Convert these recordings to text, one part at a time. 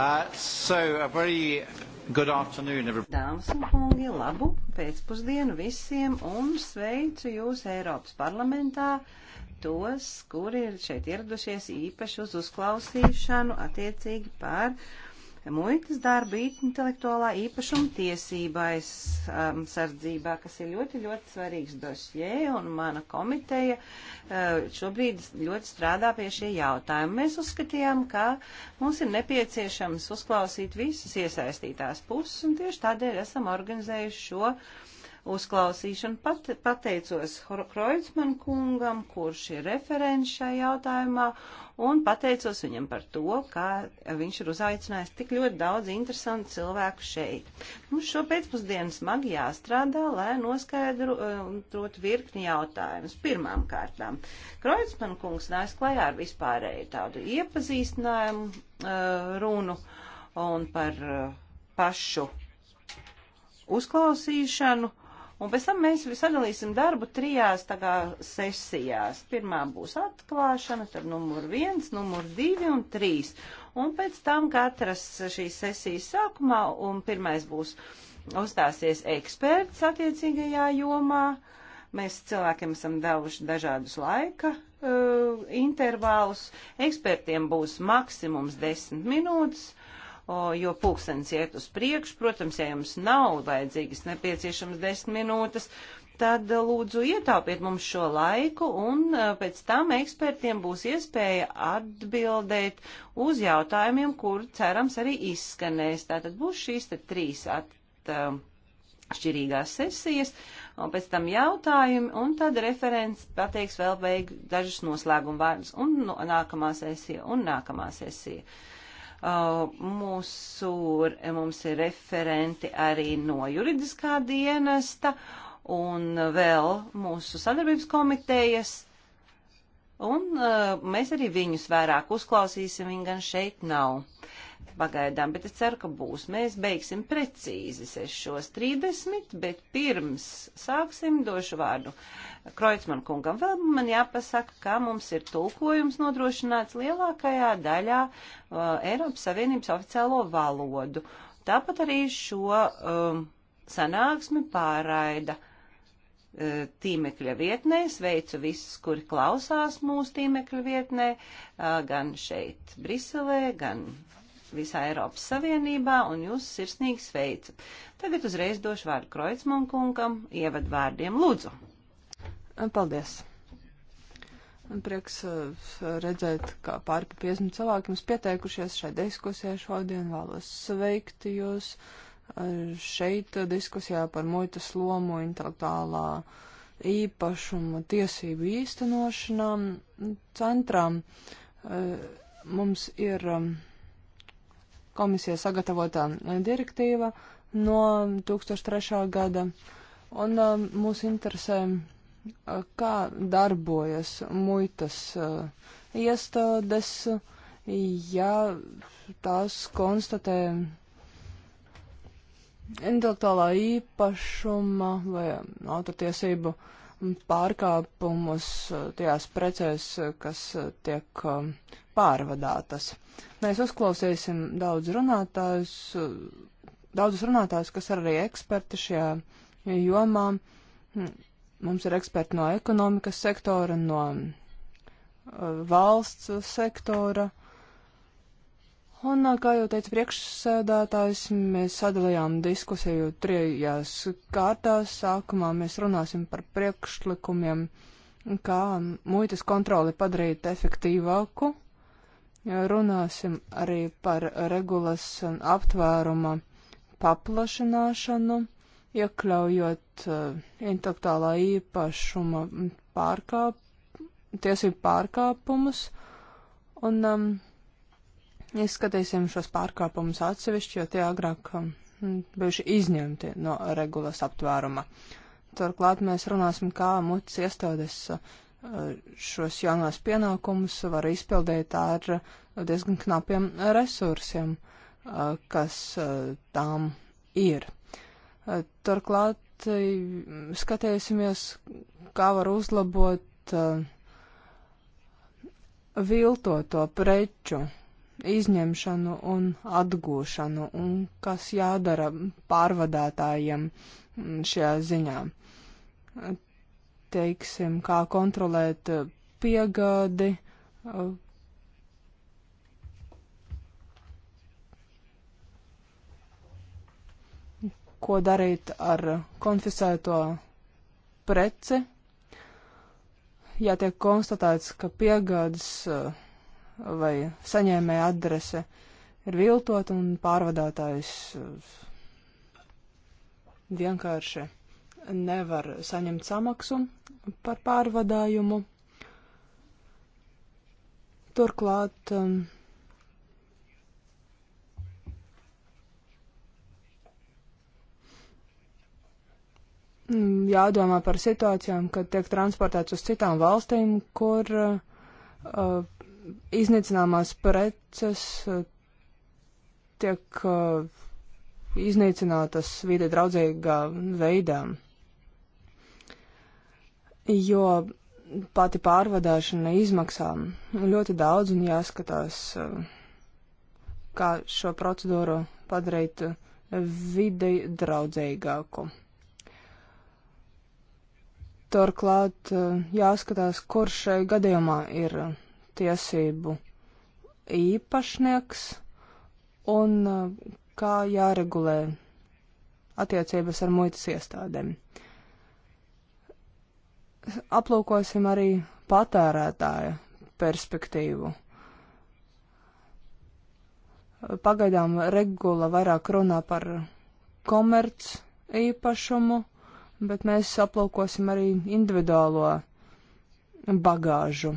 Uh, so, a very good afternoon, everybody. Dāmas un kungi, labu pēcpusdienu visiem un sveicu jūs Eiropas parlamentā tos, kuri ir šeit ieradušies īpaši uz uzklausīšanu attiecīgi par uh, muitas darba, intelektuālā īpašuma tiesībās um, sardzībā, kas ir ļoti, ļoti svarīgs dosjē, un mana komiteja uh, šobrīd ļoti strādā pie šie jautājumi. Mēs uzskatījām, ka mums ir nepieciešams uzklausīt visas iesaistītās puses, un tieši tādēļ esam organizējuši šo uh, uzklausīšanu. Pat, pateicos Kreutzmann kungam, kurš ir referents šajā jautājumā, un pateicos viņam par to, ka viņš ir uzaicinājis tik ļoti daudz interesantu cilvēku šeit. Mums nu, šo pēcpusdienu smagi jāstrādā, lai noskaidrotu um, virkni jautājumus. Pirmām kārtām, Kreutzmann kungs nāks klajā ar vispārēju tādu iepazīstinājumu uh, runu un par uh, pašu uzklausīšanu, Un pēc tam mēs sadalīsim darbu trijās tā kā sesijās. Pirmā būs atklāšana, tad numur viens, numur divi un trīs. Un pēc tam katras šīs sesijas sākumā, un pirmais būs uzstāsies eksperts attiecīgajā jomā. Mēs cilvēkiem esam devuši dažādus laika uh, intervālus. Ekspertiem būs maksimums desmit minūtes O, jo pulkstenis iet uz priekšu. Protams, ja jums nav vajadzīgas nepieciešamas desmit minūtes, tad eh, lūdzu ietaupiet mums šo laiku un eh, pēc tam ekspertiem būs iespēja atbildēt uz jautājumiem, kur cerams arī izskanēs. Tātad būs šīs te trīs atšķirīgās eh, sesijas. Un pēc tam jautājumi, un tad referents pateiks vēl beig dažus noslēgumu vārdus, un nākamā sesija, un nākamā sesija. Uh, Uh, mūsu, eh, mums ir referenti arī no juridiskā dienesta un vēl mūsu sadarbības komitejas. Un uh, mēs arī viņus vairāk uzklausīsim, viņi gan šeit nav. Uh, pagaidām, bet es ceru, ka būs. Mēs beigsim precīzi 6.30, bet pirms sāksim došu vārdu Kreutzmann kungam. Vēl man jāpasaka, ka mums ir tulkojums nodrošināts lielākajā daļā uh, Eiropas Savienības oficiālo valodu. Tāpat arī šo um, sanāksmi pārraida uh, tīmekļa vietnē. Sveicu visus, kuri klausās mūsu tīmekļa vietnē, uh, gan šeit Briselē, gan visā Eiropas Savienībā un jūs sirsnīgi sveicu. Tagad uzreiz došu vārdu Kreutzmann kungam, ievad vārdiem lūdzu. Paldies. Man prieks eh, redzēt, ka pāri pa 50 cilvēkiem ir pieteikušies šai diskusijai šodien. Vēlos sveikt jūs eh, šeit diskusijā par muitas lomu intelektuālā īpašuma tiesību īstenošanām centrām eh, mums ir um, komisijas sagatavotā direktīva no 2003. gada. Un uh, mūs interesē, uh, kā darbojas muitas uh, iestādes, ja tās konstatē intelektuālā īpašuma vai autortiesību uh, pārkāpumus eh, tajās precēs, eh, kas eh, tiek pārvadātas. Mēs uzklausīsim daudz runātājus, daudzus runātājus, kas ir arī eksperti šajā jomā. Hm, mums ir eksperti no ekonomikas sektora, no valsts sektora Un, uh, kā jau teica priekšsēdētājs, mēs sadalījām diskusiju trijās kārtās. Sākumā mēs runāsim par priekšlikumiem, kā muitas kontroli padarīt efektīvāku. Runāsim arī par regulas aptvēruma paplašināšanu, iekļaujot uh, intelektuālā īpašuma pārkāp, tiesību pārkāpumus. Un, um, Izskatīsim šos pārkāpumus atsevišķi, jo tie agrāk um, bijuši izņemti no regulas aptvēruma. Turklāt mēs runāsim, kā mutas iestādes uh, šos jaunās pienākumus var izpildīt ar diezgan knapiem resursiem, uh, kas uh, tām ir. Turklāt skatīsimies, kā var uzlabot viltoto preču izņemšanu un atgūšanu, un kas jādara pārvadātājiem šajā ziņā. Teiksim, kā kontrolēt piegādi, ko darīt ar konfiscēto preci, ja tiek konstatēts, ka piegādes uh, vai saņēmēja adrese ir viltot un pārvadātājs uh, vienkārši nevar saņemt samaksu par pārvadājumu. Turklāt um, jādomā par situācijām, kad tiek transportēts uz citām valstīm, kur uh, uh iznīcināmās preces eh, tiek eh, iznīcinātas vide draudzīgā veidā, jo pati pārvadāšana izmaksā ļoti daudz un jāskatās, eh, kā šo procedūru padarīt videi draudzīgāku. Turklāt jāskatās, kurš šai gadījumā ir tiesību īpašnieks un uh, kā jāregulē attiecības ar muitas iestādēm. Aplūkosim arī patērētāja perspektīvu. Pagaidām regula vairāk runā par komerc īpašumu, bet mēs aplūkosim arī individuālo bagāžu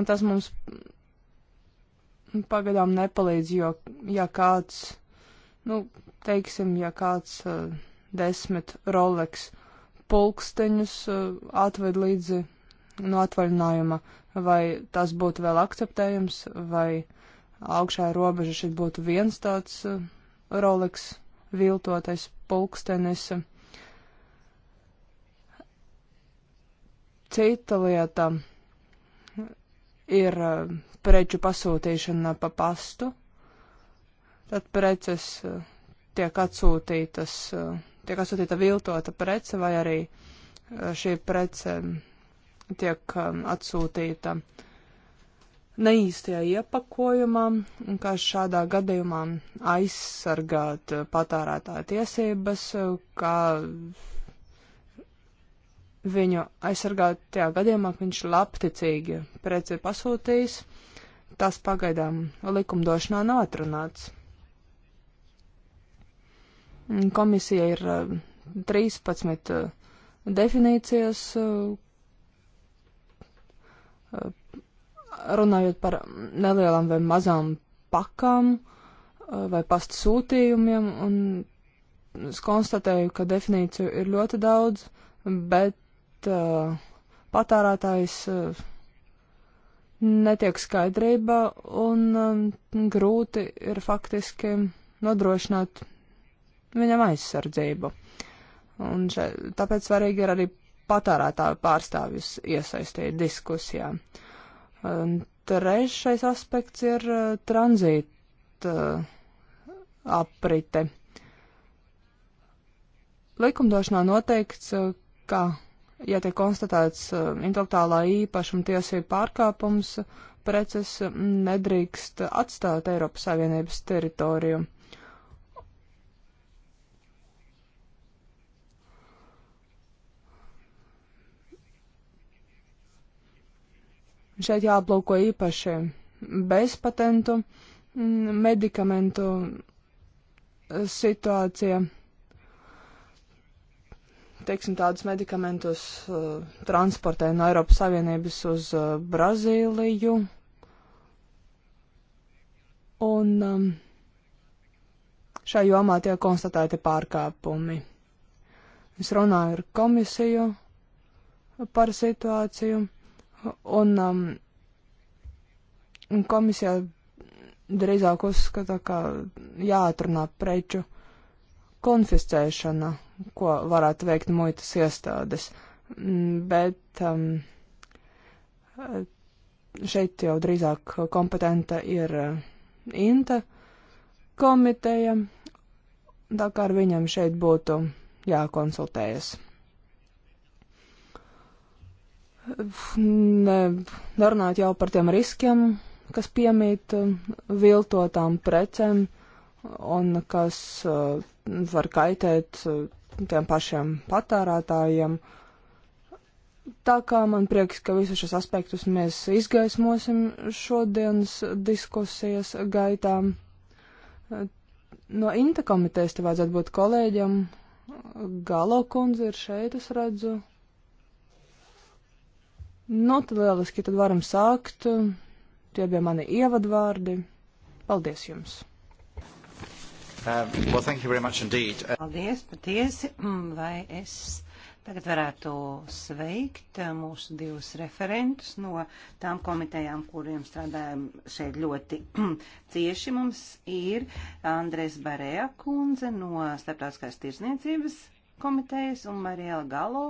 Un tas mums pagaidām nepalīdz, jo, ja kāds, nu, teiksim, ja kāds uh, desmit Rolex pulksteņus uh, atved līdzi no atvaļinājuma, vai tas būtu vēl akceptējams, vai augšā robeža šeit būtu viens tāds uh, Rolex viltotais pulkstenis. Cita lieta ir eh, preču pasūtīšana pa pastu. Tad preces eh, tiek atsūtītas, eh, tiek atsūtīta viltota prece vai arī šī prece tiek atsūtīta neīstajā iepakojumā, un kā šādā gadījumā aizsargāt patārētā tiesības, kā viņu aizsargāt tajā gadījumā, ka viņš labticīgi preci ir pasūtījis. Tas pagaidām likumdošanā nav atrunāts. Komisija ir 13 eh, eh, definīcijas, eh, runājot par nelielām vai mazām pakām vai pastu sūtījumiem, un es konstatēju, ka definīciju ir ļoti daudz, bet bet uh, patērētājs uh, netiek skaidrība un um, grūti ir faktiski nodrošināt viņam aizsardzību. Un še, tāpēc svarīgi ir arī patērētāju pārstāvjus iesaistīt diskusijā. Un trešais aspekts ir uh, tranzīta uh, aprite. Likumdošanā noteikts, uh, ka ja tiek konstatēts uh, intelektuālā īpašuma tiesību pārkāpums, preces nedrīkst atstāt Eiropas Savienības teritoriju. Šeit jāaplūko īpaši bezpatentu mm, medikamentu situācija teiksim, tādus medikamentus uh, transportē no Eiropas Savienības uz uh, Brazīliju. Un um, šai jomā tiek konstatēti pārkāpumi. Es runāju ar komisiju par situāciju, un um, komisija drīzāk uzskata, ka jāatrunā preču konfiscēšana ko varētu veikt muitas iestādes. Mm, bet um, šeit jau drīzāk kompetenta ir uh, Inta komiteja, tā kā ar viņam šeit būtu jākonsultējas. Ne, nerunāt jau par tiem riskiem, kas piemīt uh, viltotām precēm un kas uh, var kaitēt uh, tiem pašiem patērētājiem. Tā kā man prieks, ka visus šos aspektus mēs izgaismosim šodienas diskusijas gaitā. No Inta komitejas te vajadzētu būt kolēģiem. Galo kundze ir šeit, es redzu. Nu, tad lieliski, tad varam sākt. Tie bija mani ievadvārdi. Paldies jums! Uh, well, thank you very much indeed. Uh... Paldies, patiesi. Mm, vai es tagad varētu sveikt uh, mūsu divus referentus no tām komitejām, kuriem strādājam šeit ļoti cieši. Mums ir Andres Barēja kundze no Starptautiskās tirsniecības komitejas un Mariela Galo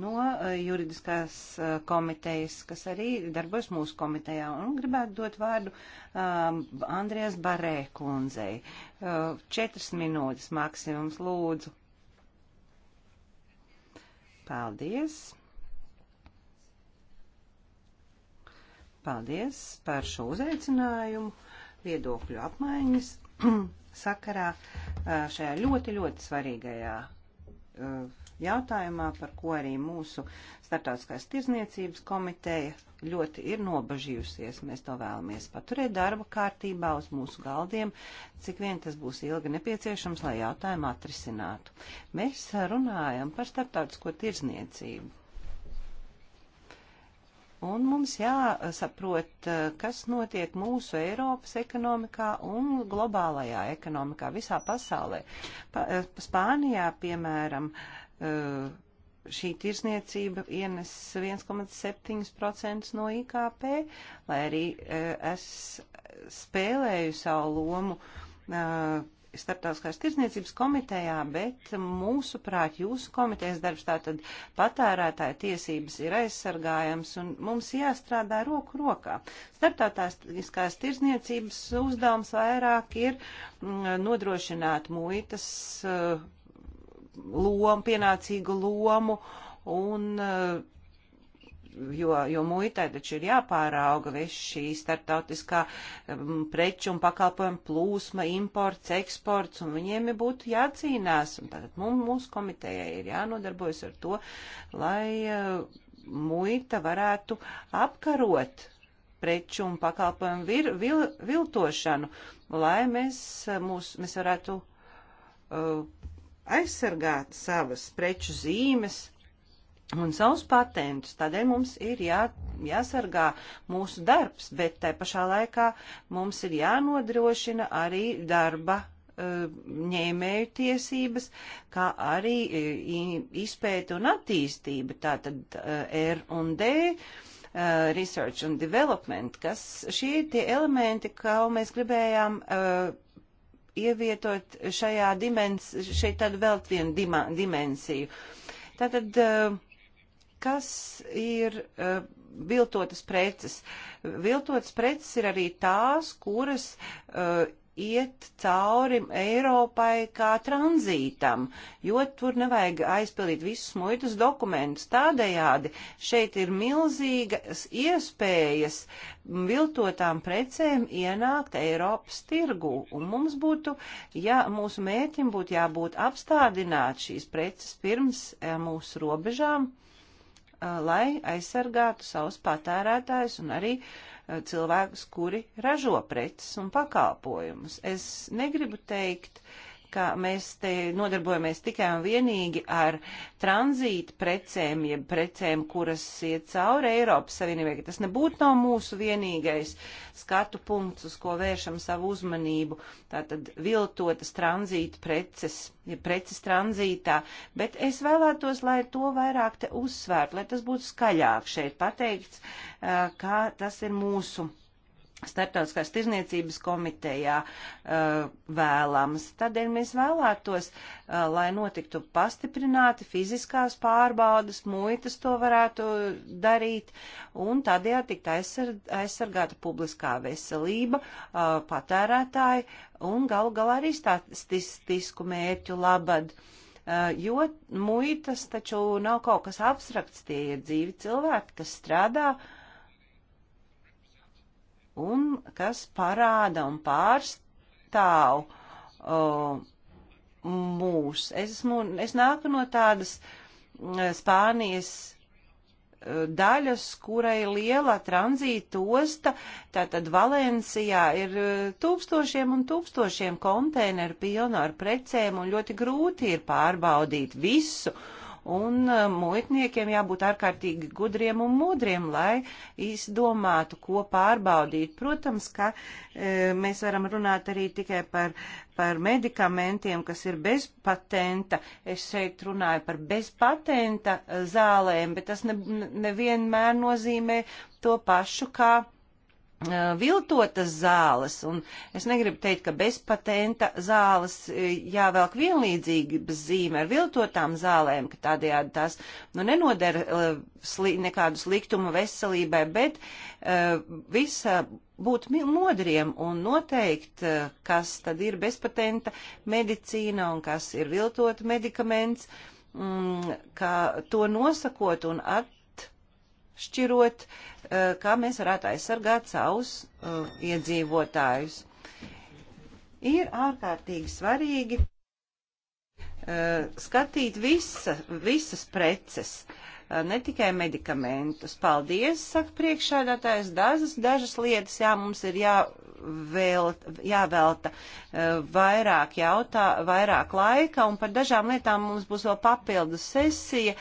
no eh, juridiskās eh, komitejas, kas arī darbojas mūsu komitejā. Un gribētu dot vārdu um, ehm, Andrijas Barē kundzei. Uh, četras minūtes maksimums lūdzu. Paldies! Paldies par šo uzaicinājumu, viedokļu apmaiņas sakarā šajā ļoti, ļoti svarīgajā Eh, jautājumā, par ko arī mūsu Startautiskās tirzniecības komiteja ļoti ir nobažījusies. Mēs to vēlamies paturēt darba kārtībā uz mūsu galdiem, cik vien tas būs ilgi nepieciešams, lai jautājumu atrisinātu. Mēs runājam par starptautisko tirzniecību. Un mums jāsaprot, eh, kas notiek mūsu Eiropas ekonomikā un globālajā ekonomikā visā pasaulē. Pa, eh, Spānijā, piemēram, eh, šī tirsniecība ienes 1,7% no IKP, lai arī es spēlēju savu lomu starptautiskās tirdzniecības komitejā, bet mūsuprāt jūsu komitejas darbs tātad patērētāja tiesības ir aizsargājams un mums jāstrādā roku rokā. Starptautiskās tirdzniecības uzdevums vairāk ir mm, nodrošināt muitas eh, lomu, pienācīgu lomu un eh, jo, jo muitai taču ir jāpārauga viss šī startautiskā um, preču un pakalpojumu plūsma, imports, eksports, un viņiem ir būtu jācīnās. Un tātad mums, mūsu komitejai ir jānodarbojas ar to, lai uh, muita varētu apkarot preču un pakalpojumu vir, vil, viltošanu, lai mēs, uh, mūs, mēs varētu uh, aizsargāt savas preču zīmes un savus patentus. Tādēļ mums ir jā, jāsargā mūsu darbs, bet tai pašā laikā mums ir jānodrošina arī darba e, ņēmēju tiesības, kā arī e, izpēta un attīstība, tātad e, R un D research and development, kas šie tie elementi, kā mēs gribējām uh, ievietot šajā dimens, šeit tādu vēl vienu dimensiju. Tātad uh, kas ir uh, viltotas preces. Viltotas preces ir arī tās, kuras uh, iet cauri Eiropai kā tranzītam, jo tur nevajag aizpildīt visus muitas dokumentus. Tādējādi šeit ir milzīgas iespējas viltotām precēm ienākt Eiropas tirgu, un mums būtu, ja mūsu mēķim būtu jābūt apstādināt šīs preces pirms eh, mūsu robežām Uh, lai aizsargātu savus patērētājus un arī uh, cilvēkus, kuri ražo preces un pakalpojumus. Es negribu teikt, uh, ka mēs te nodarbojamies tikai un vienīgi ar tranzītu precēm, jeb precēm, kuras iet cauri Eiropas Savienībai, ka tas nebūtu nav mūsu vienīgais skatu punkts, uz ko vēršam savu uzmanību, tātad viltotas tranzītu preces, jeb preces tranzītā, bet es vēlētos, lai to vairāk te uzsvērt, lai tas būtu skaļāk šeit pateikts, kā tas ir mūsu Startautiskās tirzniecības komitejā uh, vēlams. Tādēļ mēs vēlētos, uh, lai notiktu pastiprināti fiziskās pārbaudas, muitas to varētu darīt, un tādējādi tikt aizsarg aizsargāta publiskā veselība, uh, patērētāji un galu galā arī statistisku mērķu labad. Uh, jo muitas taču nav kaut kas abstrakts, tie ir dzīvi cilvēki, kas strādā uh, un kas parāda un pārstāv uh, mūs. Es, esmu, es nāku no tādas uh, Spānijas uh, daļas, kurai liela tranzīta osta, tātad Valencijā ir uh, tūkstošiem un tūkstošiem konteineru pilna ar precēm un ļoti grūti ir pārbaudīt visu. Uh, un uh, muitniekiem jābūt ārkārtīgi gudriem un mudriem, lai izdomātu, ko pārbaudīt. Protams, ka e, mēs varam runāt arī tikai par, par medikamentiem, kas ir bez patenta. Es šeit runāju par bez patenta uh, zālēm, bet tas nevienmēr ne, ne nozīmē to pašu, kā viltotas zāles, un es negribu teikt, ka bez patenta zāles jāvelk vienlīdzības zīme ar viltotām zālēm, ka tādējādi tās nu, nenodara sli, nekādu sliktumu veselībai, bet uh, visa būt modriem un noteikt, kas tad ir bezpatenta medicīna un kas ir viltot medikaments, mm, kā to nosakot un atšķirot uh, Eh, kā mēs varētu aizsargāt savus uh, iedzīvotājus. Ir ārkārtīgi svarīgi uh, skatīt visa, visas preces, uh, ne tikai medikamentus. Paldies, saka priekšādātājs, dažas, dažas lietas, jā, mums ir jā, vēl, jāvelta e, vairāk jautā, vairāk laika, un par dažām lietām mums būs vēl papildu sesija,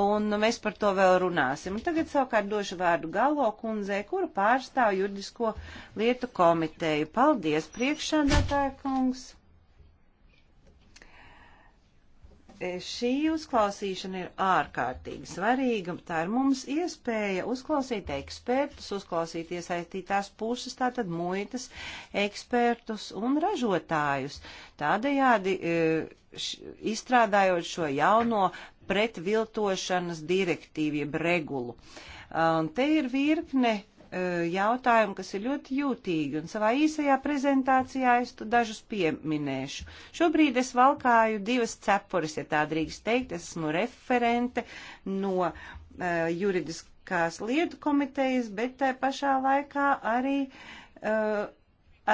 un mēs par to vēl runāsim. Un tagad savukārt došu vārdu Galo kundzei, kura pārstāv juridisko lietu komiteju. Paldies, priekšsēdētāja kungs! E, šī uzklausīšana ir ārkārtīgi svarīga. Tā ir mums iespēja uzklausīt ekspertus, uzklausīt iesaistītās puses, tātad muitas ekspertus un ražotājus. Tādējādi e, š, izstrādājot šo jauno pretviltošanas direktīvu, jeb regulu. Un te ir virkne E, jautājumu, kas ir ļoti jūtīgi, un savā īsajā prezentācijā es tu dažus pieminēšu. Šobrīd es valkāju divas cepures, ja tā drīkst teikt, es esmu referente no uh, juridiskās lietu komitejas, bet tai pašā laikā arī uh,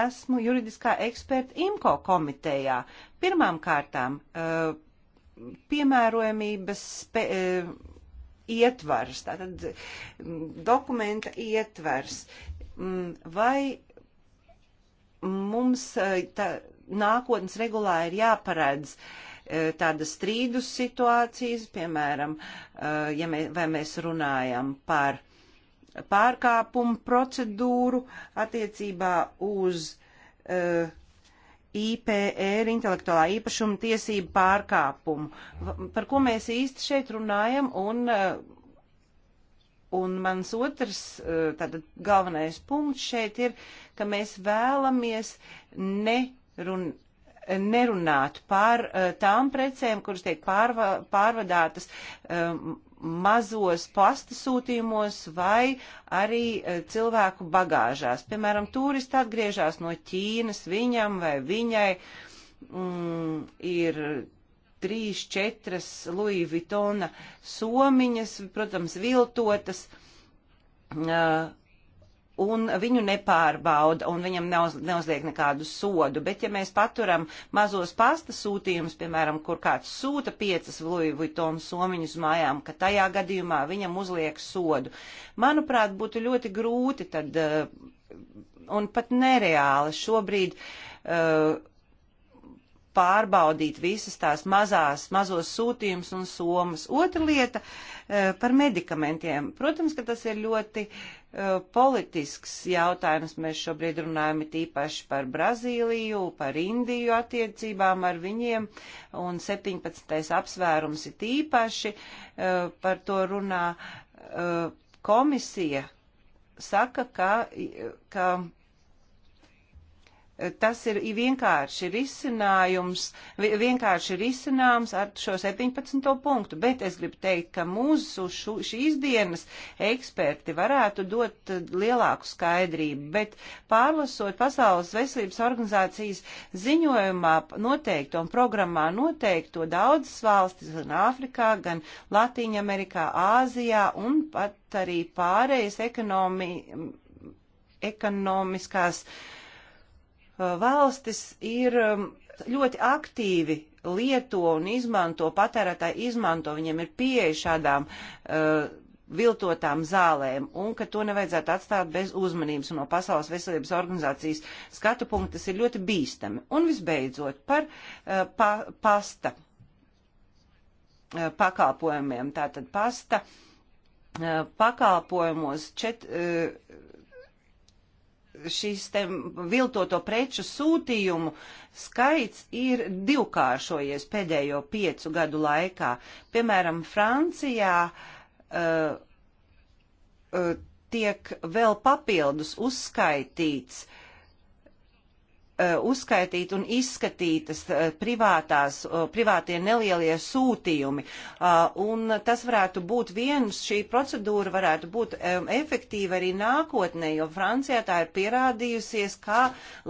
esmu juridiskā eksperta IMCO komitejā. Pirmām kārtām, uh, piemērojamības. Spe, uh, ietvars, tātad mm, dokumenta ietvars. Mm, vai mums eh, tā, nākotnes regulā ir jāparedz eh, tādas strīdus situācijas, piemēram, eh, ja mē, vai mēs runājam par pārkāpumu procedūru attiecībā uz uh, IPR e intelektuālā īpašuma tiesību pārkāpumu. Par ko mēs īsti šeit runājam un, eh, un mans otrs eh, tātad galvenais punkts šeit ir, ka mēs vēlamies nerun, nerunāt par eh, tām precēm, kuras tiek pārva, pārvadātas um, mazos pastasūtījumos vai arī eh, cilvēku bagāžās. Piemēram, turisti atgriežas no Ķīnas, viņam vai viņai mm, ir trīs, četras Louis Vuittona somiņas, protams, viltotas. Uh, un viņu nepārbauda un viņam neuz, neuzliek nekādu sodu. Bet ja mēs paturam mazos pasta sūtījumus, piemēram, kur kāds sūta piecas Louis Vuitton somiņus mājām, ka tajā gadījumā viņam uzliek sodu. Manuprāt, būtu ļoti grūti tad eh, un pat nereāli šobrīd uh, pārbaudīt visas tās mazās, mazos sūtījumus un somas. Otra lieta uh, par medikamentiem. Protams, ka tas ir ļoti uh, Eh, politisks jautājums. Mēs šobrīd runājam tīpaši par Brazīliju, par Indiju attiecībām ar viņiem, un 17. apsvērums ir tīpaši eh, par to runā eh, komisija. Saka, ka, ka tas ir vienkārši risinājums, vienkārši risināms ar šo 17. punktu, bet es gribu teikt, ka mūsu šu, šīs dienas eksperti varētu dot lielāku skaidrību, bet pārlasot Pasaules veselības organizācijas ziņojumā noteikto un programmā noteikto daudzas valstis gan Āfrikā, gan Latīņa Amerikā, Āzijā un pat arī pārējas ekonomi, ekonomiskās uh, valstis ir um, ļoti aktīvi lieto un izmanto, patērētāji izmanto, viņiem ir pieeja šādām uh, viltotām zālēm un ka to nevajadzētu atstāt bez uzmanības no Pasaules veselības organizācijas skatu punkta. Tas ir ļoti bīstami. Un visbeidzot par uh, pa, pasta uh, pakalpojumiem. Tātad pasta uh, pakalpojumos čet. Uh, šīs te viltoto preču sūtījumu skaits ir divkāršojies pēdējo piecu gadu laikā. Piemēram, Francijā uh, uh, tiek vēl papildus uzskaitīts uh, Uh, uzskaitīt un izskatītas uh, privātās, uh, privātie nelielie sūtījumi. Un tas varētu būt viens, šī procedūra varētu būt um, efektīva arī nākotnē, jo Francijā tā ir pierādījusies kā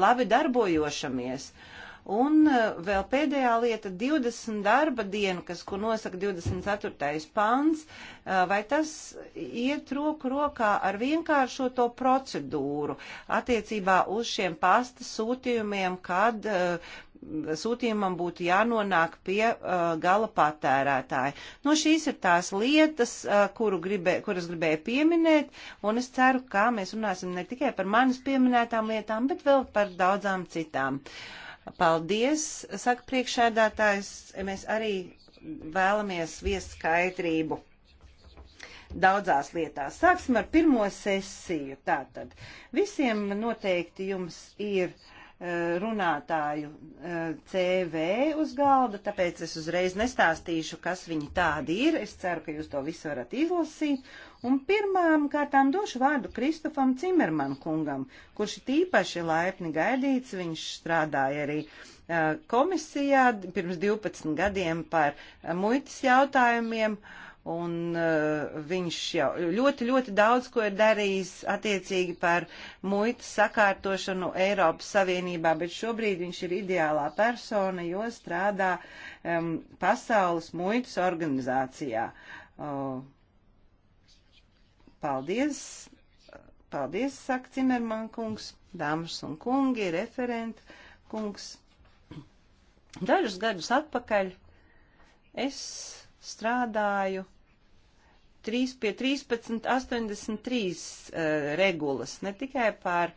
labi darbojošamies. Uh, Un eh, vēl pēdējā lieta - 20 darba dienu, kas, ko nosaka 24. pants, eh, vai tas iet roku rokā ar vienkāršoto procedūru attiecībā uz šiem pasta sūtījumiem, kad eh, sūtījumam būtu jānonāk pie uh, gala patērētāja. Nu, šīs ir tās lietas, uh, gribē, kuras gribēju pieminēt, un es ceru, ka mēs runāsim ne tikai par manis pieminētām lietām, bet vēl par daudzām citām. Uh, Paldies, saka priekšēdātājs. Mēs arī vēlamies viest skaidrību daudzās lietās. Sāksim ar pirmo sesiju. Tātad visiem noteikti jums ir eh, runātāju eh, CV uz galda, tāpēc es uzreiz nestāstīšu, kas viņi tādi ir. Es ceru, ka jūs to visu varat izlasīt. Un pirmām kārtām došu vārdu Kristofam Cimerman kungam, kurš ir tīpaši laipni gaidīts. Viņš strādāja arī eh, komisijā pirms 12 gadiem par eh, muitas jautājumiem. Un uh, viņš jau ļoti, ļoti daudz ko ir darījis attiecīgi par muitas sakārtošanu Eiropas Savienībā, bet šobrīd viņš ir ideālā persona, jo strādā um, Pasaules muitas organizācijā. Uh, Paldies! Paldies, saka Cimerman kungs, dāmas un kungi, referenta kungs. Dažus gadus atpakaļ es strādāju 3 pie 1383 uh, eh, regulas, ne tikai par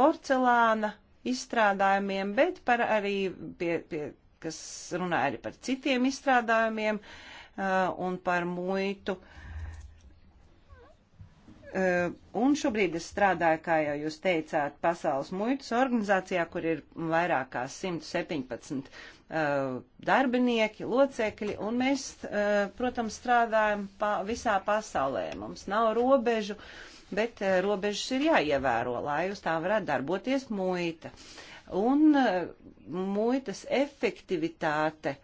porcelāna izstrādājumiem, bet par arī pie, pie, kas runāja arī par citiem izstrādājumiem uh, un par muitu uh, Eh, un šobrīd es strādāju, kā jau jūs teicāt, Pasaules muitas organizācijā, kur ir vairāk kā 117 uh, eh, darbinieki, locekļi, un mēs, uh, protams, strādājam pa visā pasaulē. Mums nav robežu, bet uh, robežas ir jāievēro, lai uz tām varētu darboties muita. Un muitas efektivitāte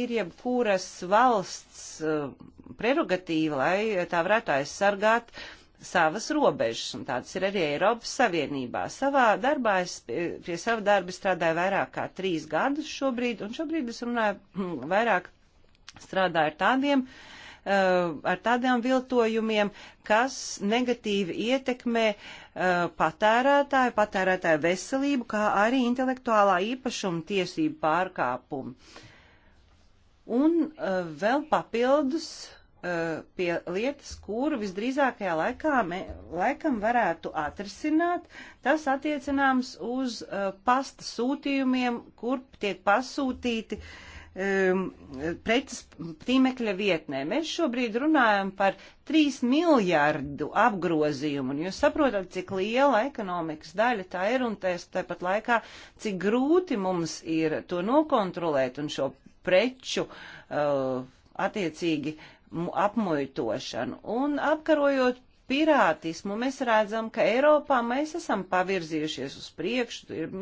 ir jebkuras valsts prerogatīva, lai tā varētu aizsargāt uh, savas robežas, un tādas ir arī Eiropas Savienībā. Savā darbā es pie, pie sava darba strādāju vairāk kā trīs gadus šobrīd, un šobrīd es runāju mm, vairāk strādāju ar tādiem, eh, ar tādiem viltojumiem, kas negatīvi ietekmē eh, patērētāju, patērētāju veselību, kā arī intelektuālā īpašuma tiesību pārkāpumu. Un eh, vēl papildus Eh, pie lietas, kuru visdrīzākajā laikā me, laikam varētu atrisināt. Tas attiecināms uz uh, pasta sūtījumiem, kur tiek pasūtīti um, preces tīmekļa vietnē. Mēs šobrīd runājam par 3 miljārdu apgrozījumu, un jūs saprotat, cik liela ekonomikas daļa tā ir, un tāpat laikā, cik grūti mums ir to nokontrolēt un šo preču uh, attiecīgi uh, apmuitošanu. Un apkarojot pirātismu, mēs redzam, ka Eiropā mēs esam pavirzījušies uz priekšu, ir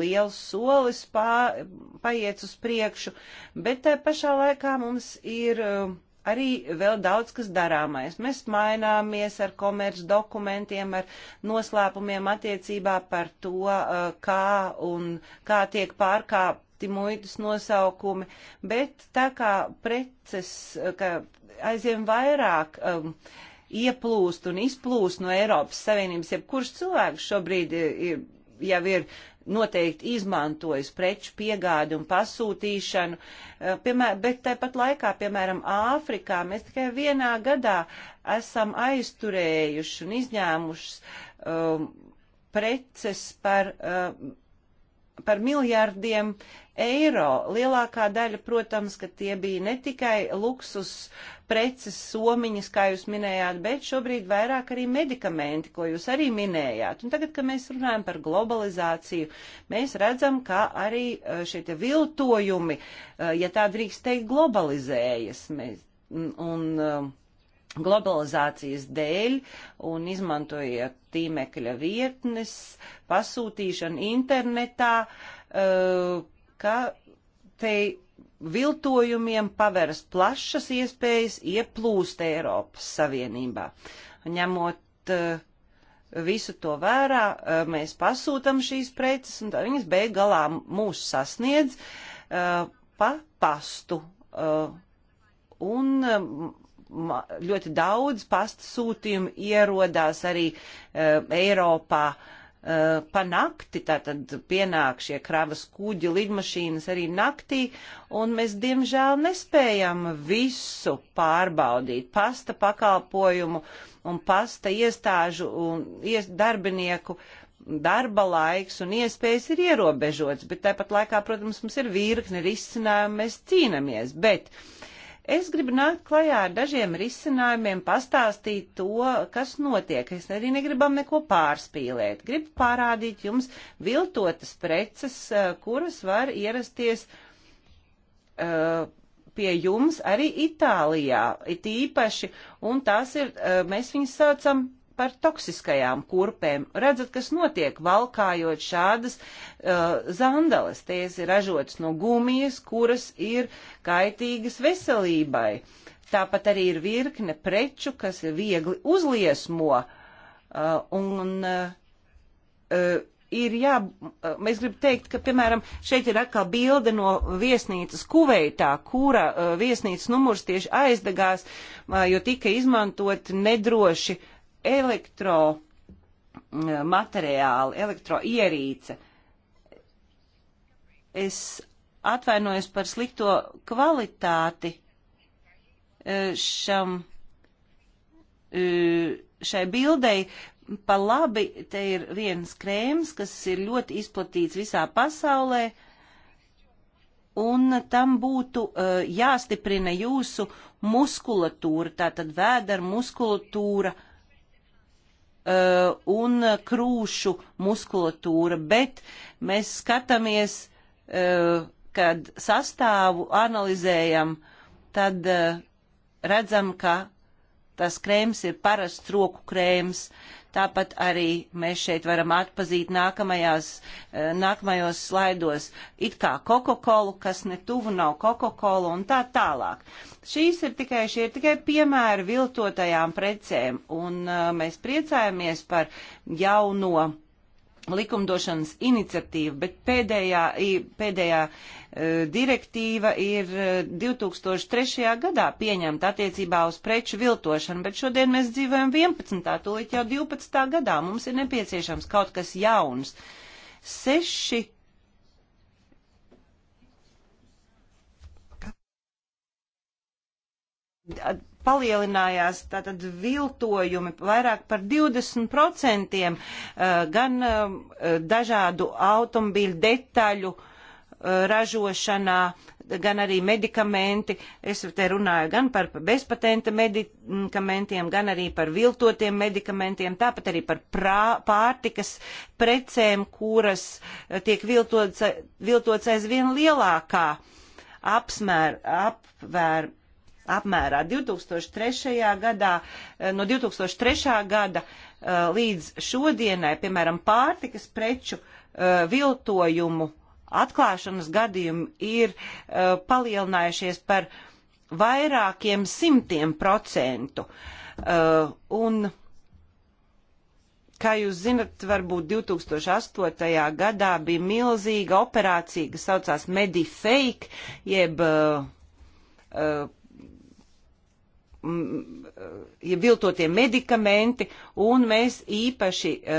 liels solis pā, paiet uz priekšu, bet tai pašā laikā mums ir um, arī vēl daudz kas darāmais. Mēs maināmies ar komerc dokumentiem, ar noslēpumiem attiecībā par to, uh, kā un kā tiek pārkāpta citi muitas nosaukumi, bet tā kā preces ka aizvien vairāk um, ieplūst un izplūst no Eiropas Savienības, jebkurš cilvēks šobrīd ir, jau ir noteikti izmantojis preču piegādi un pasūtīšanu, uh, piemēr, bet tāpat laikā, piemēram, Āfrikā mēs tikai vienā gadā esam aizturējuši un izņēmuši um, preces par uh, par miljardiem eiro. Lielākā daļa, protams, ka tie bija ne tikai luksus preces somiņas, kā jūs minējāt, bet šobrīd vairāk arī medikamenti, ko jūs arī minējāt. Un tagad, kad mēs runājam par globalizāciju, mēs redzam, ka arī eh, šie te viltojumi, eh, ja tā drīkst teikt, globalizējas. Mēs, un, un, eh, globalizācijas dēļ un izmantojot tīmekļa vietnes, pasūtīšanu internetā, eh, ka te viltojumiem paveras plašas iespējas ieplūst Eiropas Savienībā. Ņemot eh, visu to vērā, eh, mēs pasūtam šīs preces un viņas beig galā mūs sasniedz pa pastu un ļoti daudz pasta sūtījumu ierodās arī uh, Eiropā uh, pa nakti, tātad pienāk šie kravas kuģi, lidmašīnas arī naktī, un mēs diemžēl nespējam visu pārbaudīt pasta pakalpojumu un pasta iestāžu un ies darbinieku darba laiks un iespējas ir ierobežots, bet tāpat laikā, protams, mums ir virkne risinājumu, mēs cīnāmies, bet uh, Es gribu nākt klajā ar dažiem risinājumiem, pastāstīt to, kas notiek. Es arī negribam neko pārspīlēt. Gribu parādīt jums viltotas preces, eh, kuras var ierasties uh, pie jums arī Itālijā, it īpaši, un tās ir, uh, mēs viņus saucam par toksiskajām kurpēm. Redzat, kas notiek, valkājot šādas uh, zandeles. Tās ir ražotas no gumijas, kuras ir kaitīgas veselībai. Tāpat arī ir virkne preču, kas viegli uzliesmo. Uh, un, uh, uh ir jā, es uh, gribu teikt, ka, piemēram, šeit ir atkal bilde no viesnīcas Kuveitā, kura uh, viesnīcas numurs tieši aizdegās, uh, jo tika izmantot nedroši elektro eh, materiāli, elektroierīce. Es atvainojos par slikto kvalitāti eh, šam, eh, šai bildei. Pa labi, te ir viens krēms, kas ir ļoti izplatīts visā pasaulē, un tam būtu jāstiprina jūsu muskulatūra, tātad vēdera muskulatūra, uh, Uh, un krūšu muskulatūra, bet mēs skatāmies, uh, kad sastāvu analizējam, tad uh, redzam, ka tas krēms ir parasts roku krēms. Uh, Tāpat arī mēs šeit varam atpazīt nākamajās, eh, nākamajos slaidos it kā Coca-Cola, kas ne tuvu nav Coca-Cola un tā tālāk. Šīs ir tikai, šie ir tikai piemēri viltotajām precēm un eh, mēs priecājamies par jauno likumdošanas iniciatīva, bet pēdējā, pēdējā e, direktīva ir 2003. E, gadā pieņemta attiecībā uz preču viltošanu, bet šodien mēs dzīvojam 11. tūlīt jau 12. gadā. Mums ir nepieciešams kaut kas jauns. Seši palielinājās tātad viltojumi vairāk par 20% uh, eh, gan uh, dažādu automobīļu detaļu uh, ražošanā, gan arī medikamenti. Es te runāju gan par bezpatenta medikamentiem, gan arī par viltotiem medikamentiem, tāpat arī par prā, pārtikas precēm, kuras tiek viltots, viltots aizvien lielākā apsmēr, apvēr, apmērā. 2003. gadā, eh, no 2003. gada eh, līdz šodienai, piemēram, pārtikas preču eh, viltojumu atklāšanas gadījumi ir palielinājušies par vairākiem simtiem procentu. Un Kā jūs zinat, varbūt 2008. gadā bija milzīga operācija, kas saucās Medifake, jeb uh, uh, ja viltotie medikamenti, un mēs īpaši e,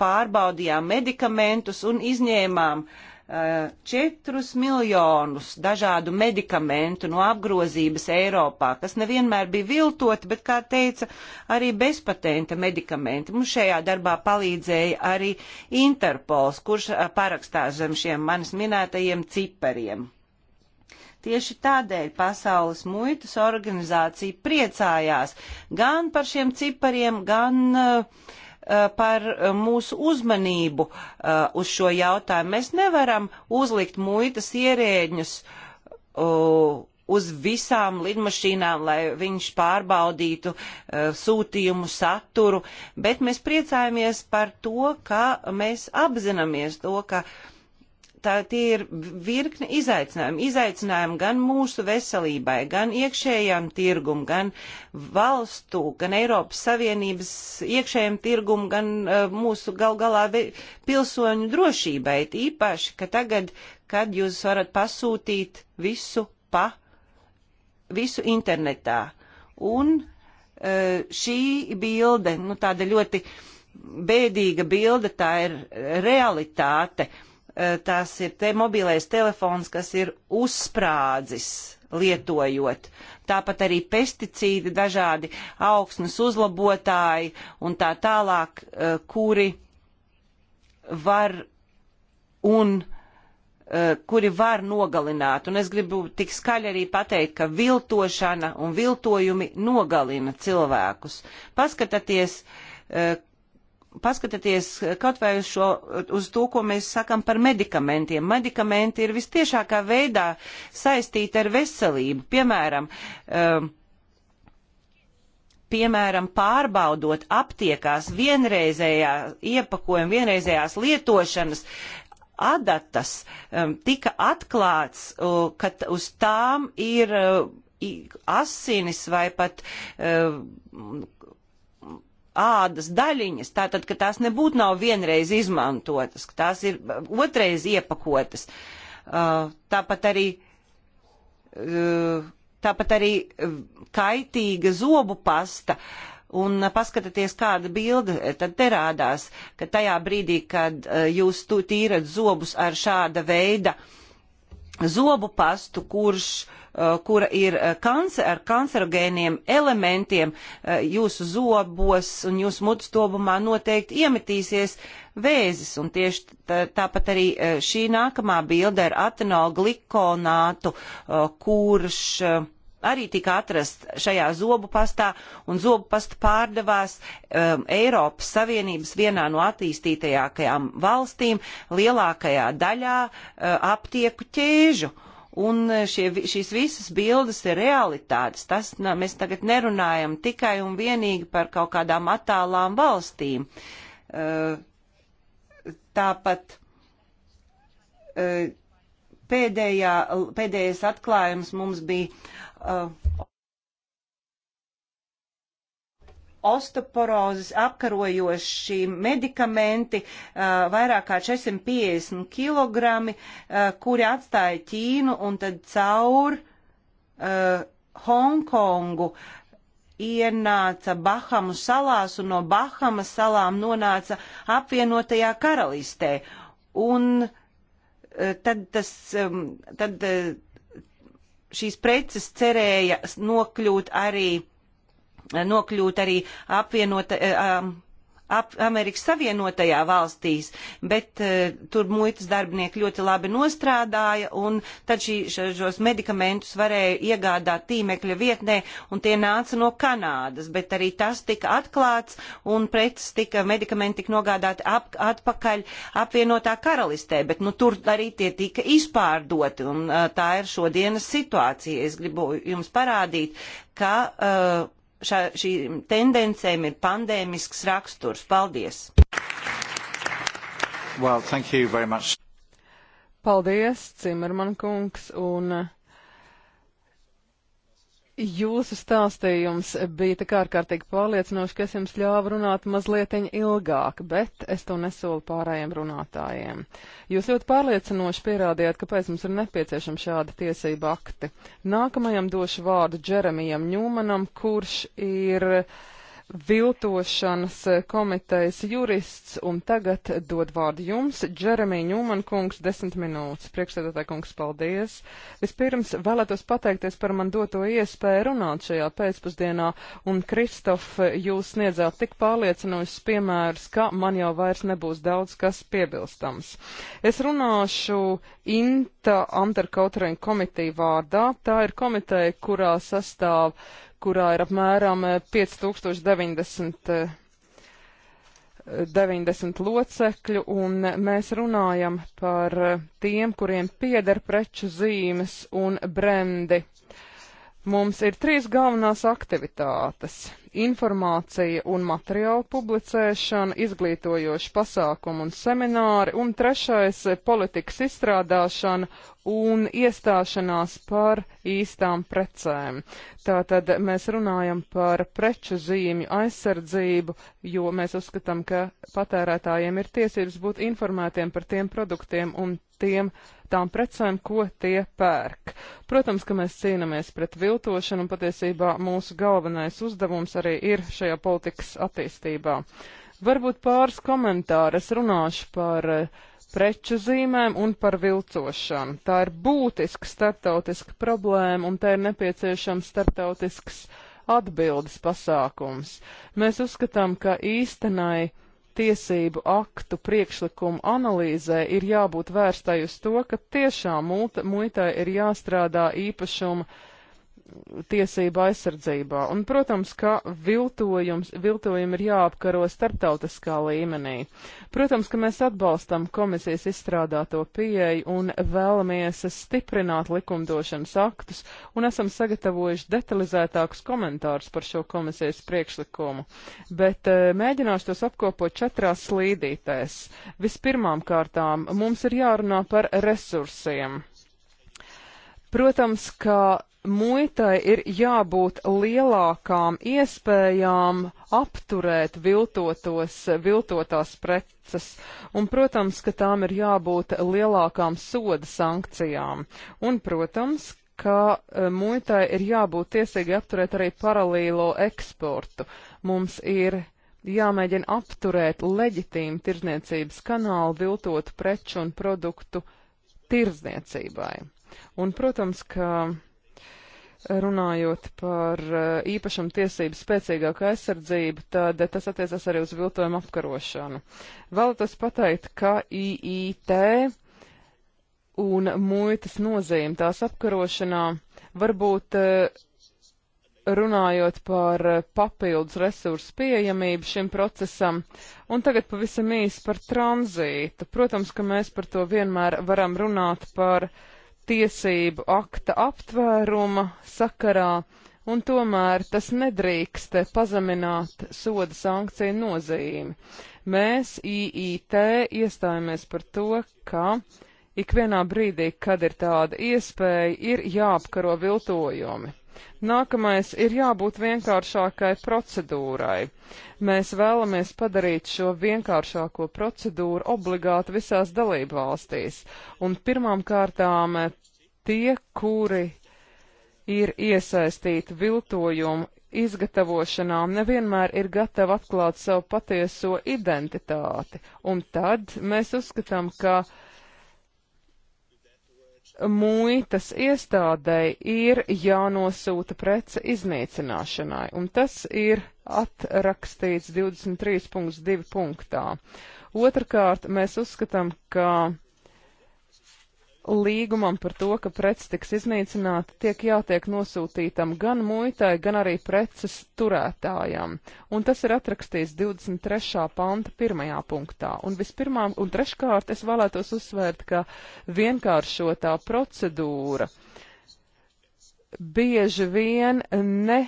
pārbaudījām medikamentus un izņēmām e, četrus miljonus dažādu medikamentu no apgrozības Eiropā, kas nevienmēr bija viltoti, bet, kā teica, arī bezpatenta medikamenti. Mums šajā darbā palīdzēja arī Interpols, kurš e, parakstās zem šiem manis minētajiem cipariem. Tieši tādēļ Pasaules muitas organizācija priecājās gan par šiem cipariem, gan uh, par eh, mūsu uzmanību uh, uz šo jautājumu. Mēs nevaram uzlikt muitas ierēģņus uh, uz visām lidmašīnām, lai viņš pārbaudītu uh, sūtījumu saturu, bet mēs priecājamies par to, ka mēs apzināmies to, ka uh, tā, tie ir virkne izaicinājumu. Izaicinājumu gan mūsu veselībai, gan iekšējām tirgum, gan valstu, gan Eiropas Savienības iekšējām tirgum, gan uh, mūsu gal galā pilsoņu drošībai. Īpaši, ka tagad, kad jūs varat pasūtīt visu pa, visu internetā. Un uh, šī bilde, nu tāda ļoti bēdīga bilde, tā ir realitāte. Uh, Eh, tas ir te mobilais telefons, kas ir uzsprādzis lietojot. Tāpat arī pesticīdi, dažādi augsnes uzlabotāji un tā tālāk, eh, kuri var un eh, kuri var nogalināt. Un es gribu tik skaļi arī pateikt, ka viltošana un viltojumi nogalina cilvēkus. Paskatieties, paskatieties kaut vai uz, šo, uz to, ko mēs sakam par medikamentiem. Medikamenti ir vistiešākā veidā saistīti ar veselību. Piemēram, um, piemēram, pārbaudot aptiekās vienreizējā iepakojuma, vienreizējās lietošanas adatas, um, tika atklāts, uh, ka uz tām ir uh, asinis vai pat uh, ādas daļiņas, tātad, ka tās nebūtu nav vienreiz izmantotas, ka tās ir uh, otreiz iepakotas. Uh, tāpat arī, uh, tāpat arī uh, kaitīga zobu pasta. Un uh, paskatieties, kāda bilde tad te rādās, ka tajā brīdī, kad uh, jūs tīrat zobus ar šāda veida zobu pastu, kurš uh, Eh, kura ir eh, kancer, ar kancerogēniem elementiem eh, jūsu zobos un jūsu mutes tobumā noteikti iemetīsies vēzis. Un tieši tā, tāpat arī šī nākamā bilde ar atenolu glikonātu, kurš arī tika atrasta šajā zobu pastā, un zobu pasta pārdevās um, Eiropas Savienības vienā no attīstītajākajām valstīm lielākajā daļā uh, aptieku ķēžu. Uh, Un e, šie, šīs visas bildes ir realitātes. Tas, na, mēs tagad nerunājam tikai un vienīgi par kaut kādām attālām valstīm. E, tāpat e, pēdējā, pēdējais atklājums mums bija osteoporozes apkarojoši medikamenti, uh, vairāk kā 450 kg, uh, kuri atstāja Ķīnu un tad caur uh, Hongkongu ienāca Bahamu salās un no Bahamas salām nonāca apvienotajā karalistē. Un tad tas, um, tad šīs preces cerēja nokļūt arī nokļūt arī apvienota. Eh, ap Amerikas Savienotajā valstīs, bet uh, tur muitas darbinieki ļoti labi nostrādāja, un tad šī, šos medikamentus varēja iegādāt tīmekļa vietnē, un tie nāca no Kanādas, bet arī tas tika atklāts, un preces tika, medikamenti tika nogādāti ap, atpakaļ apvienotā karalistē, bet nu, tur arī tie tika izpārdoti, un uh, tā ir šodienas situācija. Es gribu jums parādīt, ka. Uh, šā, šīm tendencēm ir pandēmisks raksturs. Paldies! Well, thank you very much. Paldies, Cimerman kungs, un Jūsu stāstījums bija tik ārkārtīgi pārliecinoši, ka es jums ļāvu runāt mazliet ilgāk, bet es to nesolu pārējiem runātājiem. Jūs ļoti pārliecinoši pierādījāt, kāpēc mums ir nepieciešama šāda tiesība akti. Nākamajam došu vārdu Džeremijam Ņūmanam, kurš ir uh, viltošanas eh, komitejas jurists, un tagad dod vārdu jums, Džeremija Ņūman kungs, desmit minūtes. Priekšsēdētāji kungs, paldies. Vispirms vēlētos pateikties par man doto iespēju runāt šajā pēcpusdienā, un Kristof, jūs sniedzāt tik pārliecinošs piemērs, ka man jau vairs nebūs daudz kas piebilstams. Es runāšu Inta Antarkautrēņa komitīvā vārdā. Tā ir komiteja, kurā sastāv uh, kurā ir apmēram 5090 eh, 90 eh, locekļu, un mēs runājam par eh, tiem, kuriem pieder preču zīmes un brendi. Mums ir trīs galvenās aktivitātes - informācija un materiāla publicēšana, izglītojoši pasākumu un semināri, un trešais - politikas izstrādāšana un iestāšanās par īstām precēm. Tātad mēs runājam par preču zīmju aizsardzību, jo mēs uzskatām, ka patērētājiem ir tiesības būt informētiem par tiem produktiem un tiem, tām precēm, ko tie pērk. Protams, ka mēs cīnāmies pret viltošanu un patiesībā mūsu galvenais uzdevums arī ir šajā politikas attīstībā. Varbūt pāris komentāri es runāšu par uh, preču zīmēm un par vilcošanu. Tā ir būtiska starptautiska problēma un tā ir nepieciešams starptautisks atbildes pasākums. Mēs uzskatām, ka īstenai tiesību aktu priekšlikumu analīzē ir jābūt vērstai uz to, ka tiešām muitai ir jāstrādā īpašuma tiesību aizsardzībā. Un, protams, ka viltojums, viltojumi ir jāapkaro starptautiskā līmenī. Protams, ka mēs atbalstam komisijas izstrādāto pieeju un vēlamies stiprināt likumdošanas aktus un esam sagatavojuši detalizētākus komentārus par šo komisijas priekšlikumu. Bet eh, mēģināšu tos apkopot četrās slīdītēs. Vispirmām kārtām mums ir jārunā par resursiem. Protams, ka muitai ir jābūt lielākām iespējām apturēt viltotos, viltotās preces, un, protams, ka tām ir jābūt lielākām soda sankcijām. Un, protams, ka e, muitai ir jābūt tiesīgi apturēt arī paralīlo eksportu. Mums ir jāmēģina apturēt leģitīmu tirzniecības kanālu viltotu preču un produktu tirzniecībai. Un, protams, ka runājot par eh, īpašam tiesību spēcīgāku aizsardzību, tad tas attiecas arī uz viltojumu apkarošanu. Vēlētos pateikt, ka IIT un muitas nozīme tās apkarošanā varbūt eh, runājot par eh, papildus resursu pieejamību šim procesam, un tagad pavisam īsi par tranzītu. Protams, ka mēs par to vienmēr varam runāt par uh, tiesību akta aptvēruma sakarā, un tomēr tas nedrīkst pazemināt soda sankciju nozīmi. Mēs IIT iestājāmies par to, ka ikvienā brīdī, kad ir tāda iespēja, ir jāapkaro viltojumi. Nākamais ir jābūt vienkāršākai procedūrai. Mēs vēlamies padarīt šo vienkāršāko procedūru obligāti visās dalību valstīs. Un pirmām kārtām eh, tie, kuri ir iesaistīti viltojumu izgatavošanā, nevienmēr ir gatavi atklāt savu patieso identitāti. Un tad mēs uzskatām, ka muitas iestādēji ir jānosūta prece iznīcināšanai, un tas ir atrakstīts 23.2 punktā. Otrakārt, mēs uzskatām, ka līgumam par to, ka preces tiks iznīcināta, tiek jātiek nosūtītam gan muitai, gan arī preces turētājam. Un tas ir atrakstīts 23. panta pirmajā punktā. Un vispirmām, un treškārt es vēlētos uzsvērt, ka vienkāršotā procedūra bieži vien ne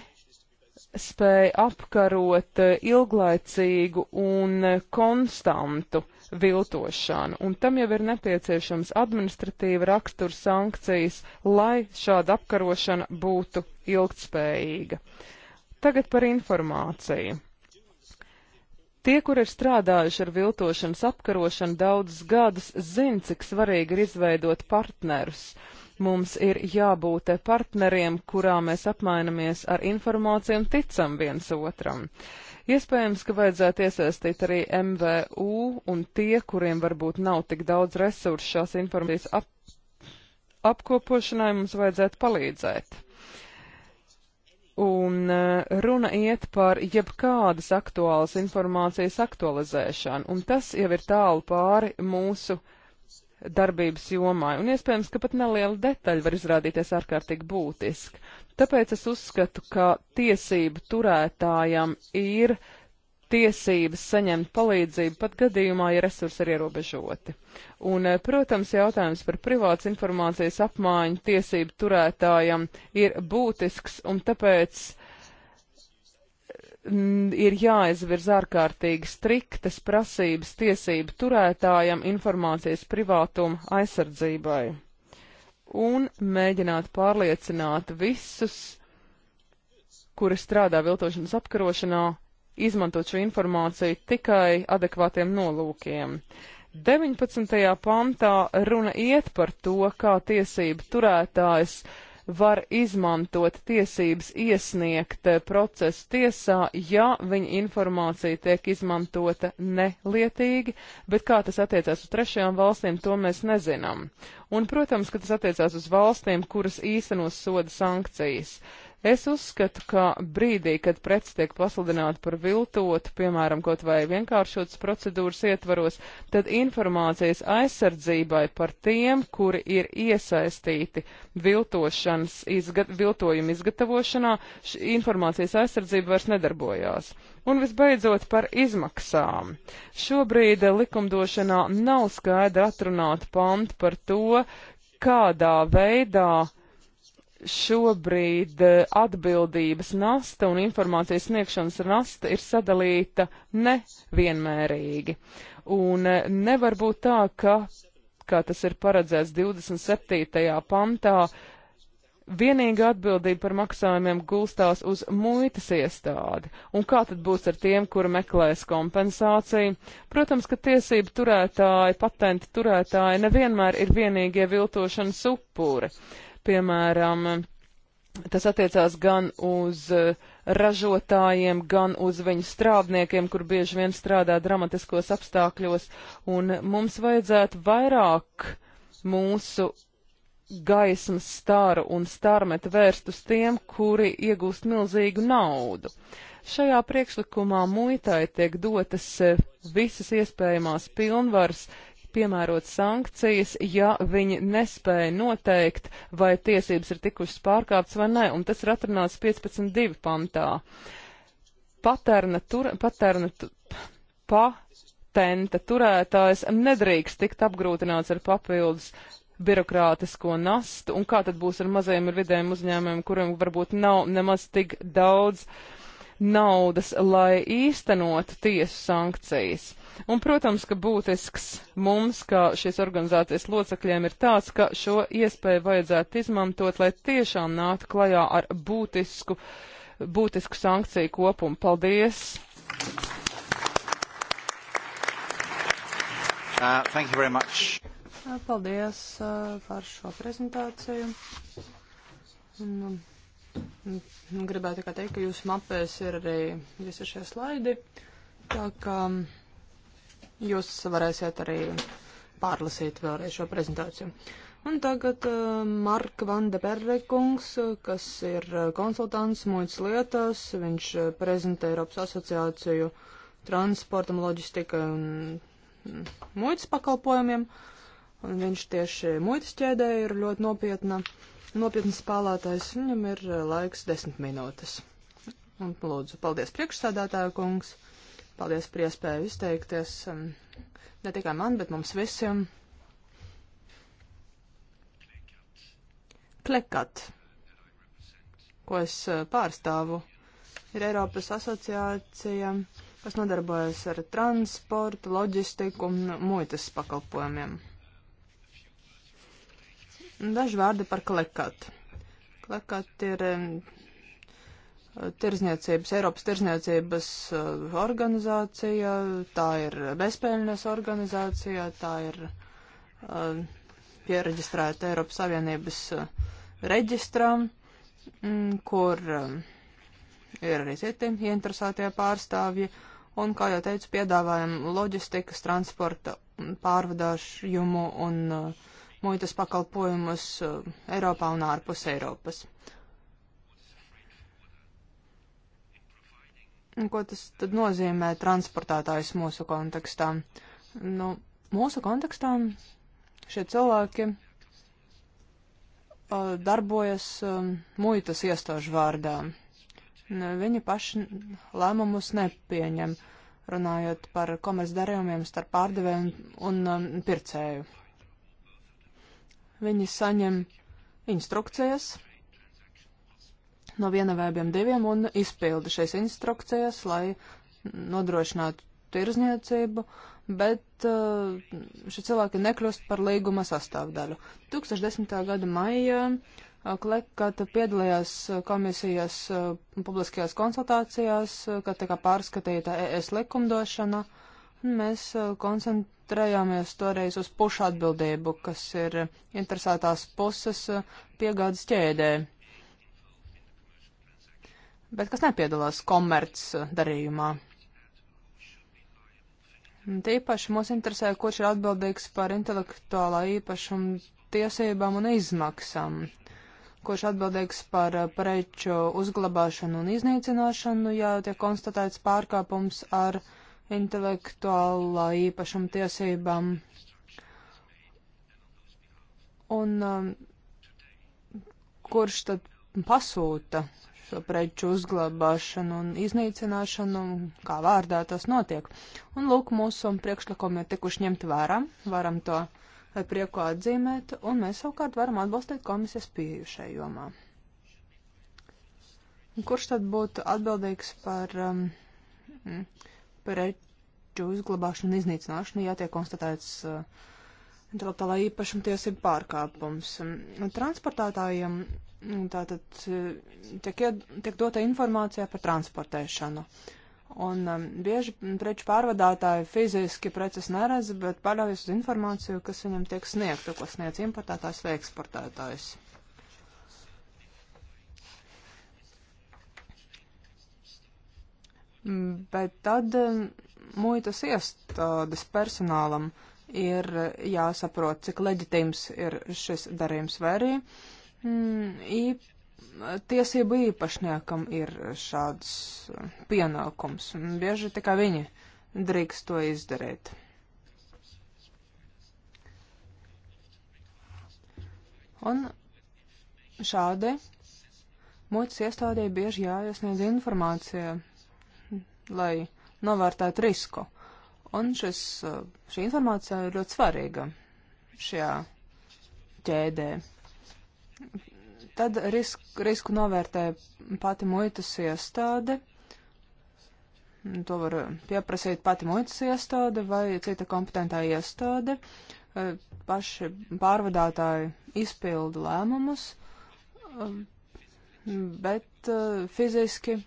spēja apkarot eh, ilglaicīgu un konstantu uh, viltošanu, un tam jau ir nepieciešams administratīva rakstura sankcijas, lai šāda apkarošana būtu ilgtspējīga. Tagad par informāciju. Tie, kur ir strādājuši ar viltošanas apkarošanu daudzus gadus, zin, cik svarīgi ir izveidot partnerus. Mums ir jābūt partneriem, kurā mēs apmainamies ar informāciju un ticam viens otram. Uh, Iespējams, ka vajadzētu iesaistīt arī MVU un tie, kuriem varbūt nav tik daudz resursu šās informācijas ap apkopošanai, mums vajadzētu palīdzēt. Un eh, runa iet par jebkādas aktuālas informācijas aktualizēšanu, un tas jau ir tālu pāri mūsu uh, darbības jomai, un iespējams, ka pat neliela detaļa var izrādīties ārkārtīgi būtiska. Tāpēc es uzskatu, ka tiesību turētājam ir tiesības saņemt palīdzību pat gadījumā, ja resursi ir ierobežoti. Un, eh, protams, jautājums par privāts informācijas apmaiņu tiesību turētājam ir būtisks, un tāpēc ir jāizvirz ārkārtīgi striktas prasības tiesību turētājam informācijas privātuma aizsardzībai un mēģināt pārliecināt visus, kuri strādā viltošanas apkarošanā, izmantot šo informāciju tikai adekvātiem nolūkiem. 19. pantā runa iet par to, kā tiesību turētājs uh, var izmantot tiesības iesniegt eh, procesu tiesā, ja viņa informācija tiek izmantota nelietīgi, bet kā tas attiecās uz trešajām valstīm, to mēs nezinām. Un, protams, ka tas attiecās uz valstīm, kuras īstenos soda sankcijas. Uh, Es uzskatu, ka brīdī, kad preci tiek pasludināta par viltotu, piemēram, kaut vai vienkāršotas procedūras ietvaros, tad informācijas aizsardzībai par tiem, kuri ir iesaistīti viltošanas, izgat, viltojuma izgatavošanā, informācijas aizsardzība vairs nedarbojās. Un visbeidzot par izmaksām. Šobrīd likumdošanā nav skaidri atrunāta panta par to, kādā veidā šobrīd eh, atbildības nasta un informācijas sniegšanas nasta ir sadalīta nevienmērīgi. Un eh, nevar būt tā, ka, kā tas ir paredzēts 27. pantā, vienīga atbildība par maksājumiem gulstās uz muitas iestādi. Un kā tad būs ar tiem, kuri meklēs kompensāciju? Protams, ka tiesību turētāji, patentu turētāji nevienmēr ir vienīgie viltošanas upuri. Uh, piemēram, tas attiecās gan uz eh, ražotājiem, gan uz viņu strādniekiem, kur bieži vien strādā dramatiskos apstākļos, un mums vajadzētu vairāk mūsu gaismas staru un starmetu vērst uz tiem, kuri iegūst milzīgu naudu. Šajā priekšlikumā muitai tiek dotas eh, visas iespējamās pilnvaras, piemērot sankcijas, ja viņi nespēja noteikt, vai tiesības ir tikušas pārkāptas vai nē, un tas ir atrunāts 15.2 pantā. Paterna, tur, paterna, pa, patenta turētājs nedrīkst tikt apgrūtināts ar papildus birokrātisko nastu, un kā tad būs ar mazajiem un vidējiem uzņēmumiem, kuriem varbūt nav nemaz tik daudz uh, naudas, lai īstenotu tiesu sankcijas. Un, protams, ka būtisks mums, kā šīs organizācijas locekļiem, ir tāds, ka šo iespēju vajadzētu izmantot, lai tiešām nāktu klajā ar būtisku, būtisku sankciju kopumu. Paldies! Uh, thank you very much. Uh, paldies uh, par šo prezentāciju. Un, nu. um, Nu, gribētu tikai teikt, ka jūsu mapēs ir arī visi šie slaidi, tā ka jūs varēsiet arī pārlasīt vēlreiz šo prezentāciju. Un tagad uh, eh, Marka Vanda Perrekungs, kas ir eh, konsultants muitas lietās, viņš eh, prezentē Eiropas asociāciju transportam, loģistika un mm, muitas pakalpojumiem. Uh, Un viņš tieši muitas ķēdē ir ļoti nopietna, nopietna spēlētājs. Viņam ir eh, laiks desmit minūtes. Un lūdzu, paldies priekšsādātāju kungs. Paldies par iespēju izteikties um, ne tikai man, bet mums visiem. Klekat, ko es eh, pārstāvu, ir Eiropas asociācija, kas nodarbojas ar transportu, loģistiku un muitas pakalpojumiem. Daži vārdi par klekatu. Klekat ir tirzniecības, Eiropas tirzniecības eh, organizācija, tā ir bezpēļņas organizācija, tā ir uh, eh, pieregistrēta Eiropas Savienības eh, reģistrā, mm, kur ir arī citi ieinteresētie pārstāvji, un, kā jau teicu, piedāvājam loģistikas, transporta, pārvadāšumu un uh, muitas pakalpojumus eh, Eiropā un ārpus Eiropas. Un ko tas tad nozīmē transportētājs mūsu kontekstā? Nu, mūsu kontekstā šie cilvēki uh, darbojas uh, muitas iestāžu vārdā. Viņi paši lēmumus nepieņem, runājot par komercdarījumiem starp pārdevēju un, un um, pircēju. Viņi saņem instrukcijas no viena vai abiem diviem un izpilda šīs instrukcijas, lai nodrošinātu tirzniecību, bet uh, šie cilvēki nekļūst par līguma sastāvdaļu. 2010. gada maijā uh, Klekata piedalījās uh, komisijas publiskajās konsultācijās, kad tika pārskatīta ES likumdošana. Mēs uh, koncentrējāmies toreiz uz pušu atbildību, kas ir interesētās puses uh, piegādes ķēdē, bet kas nepiedalās komerc uh, darījumā. Tīpaši mūs interesē, kurš ir atbildīgs par intelektuālā īpašuma tiesībām un izmaksām, kurš atbildīgs par preču uzglabāšanu un iznīcināšanu, ja tiek konstatēts pārkāpums ar uh, intelektuālā īpašuma tiesībām. Un um, kurš tad pasūta šo preču uzglabāšanu un iznīcināšanu, kā vārdā tas notiek. Un lūk, mūsu priekšlikumi ir tikuši ņemti vērā, varam to ar prieku atzīmēt, un mēs savukārt varam atbalstīt komisijas pieeju šai jomā. Kurš tad būtu atbildīgs par um, preču uzglabāšana un iznīcināšana, ja tiek konstatēts uh, intelektuālā īpašuma tiesību pārkāpums. Um, transportētājiem mm, tātad uh, tiek, ied, tiek dota informācija par transportēšanu. Un um, bieži preču pārvadātāji fiziski preces neredz, bet paļaujas uz informāciju, kas viņam tiek sniegta, ko sniedz importētājs vai eksportētājs. Bet tad eh, muitas iestādes personālam ir jāsaprot, cik leģitīms ir šis darījums, vai arī mm, īp, tiesību īpašniekam ir šāds eh, pienākums. Bieži tikai viņi drīkst to izdarīt. Un šādi muitas iestādē bieži jāiesniedz informācija lai novērtētu risku. Un šis, uh, šī informācija ir ļoti svarīga šajā ķēdē. Tad risk, risku novērtē pati muitas iestāde. To var pieprasīt pati muitas iestāde vai cita kompetentā iestāde. Uh, paši pārvadātāji izpildu lēmumus, uh, bet fiziski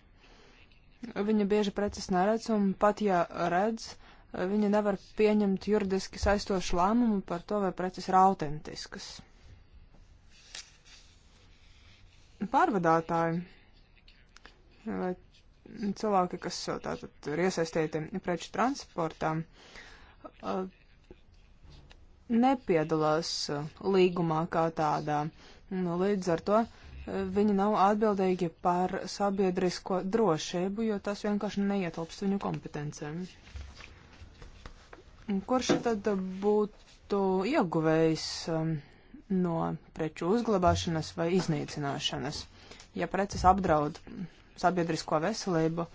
Viņa bieži preces neredz, un pat ja redz, viņa nevar pieņemt juridiski saistošu lēmumu par to, vai preces ir autentiskas. Pārvadātāji vai cilvēki, kas tātad ir iesaistīti preču transportā, nepiedalās līgumā kā tādā. Nu, līdz ar to viņi nav atbildīgi par sabiedrisko drošību, jo tas vienkārši neietilpst viņu kompetencēm. Kurš tad būtu ieguvējis um, no preču uzglabāšanas vai iznīcināšanas? Ja preces apdraud sabiedrisko veselību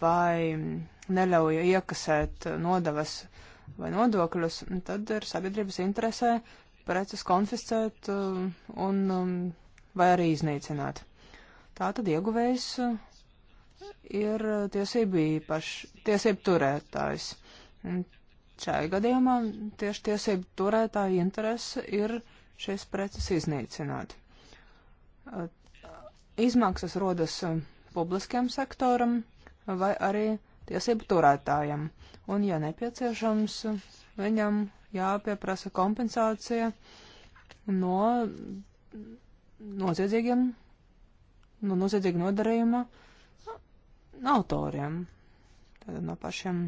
vai neļauj iekasēt nodavas vai nodokļus, tad ir sabiedrības interesē preces konfiscēt um, un um, vai arī iznīcināt. Tātad ieguvējs uh, ir tiesību īpaši, tiesību turētājs. Šajā gadījumā tieši tiesību turētāja interese ir šīs preces iznīcināt. Uh, izmaksas rodas uh, publiskiem sektoram vai arī tiesību turētājam, un, ja nepieciešams, viņam jāpieprasa kompensācija no noziedzīgiem, no noziedzīga nodarījuma nu, autoriem, tātad no pašiem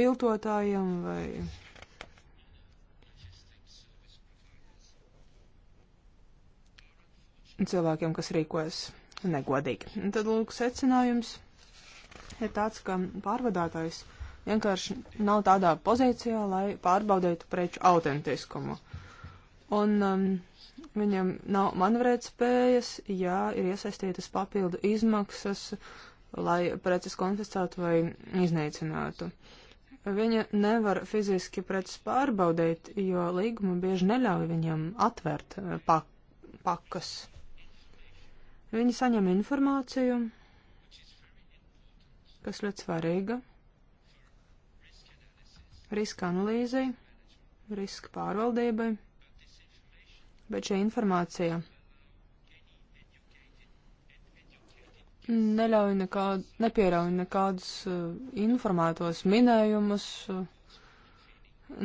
viltotājiem vai cilvēkiem, kas rīkojas negodīgi. Un tad, lūk, secinājums ir tāds, ka pārvadātājs vienkārši nav tādā pozīcijā, lai pārbaudītu preču autentiskumu un um, viņam nav manevrēt spējas, ja ir iesaistītas papildu izmaksas, lai preces konfiscētu vai iznīcinātu. Viņa nevar fiziski preces pārbaudīt, jo līguma bieži neļauj viņam atvērt uh, pak pakas. Viņi saņem informāciju, kas ļoti svarīga, riska analīzei, riska pārvaldībai bet šī informācija neļauj nekādu, nepierauj nekādus uh, informētos minējumus uh,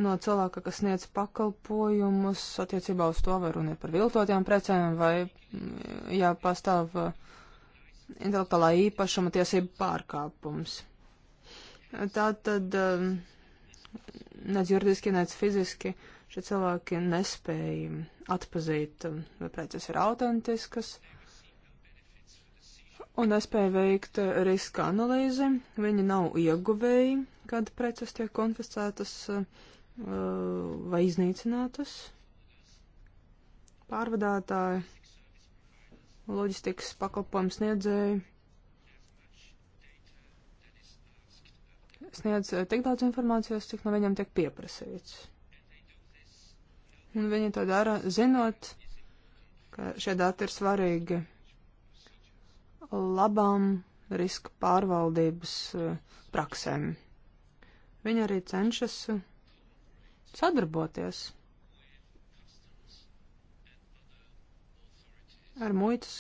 no cilvēka, kas sniedz pakalpojumus attiecībā uz to, vai runa ir par viltotiem precēm, vai mm, ja pastāv uh, intelektuālā īpašuma tiesība pārkāpums. Tā tad um, nec juridiski, nec fiziski Šie cilvēki nespēja atzīt, um, vai preces ir autentiskas, un nespēja veikt uh, riska analīzi. Viņi nav ieguvēji, kad preces tiek konfiscētas uh, vai iznīcinātas. Pārvadātāji, loģistikas pakalpojumu sniedzēji. sniedz uh, tik daudz informācijas, cik no viņiem tiek pieprasīts. Un viņi to dara zinot, ka šie dati ir svarīgi labām riska pārvaldības eh, praksēm. Viņi arī cenšas sadarboties ar muitas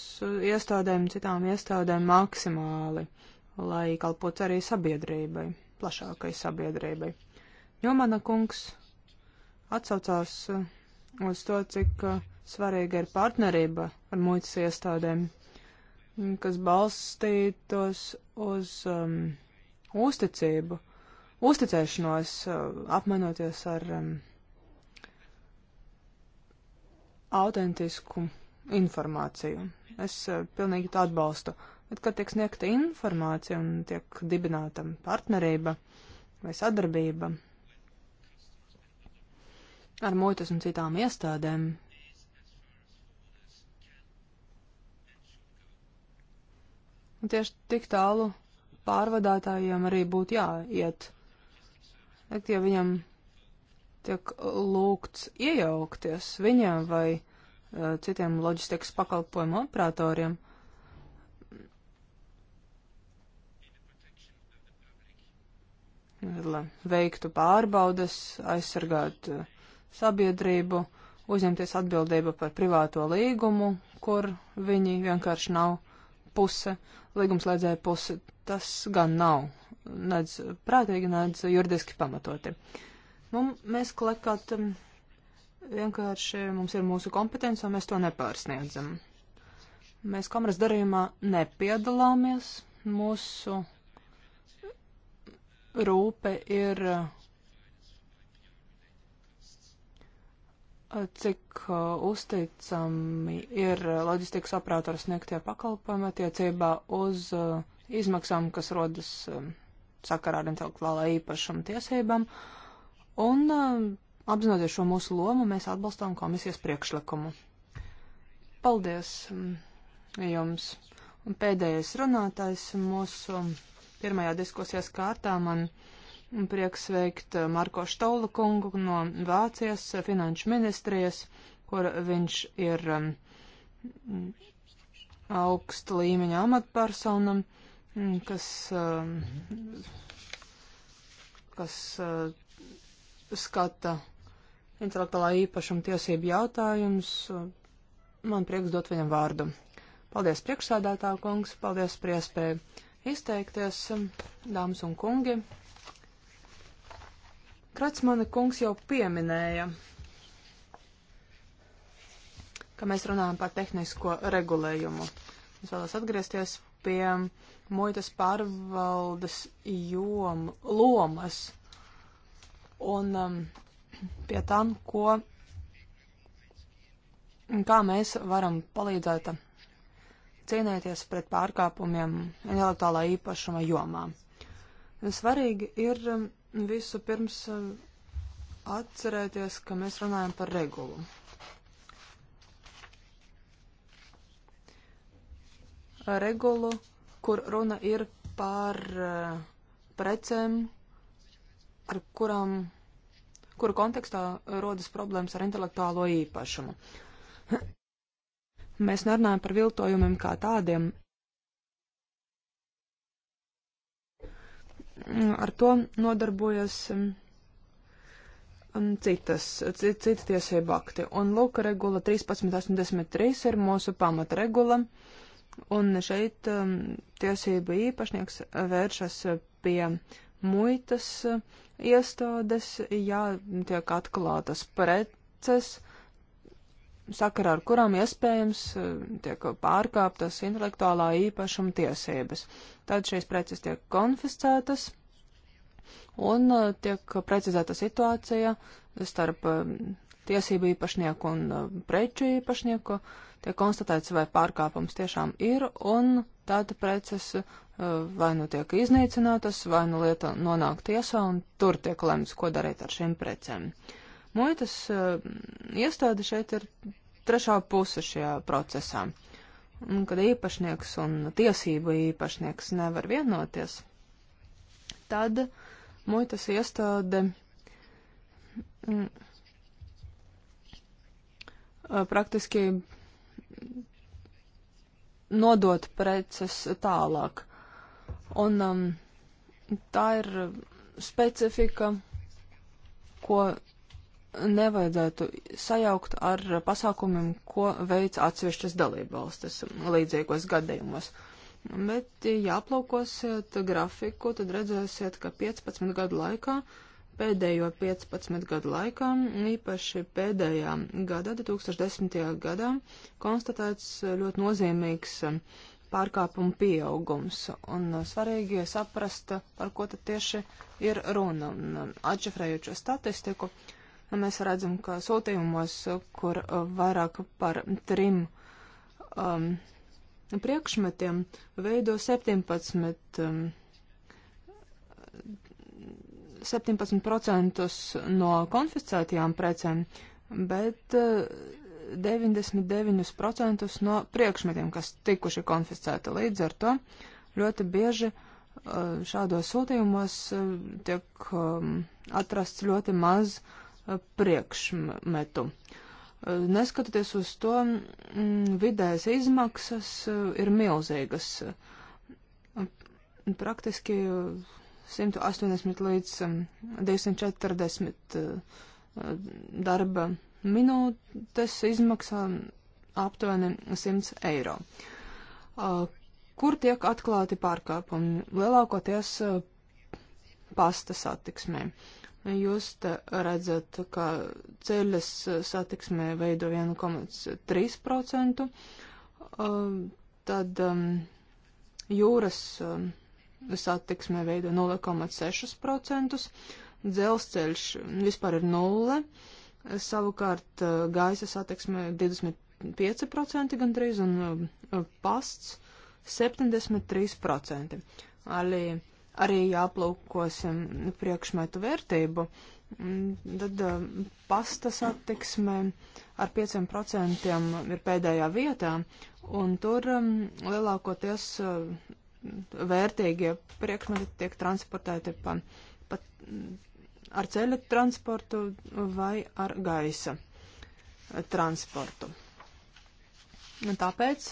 iestādēm, citām iestādēm maksimāli, lai kalpotu arī sabiedrībai, plašākai sabiedrībai. Jo mana kungs atsaucās uh, uz to, cik uh, svarīga ir partnerība ar muitas iestādēm, kas balstītos uz um, uzticību, uzticēšanos, uh, apmainoties ar um, autentisku informāciju. Es uh, pilnīgi tā atbalstu. Bet, kad tiek sniegta informācija un tiek dibināta partnerība vai sadarbība, ar muitas un citām iestādēm. Un tieši tik tālu pārvadātājiem arī būtu jāiet. Tad, ja viņam tiek lūgts iejaukties viņiem vai uh, citiem loģistikas pakalpojumu operatoriem, lai veiktu pārbaudas, aizsargātu uh, eh, sabiedrību uzņemties atbildību par privāto līgumu, kur viņi vienkārši nav puse, līgumslēdzēja puse. Tas gan nav nedz prātīgi, nedz juridiski pamatoti. Mums, mēs klekat vienkārši, mums ir mūsu kompetence, un mēs to nepārsniedzam. Mēs kameras darījumā nepiedalāmies, mūsu rūpe ir uh, cik uzticami ir loģistikas operatora sniegtie pakalpojumi attiecībā uz izmaksām, kas rodas sakarā ar intelektuālā īpašuma tiesībām. Un apzinoties šo mūsu lomu, mēs atbalstām komisijas priekšlikumu. Paldies jums! Un pēdējais runātājs mūsu pirmajā diskusijas kārtā man. Prieks veikt eh, Marko Štaula kungu no Vācijas eh, finanšu ministrijas, kur viņš ir um, augsta līmeņa amatpersona, mm, kas, um, kas eh, skata intelektuālā īpašuma tiesību jautājumus. Man prieks dot viņam vārdu. Paldies priekšsādātā kungs, paldies par iespēju izteikties, dāmas un kungi. Kracmana kungs jau pieminēja, ka mēs runājam par tehnisko regulējumu. Es vēlos atgriezties pie muitas pārvaldes jom, lomas un um, pie tam, ko, kā mēs varam palīdzēt cīnīties pret pārkāpumiem intelektuālā īpašuma jomā. Svarīgi ir um, Visu pirms eh, atcerēties, ka mēs runājam par regulu. Regulu, kur runa ir par eh, precēm, ar kurām, kuru kontekstā rodas problēmas ar intelektuālo īpašumu. Mēs nerunājam par viltojumiem kā tādiem, ar to nodarbojas um, um, citas, citas tiesība akti. Un lūk, regula 1383 ir mūsu pamatregula, un šeit um, tiesība īpašnieks vēršas pie muitas uh, iestādes, ja tiek atklātas preces, sakarā ar kurām iespējams uh, tiek pārkāptas intelektuālā īpašuma tiesības. Uh, Tad šīs preces tiek konfiscētas un uh, tiek precizēta situācija starp um, tiesību īpašnieku un uh, preču īpašnieku. Tiek konstatēts, vai pārkāpums tiešām ir, un tad preces uh, vai nu tiek iznīcinātas, vai nu lieta nonāk tiesā, un tur tiek lemts, ko darīt ar šīm precēm. Muitas iestāde šeit ir trešā puse šajā procesā. Uh, Un kad īpašnieks un tiesība īpašnieks nevar vienoties, tad muitas iestāde mm, praktiski nodot preces tālāk. Un um, tā ir specifika, ko nevajadzētu sajaukt ar pasākumiem, ko veic atsevišķas dalībvalstis līdzīgos gadījumos. Bet, ja aplaukosiet grafiku, tad redzēsiet, ka 15 gadu laikā, pēdējo 15 gadu laikā, īpaši pēdējā gada, 2010. gadā, konstatēts ļoti nozīmīgs pārkāpumu pieaugums. Un svarīgi ir saprast, par ko tad tieši ir runa. Atšifrējot šo statistiku, uh, Nu, mēs redzam, ka sūtījumos, kur uh, vairāk par trim um, priekšmetiem veido 17, um, 17% no konfiscētajām precēm, bet uh, 99% no priekšmetiem, kas tikuši konfiscēti. Līdz ar to ļoti bieži uh, šādos sūtījumos uh, tiek um, atrasts ļoti maz uh, priekšmetu. Neskatoties uz to, mm, vidējas izmaksas eh, ir milzīgas. Praktiski 180 eh, līdz 240 mm, eh, darba minūtes izmaksā aptuveni 100 eiro. Kur tiek atklāti pārkāpumi? Lielākoties pasta satiksmē. Uh, Jūs redzat, ka ceļas uh, satiksmē veido 1,3%, um, tad um, jūras um, satiksmē veido 0,6%, dzelzceļš vispār ir nulle, savukārt uh, gaisa satiksmē 25% gandrīz un pasts 73%. Arī arī jāplūkosim priekšmetu vērtību, mm, tad eh, pasta satiksme ar 5% ir pēdējā vietā, un tur mm, lielākoties eh, vērtīgie priekšmeti tiek transportēti pa, pa, ar ceļa transportu vai ar gaisa eh, transportu. Tāpēc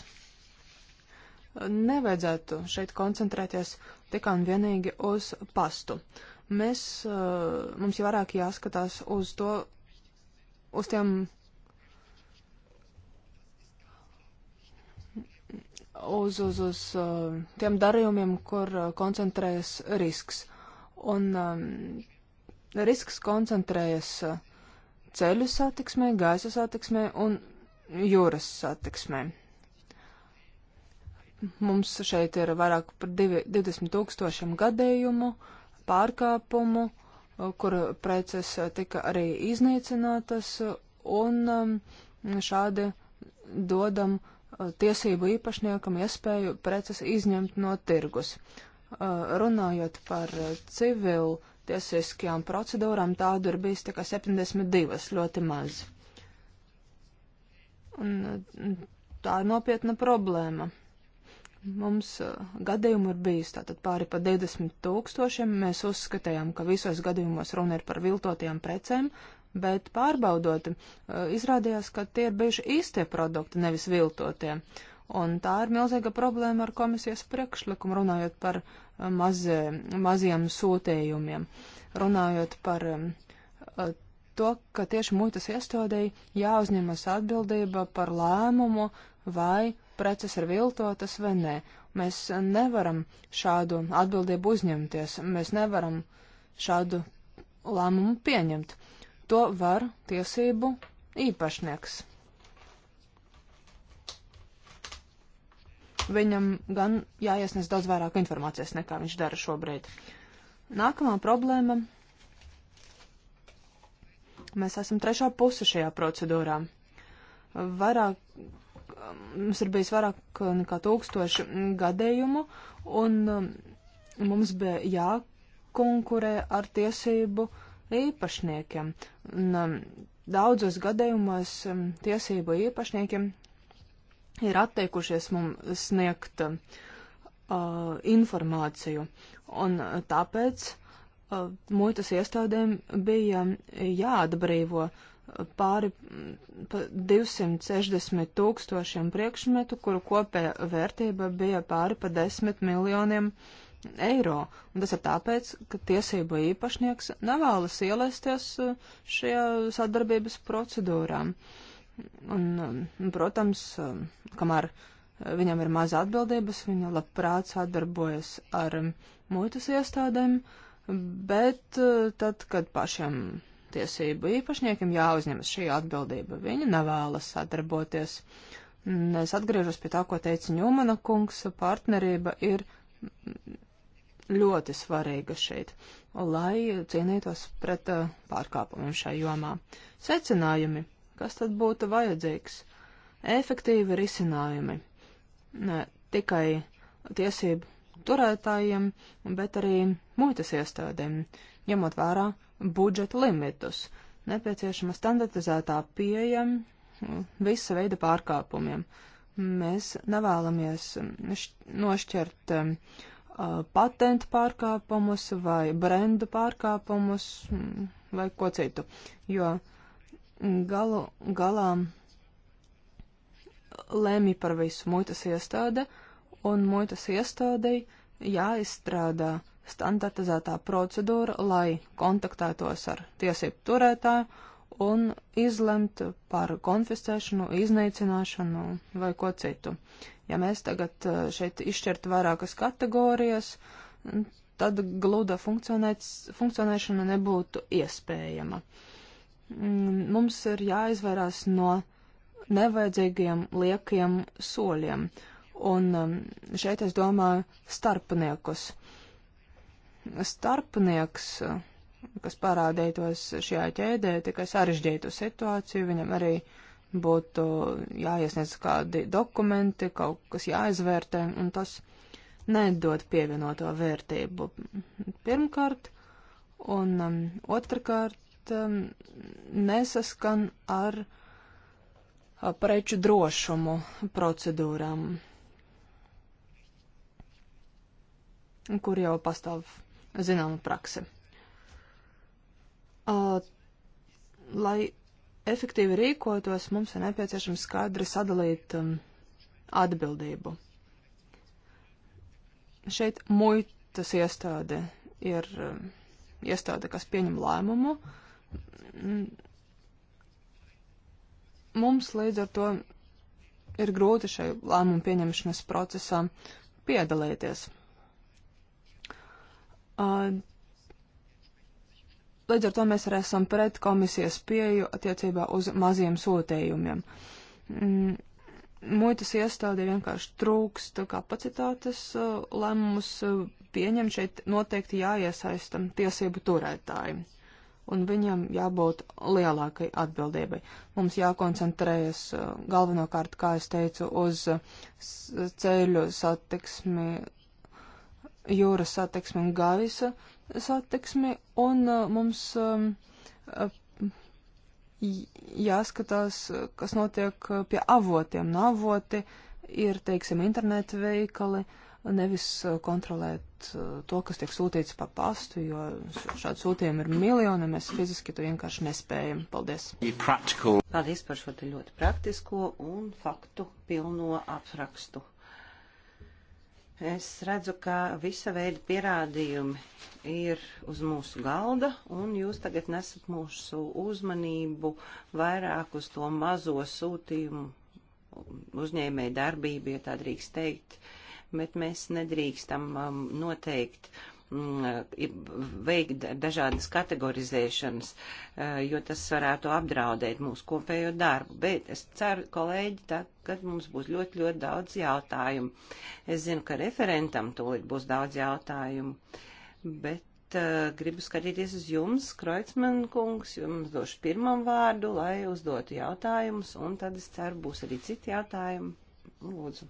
nevajadzētu šeit koncentrēties tikai un vienīgi uz pastu. Mēs, eh, mums jau vairāk jāskatās uz to, uz tiem, uz, uz, uz eh, tiem darījumiem, kur eh, koncentrējas risks. Un um, risks koncentrējas ceļu satiksmē, gaisa satiksmē un jūras satiksmē. Mums šeit ir vairāk par divi, 20 tūkstošiem gadījumu, pārkāpumu, kur preces tika arī iznīcinātas, un um, šādi dodam uh, tiesību īpašniekam iespēju preces izņemt no tirgus. Uh, runājot par civilu tiesiskajām procedūrām, tādu ir bijis tikai 72, ļoti maz. Un uh, tā ir nopietna problēma. Mums uh, gadījumu ir bijis tātad pāri pa 20 tūkstošiem. Mēs uzskatījām, ka visos gadījumos runa ir par viltotajām precēm, bet pārbaudot, uh, izrādījās, ka tie ir bijuši īstie produkti, nevis viltotie. Un tā ir milzīga problēma ar komisijas priekšlikumu, runājot par uh, mazie, maziem sūtījumiem, runājot par um, to, ka tieši muitas iestādēji jāuzņemas atbildība par lēmumu, vai preces ir viltotas vai nē. Mēs nevaram šādu atbildību uzņemties, mēs nevaram šādu lēmumu pieņemt. To var tiesību īpašnieks. Viņam gan jāiesniedz daudz vairāk informācijas, nekā viņš dara šobrīd. Nākamā problēma. Mēs esam trešā puse šajā procedūrā. Vairāk mums ir bijis vairāk nekā tūkstoši gadījumu, un um, mums bija jākonkurē ar tiesību īpašniekiem. Un, um, daudzos gadījumos um, tiesību īpašniekiem ir atteikušies mums sniegt uh, informāciju, un uh, tāpēc uh, muitas iestādēm bija jāatbrīvo uh, pāri 260 mm, tūkstošiem priekšmetu, kuru kopējā vērtība bija pāri pa 10 miljoniem eiro. Un tas ir tāpēc, ka tiesība īpašnieks nevēlas ielaisties eh, šajā sadarbības procedūrā. Un, mm, protams, eh, kamēr eh, viņam ir maz atbildības, viņa labprāt sadarbojas ar mm, muitas iestādēm, bet tad, kad pašiem tiesību īpašniekiem jāuzņemas šī atbildība. Viņi nevēlas sadarboties. Es atgriežos pie tā, ko teica Ņūmana kungs. Partnerība ir ļoti svarīga šeit, lai cīnītos pret uh, pārkāpumiem šai jomā. Secinājumi. Kas tad būtu vajadzīgs? Efektīvi risinājumi. Ne tikai tiesību turētājiem, bet arī muitas iestādēm, ņemot vērā budžeta limitus. Nepieciešama standartizētā pieeja mm, visa veida pārkāpumiem. Mēs nevēlamies mm, nošķirt uh, patentu pārkāpumus vai brendu pārkāpumus vai ko citu, jo galu galā lēmī par visu muitas iestāde, un muitas iestādei jāizstrādā standartizētā procedūra, lai kontaktētos ar tiesību turētāju un izlemt par konfiscēšanu, iznīcināšanu vai ko citu. Ja mēs tagad eh, šeit izšķirtu vairākas kategorijas, tad gluda funkcionēšana nebūtu iespējama. Mm, mums ir jāizvairās no nevajadzīgiem liekiem soļiem, un mm, šeit es domāju starpniekus. Uh, starpnieks, kas parādītos šajā ķēdē, tikai sarežģītu situāciju, viņam arī būtu jāiesniedz kādi dokumenti, kaut kas jāizvērtē, un tas nedod pievienoto vērtību. Pirmkārt, un um, otrkārt, um, nesaskan ar uh, preču drošumu procedūrām, kur jau pastāv zināma prakse. Uh, lai efektīvi rīkotos, mums ir nepieciešams skaidri sadalīt um, atbildību. Šeit muitas iestāde ir um, iestāde, kas pieņem lēmumu. Mm. Mums līdz ar to ir grūti šai lēmumu pieņemšanas procesā piedalīties. Līdz ar to mēs arī esam pret komisijas pieju attiecībā uz maziem sūtījumiem. Mm, muitas iestādē vienkārši trūkst kapacitātes lēmumus pieņemt. Šeit noteikti jāiesaista tiesību turētāji, un viņam jābūt lielākai atbildībai. Mums jākoncentrējas galvenokārt, kā es teicu, uz ceļu satiksmi jūras satiksmi un gaisa satiksmi, un uh, mums um, uh, jāskatās, kas notiek uh, pie avotiem. No avoti ir, teiksim, internetu veikali, nevis kontrolēt to, kas tiek sūtīts pa pastu, jo šādu sūtījumu ir miljoni, mēs fiziski to vienkārši nespējam. Paldies! Paldies par šo ļoti praktisko un faktu pilno aprakstu. Es redzu, ka visa veida pierādījumi ir uz mūsu galda, un jūs tagad nesat mūsu uzmanību vairāk uz to mazo sūtījumu uzņēmēju darbību, ja tā drīkst teikt, bet mēs nedrīkstam um, noteikt uh, Mm, veikt dažādas kategorizēšanas, eh, jo tas varētu apdraudēt mūsu kopējo darbu. Bet es ceru, kolēģi, tā, kad mums būs ļoti, ļoti daudz jautājumu. Es zinu, ka referentam tūlīt būs daudz jautājumu, bet eh, gribu skatīties uz jums, Kreutzmann kungs, jums došu pirmam vārdu, lai uzdotu jautājumus, un tad es ceru, būs arī citi jautājumi. Lūdzu.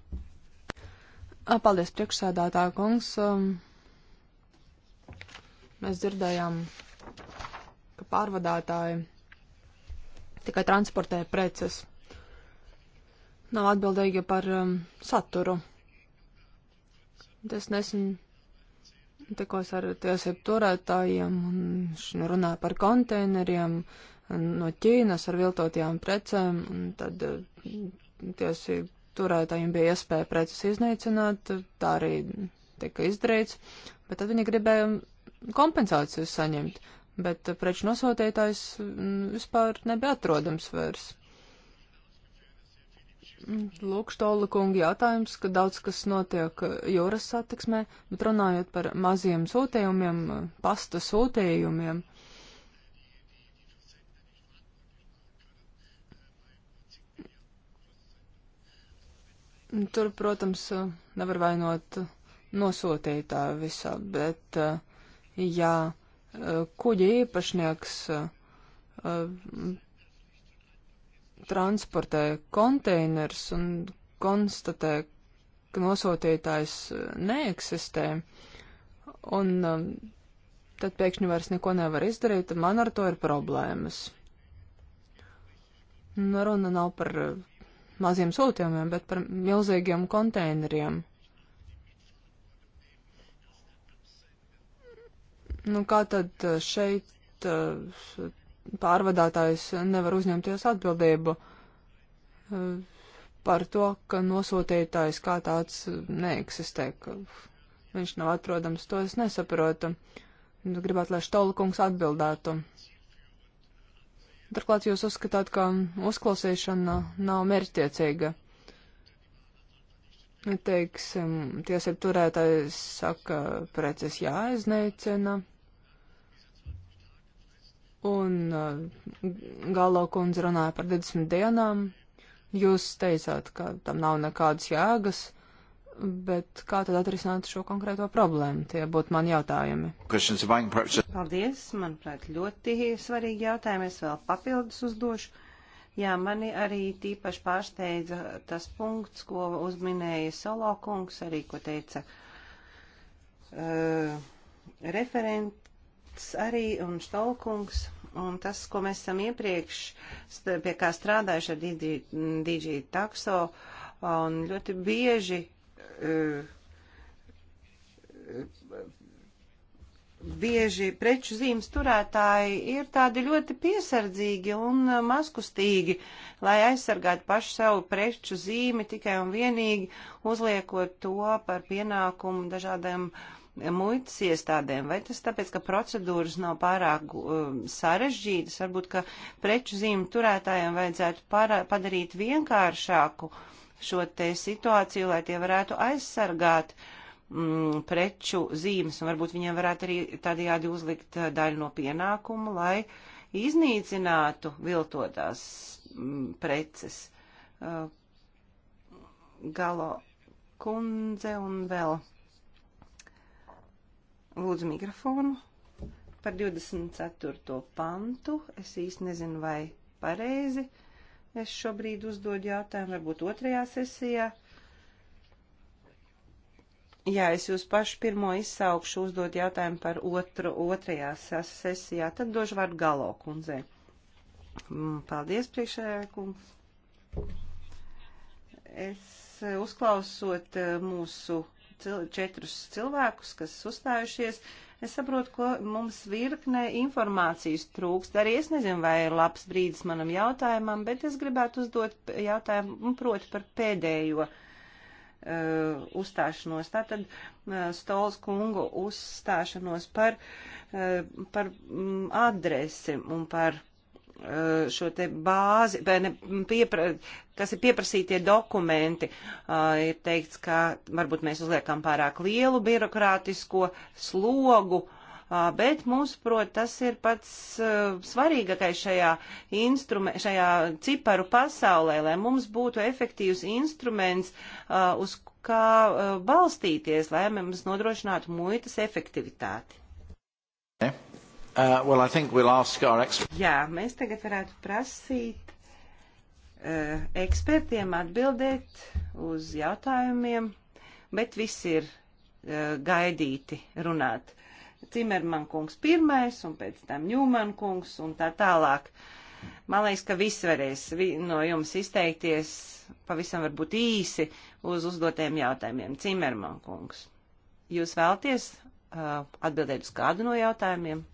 Paldies, priekšsādātā kungs. Um... Mēs dzirdējām, ka pārvadātāji tikai transportē preces. Nav atbildīgi par um, saturu. Es nesen tikos ar tiesību turētājiem un viņš nu runāja par konteineriem no Ķīnas ar viltotajām precēm. Tad uh, tiesību turētājiem bija iespēja preces iznīcināt, tā arī tika izdarīts. Bet tad viņi gribēja kompensāciju saņemt, bet preču nosūtītājs mm, vispār nebija atrodams vairs. Lūk, Štola kunga jautājums, ka daudz kas notiek jūras satiksmē, bet runājot par maziem sūtījumiem, pasta sūtījumiem. Tur, protams, nevar vainot nosūtītāju visā, bet uh, ja e, kuģa īpašnieks e, transportē konteiners un konstatē, ka nosūtītājs neeksistē, un e, tad pēkšņi vairs neko nevar izdarīt, man ar to ir problēmas. Nu, runa nav par maziem sūtījumiem, bet par milzīgiem konteineriem. Nu, kā tad eh, šeit eh, pārvadātājs nevar uzņemties atbildību eh, par to, ka nosūtītājs kā tāds neeksistē, ka viņš nav atrodams, to es nesaprotu. Nu, gribētu, lai Štolkungs atbildētu. Turklāt jūs uzskatāt, ka uzklausīšana nav mērķtiecīga. Teiksim, tiesību turētājs saka, preces jāiznīcina. Un uh, Galo kundze runāja par 20 dienām. Jūs teicāt, ka tam nav nekādas jēgas, bet kā tad atrisināt šo konkrēto problēmu? Tie būtu mani jautājumi. Paldies, manuprāt, ļoti svarīgi jautājumi. Es vēl papildus uzdošu. Jā, mani arī tīpaši pārsteidza tas punkts, ko uzminēja Solokungs, arī ko teica uh, referent, Kungs arī un Štolkungs. Un tas, ko mēs esam iepriekš pie kā strādājuši ar DG, DG takso, un ļoti bieži uh, bieži preču zīmes turētāji ir tādi ļoti piesardzīgi un maskustīgi, lai aizsargātu pašu savu preču zīmi tikai un vienīgi uzliekot to par pienākumu dažādiem uh, muitas iestādēm, vai tas tāpēc, ka procedūras nav pārāk um, sarežģītas, varbūt, ka preču zīmju turētājiem vajadzētu pārā, padarīt vienkāršāku šo te situāciju, lai tie varētu aizsargāt mm, preču zīmes, un varbūt viņiem varētu arī tādajādi uzlikt uh, daļu no pienākumu, lai iznīcinātu viltotās mm, preces. Uh, galo kundze un vēl lūdzu mikrofonu par 24. pantu. Es īsti nezinu, vai pareizi es šobrīd uzdodu jautājumu, varbūt otrajā sesijā. Jā, es jūs pašu pirmo izsaukšu uzdot jautājumu par otru, otrajā sesijā, tad došu vārdu galo kundzei. Mm, paldies, priekšējā kungs. Es eh, uzklausot eh, mūsu cil četrus cilvēkus, kas uzstājušies. Es saprotu, ka mums virknē informācijas trūkst. Arī es nezinu, vai ir labs brīdis manam jautājumam, bet es gribētu uzdot jautājumu proti par pēdējo uh, uzstāšanos. Tātad uh, Stols kungu uzstāšanos par, uh, par mm, adresi un par Eh, šo te bāzi, ne, piepra, kas ir pieprasītie dokumenti, eh, ir teikts, ka varbūt mēs uzliekam pārāk lielu birokrātisko slogu, eh, bet mums, prot, tas ir pats svarīgākais šajā, instrume, šajā ciparu pasaulē, lai mums būtu efektīvs instruments, uz kā balstīties, lai mums nodrošinātu muitas efektivitāti. Ne? Uh, well, our... Jā, mēs tagad varētu prasīt uh, ekspertiem atbildēt uz jautājumiem, bet visi ir uh, gaidīti runāt. Cimerman kungs pirmais un pēc tam Ņūman kungs un tā tālāk. Man liekas, ka viss varēs vi, no jums izteikties pavisam varbūt īsi uz uzdotiem jautājumiem. Cimerman kungs, jūs vēlties uh, atbildēt uz kādu no jautājumiem?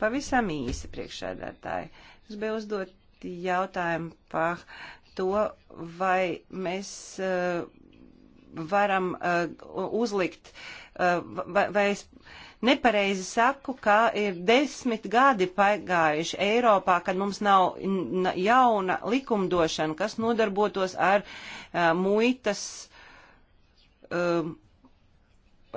Pavisam īsi priekšsēdētāji. Es biju uzdot jautājumu par to, vai mēs uh, varam uh, uzlikt, uh, vai, vai es nepareizi saku, ka ir desmit gadi pagājuši Eiropā, kad mums nav jauna likumdošana, kas nodarbotos ar uh, muitas. Uh,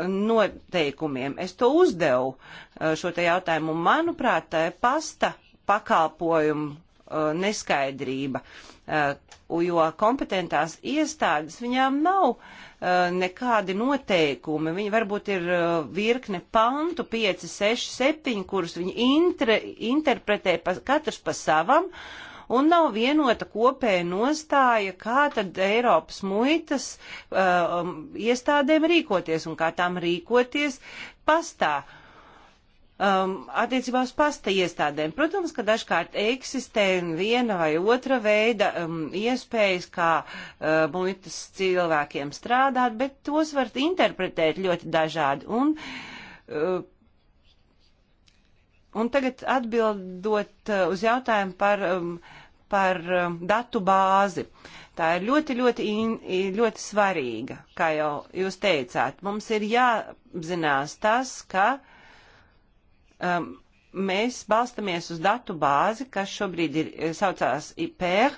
noteikumiem. Es to uzdevu uh, šo te jautājumu, un manuprāt, tā ir pasta pakalpojumu uh, neskaidrība, uh, jo kompetentās iestādes viņām nav nekādi noteikumi. Viņi varbūt ir virkne pantu, 5, 6, 7, kurus viņi intre, interpretē pa, katrs pa savam, uh, un nav vienota kopēja nostāja, kā tad Eiropas muitas uh, um, iestādēm rīkoties un kā tām rīkoties pastā. Um, attiecībā uz pasta iestādēm. Protams, ka dažkārt eksistē viena vai otra veida um, iespējas, kā uh, muitas cilvēkiem strādāt, bet tos var interpretēt ļoti dažādi. Un, uh, Un tagad atbildot uh, uz jautājumu par um, uh, par um, datu bāzi. Tā ir ļoti, ļoti, in, ļoti svarīga, kā jau jūs teicāt. Mums ir jāapzinās tas, ka um, mēs balstamies uz datu bāzi, kas šobrīd ir, eh, saucās IPR.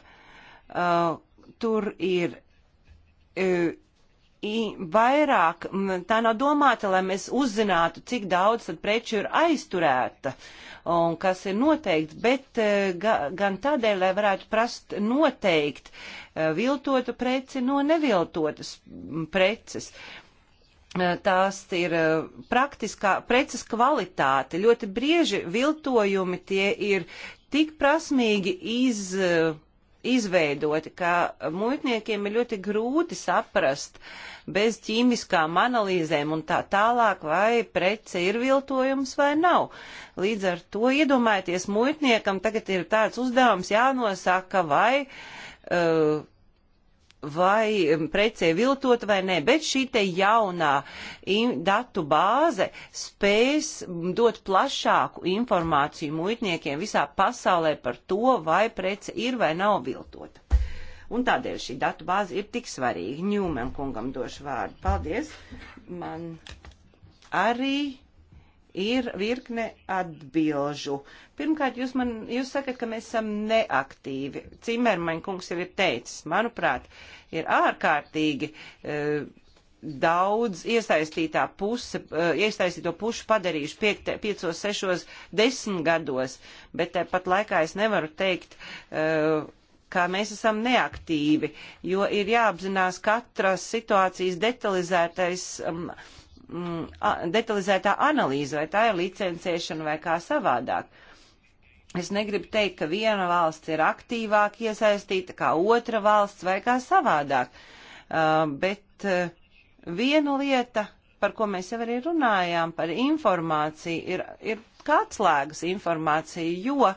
Uh, tur ir uh, vairāk tā nav domāta, lai mēs uzzinātu, cik daudz tad preču ir aizturēta un kas ir noteikts, bet e, ga, gan tādēļ, lai varētu prast noteikt e, viltotu preci no neviltotas preces. E, tās ir praktiskā preces kvalitāte. Ļoti brieži viltojumi tie ir tik prasmīgi iz izveidoti, ka muitniekiem ir ļoti grūti saprast bez ķīmiskām analīzēm un tā tālāk, vai prece ir viltojums vai nav. Līdz ar to iedomājieties, muitniekam tagad ir tāds uzdevums jānosaka, vai uh, vai um, precē viltot vai nē, bet šī te jaunā datu bāze spēs um, dot plašāku informāciju muitniekiem visā pasaulē par to, vai prece ir vai nav viltota. Un tādēļ šī datu bāze ir tik svarīga. Ņūmen kungam došu vārdu. Paldies. Man arī ir virkne atbilžu. Pirmkārt, jūs, man, jūs sakat, ka mēs esam neaktīvi. Cimermaņa kungs jau ir teicis, manuprāt, ir ārkārtīgi e, daudz iesaistītā puse, e, iesaistīto pušu padarījuši piekte, piecos, sešos, desmit gados, bet tāpat laikā es nevaru teikt, e, ka mēs esam neaktīvi, jo ir jāapzinās katras situācijas detalizētais. Um, e, mm, detalizētā analīze, vai tā ir licencēšana vai kā savādāk. Es negribu teikt, ka viena valsts ir aktīvāk iesaistīta kā otra valsts vai kā savādāk, uh, bet uh, viena lieta, par ko mēs jau arī runājām, par informāciju, ir, ir kā atslēgas informācija, jo uh,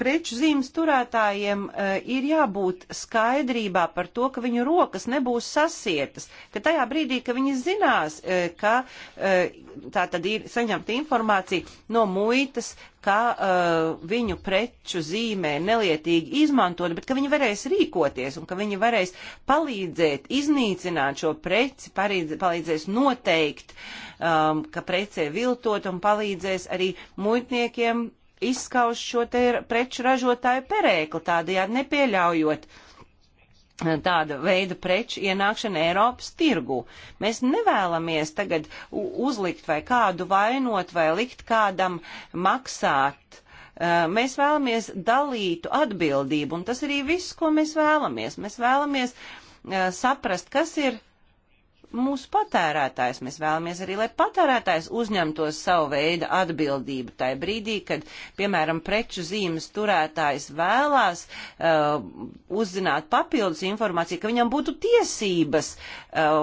preču zīmes turētājiem uh, ir jābūt skaidrībā par to, ka viņu rokas nebūs sasietas, ka tajā brīdī, ka viņi zinās, uh, ka uh, tā tad ir saņemta informācija no muitas, ka uh, viņu preču zīmē nelietīgi izmantot, bet ka viņi varēs rīkoties un ka viņi varēs palīdzēt iznīcināt šo preci, parīdz, palīdzēs noteikt, um, ka precē viltot un palīdzēs arī muitniekiem izskauž šo te preču ražotāju perēkli, tādējādi nepieļaujot eh, tāda veida preču ienākšana Eiropas tirgu. Mēs nevēlamies tagad uzlikt vai kādu vainot vai likt kādam maksāt. Eh, mēs vēlamies dalītu atbildību, un tas arī viss, ko mēs vēlamies. Mēs vēlamies eh, saprast, kas ir mūsu patērētājs. Mēs vēlamies arī, lai patērētājs uzņemtos savu veidu atbildību tajā brīdī, kad, piemēram, preču zīmes turētājs vēlās uh, uzzināt papildus informāciju, ka viņam būtu tiesības uh,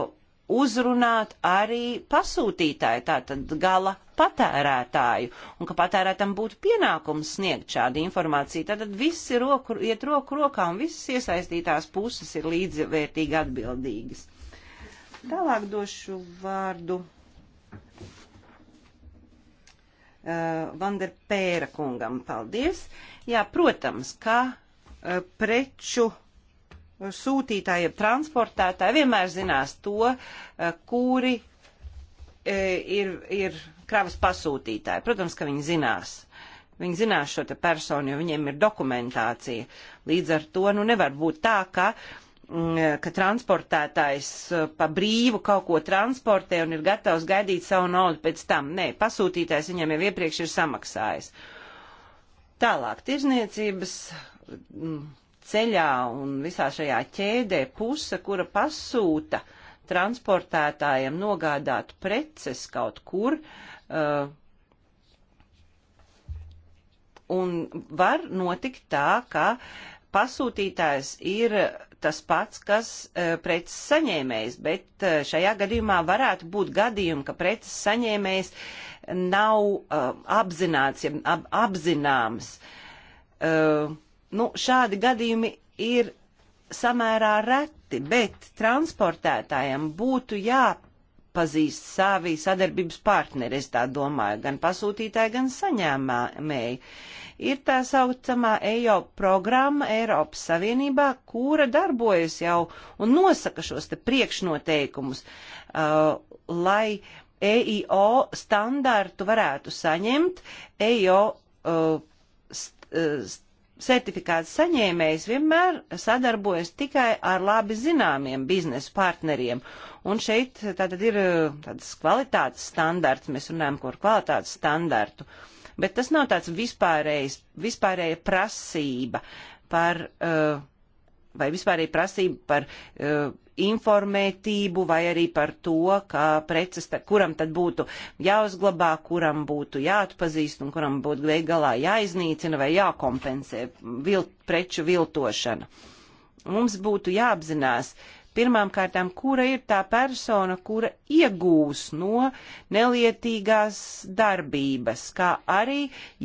uzrunāt arī pasūtītāju, tātad gala patērētāju, un ka patērētam būtu pienākums sniegt šādu informāciju. Tātad viss ir roku, iet roku rokā, un visas iesaistītās puses ir līdzvērtīgi atbildīgas. Tālāk došu vārdu uh, Vanderpēra kungam. Paldies! Jā, protams, ka uh, preču eh, sūtītāji, transportētāji vienmēr zinās to, uh, kuri uh, ir, ir kravas pasūtītāji. Protams, ka viņi zinās. Viņi zinās šo te personu, jo viņiem ir dokumentācija. Līdz ar to, nu, nevar būt tā, ka uh, Mm, ka transportētājs eh, pa brīvu kaut ko transportē un ir gatavs gaidīt savu naudu pēc tam. Nē, pasūtītājs viņam jau iepriekš ir samaksājis. Tālāk, tirzniecības mm, ceļā un visā šajā ķēdē puse, kura pasūta transportētājiem nogādāt preces kaut kur, uh, un var notikt tā, ka pasūtītājs ir tas pats, kas e, preces saņēmējs, bet e, šajā gadījumā varētu būt gadījumi, ka preces saņēmējs nav e, apzināts, ja ap, apzināms. Nu, šādi gadījumi ir samērā reti, bet transportētājiem būtu jāpazīst savi sadarbības partneri, es tā domāju, gan pasūtītāji, gan saņēmēji. Uh, ir tā saucamā EIO programma Eiropas Savienībā, kura darbojas jau un nosaka šos te priekšnoteikumus, uh, lai EIO standārtu varētu saņemt. EIO uh, st, uh, certifikāts saņēmējs vienmēr sadarbojas tikai ar labi zināmiem biznesa partneriem. Un šeit tātad ir uh, tādas kvalitātes standarts, mēs runājam par kvalitātes standartu. Uh, bet tas nav tāds vispārējs, vispārēja prasība par, eh, vai vispārēja prasība par eh, informētību vai arī par to, ka preces, kuram tad būtu jāuzglabā, kuram būtu jāatpazīst un kuram būtu galā jāiznīcina vai jākompensē vilt, preču viltošana. Mums būtu jāapzinās, uh, Pirmām kārtām, kura ir tā persona, kura iegūs no nelietīgās darbības, kā arī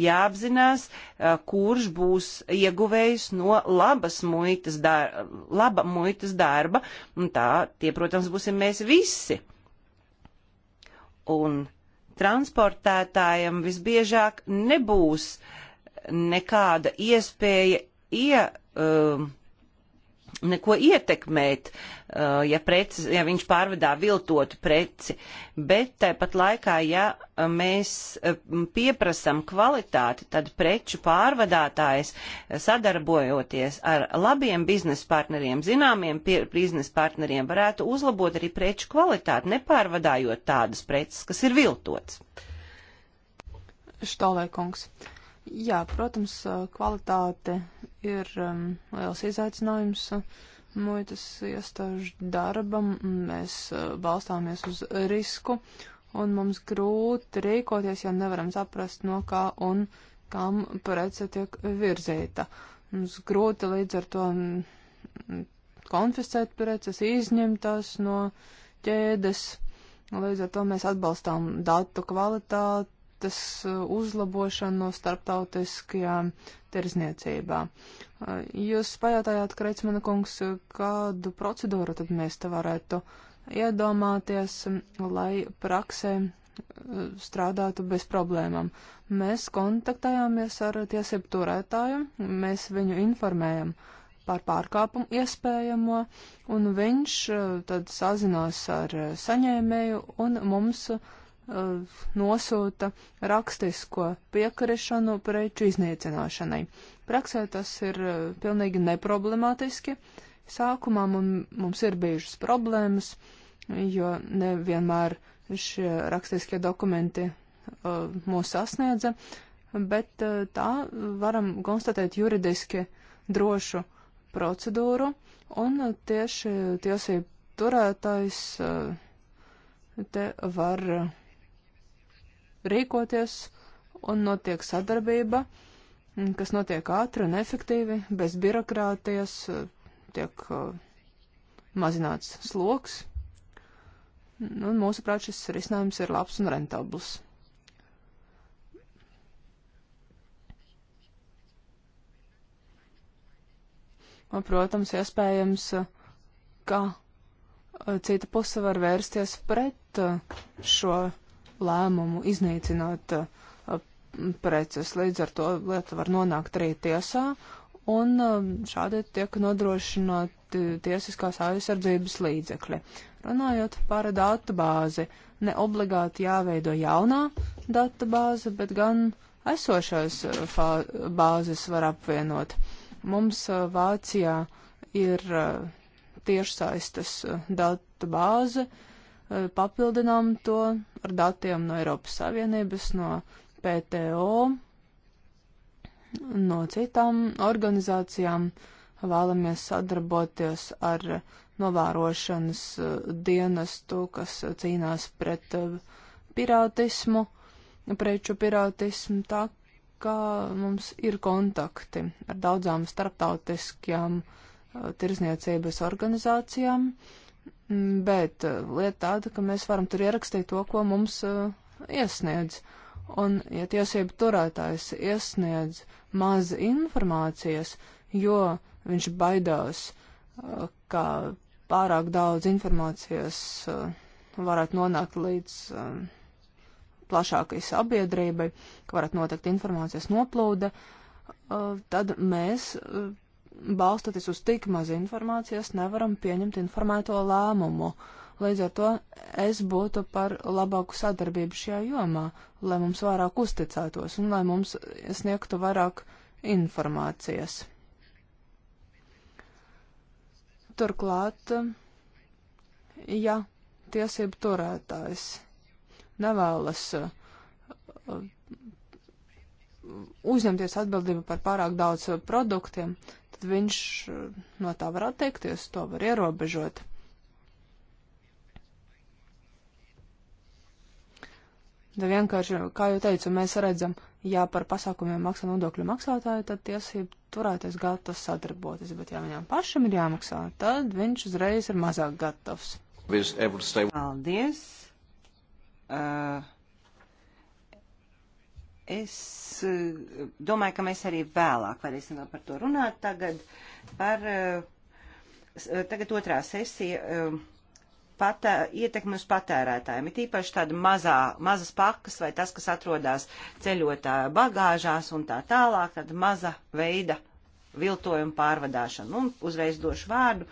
jāapzinās, eh, kurš būs ieguvējis no labas muitas darba, laba muitas darba, un tā tie, protams, būsim mēs visi. Un transportētājam visbiežāk nebūs nekāda iespēja ie, um, neko ietekmēt, uh, ja, preces, ja viņš pārvedā viltotu preci, bet tāpat laikā, ja mēs uh, pieprasam kvalitāti, tad preču pārvadātājs uh, sadarbojoties ar labiem biznesa partneriem, zināmiem biznesa partneriem, varētu uzlabot arī preču kvalitāti, nepārvadājot tādas preces, kas ir viltotas. Štālē kungs. Uh, Jā, protams, kvalitāte ir um, liels izaicinājums muitas iestāžu darbam. Mēs uh, balstāmies uz risku un mums grūti rīkoties, ja nevaram saprast, no kā un kam prece tiek virzīta. Mums grūti līdz ar to konfiscēt preces, izņemt tās no ķēdes. Līdz ar to mēs atbalstām datu kvalitāti vietas uh, uzlabošanu no starptautiskajā tirzniecībā. Uh, jūs pajautājāt, Kreitsmana kungs, kādu procedūru tad mēs te varētu iedomāties, lai praksē uh, strādātu bez problēmām. Mēs kontaktējāmies ar tiesību turētāju, mēs viņu informējam par pārkāpumu iespējamo, un viņš tad sazinās ar saņēmēju un mums uh, nosūta rakstisko piekrišanu preču iznīcināšanai. Praksē tas ir eh, pilnīgi neproblemātiski. Sākumā mums ir bijušas problēmas, jo nevienmēr šie rakstiskie dokumenti eh, mūs sasniedza, bet eh, tā varam konstatēt juridiski drošu procedūru, un tieši tiesību turētājs te var rīkoties un notiek sadarbība, mm, kas notiek ātri un efektīvi, bez birokrātijas, eh, tiek eh, mazināts sloks. Nu, un mūsuprāt, šis risinājums ir labs un rentabls. Un, protams, iespējams, ka eh, cita puse var vērsties pret šo lēmumu iznīcināt uh, preces. Līdz ar to lieta var nonākt arī tiesā, un um, šādi tiek nodrošināti tiesiskās aizsardzības līdzekļi. Runājot par datu bāzi, ne obligāti jāveido jaunā datu bāze, bet gan esošās uh, bāzes var apvienot. Mums uh, Vācijā ir tiešsaistes datu bāze, uh, papildinām to ar datiem no Eiropas Savienības, no PTO, no citām organizācijām. Vēlamies sadarboties ar novērošanas eh, dienestu, kas cīnās pret eh, pirātismu, preču pirātismu, tā kā mums ir kontakti ar daudzām starptautiskajām eh, tirzniecības organizācijām. Uh, Mm, bet eh, lieta tāda, ka mēs varam tur ierakstīt to, ko mums uh, iesniedz. Un, ja tiesību turētājs iesniedz maz informācijas, jo viņš baidās, uh, ka pārāk daudz informācijas uh, varētu nonākt līdz plašākai sabiedrībai, ka varētu notikt informācijas noplūde, tad mēs balstoties uz tik maz informācijas, nevaram pieņemt informēto lēmumu. Līdz ar to es būtu par labāku sadarbību šajā jomā, lai mums vairāk uzticētos un lai mums sniegtu vairāk informācijas. Turklāt, ja tiesību turētājs nevēlas uh, uzņemties atbildību par pārāk daudz produktiem, uh, tad viņš eh, no tā var atteikties, to var ierobežot. Da vienkārši, kā jau teicu, mēs redzam, ja par pasākumiem maksā nodokļu maksātāji, tad tiesība turēties gatavs sadarboties, bet ja viņam pašam ir jāmaksā, tad viņš uzreiz ir mazāk gatavs. Paldies! Uh Es e, domāju, ka mēs arī vēlāk varēsim vēl par to runāt. Tagad, par, e, e, tagad otrā sesija patē, ietekmi uz patērētājiem. Ir īpaši tāda mazā, mazas pakas vai tas, kas atrodas ceļotāja bagāžās un tā tālāk, tāda maza veida viltojuma pārvadāšana. Un uzreiz došu vārdu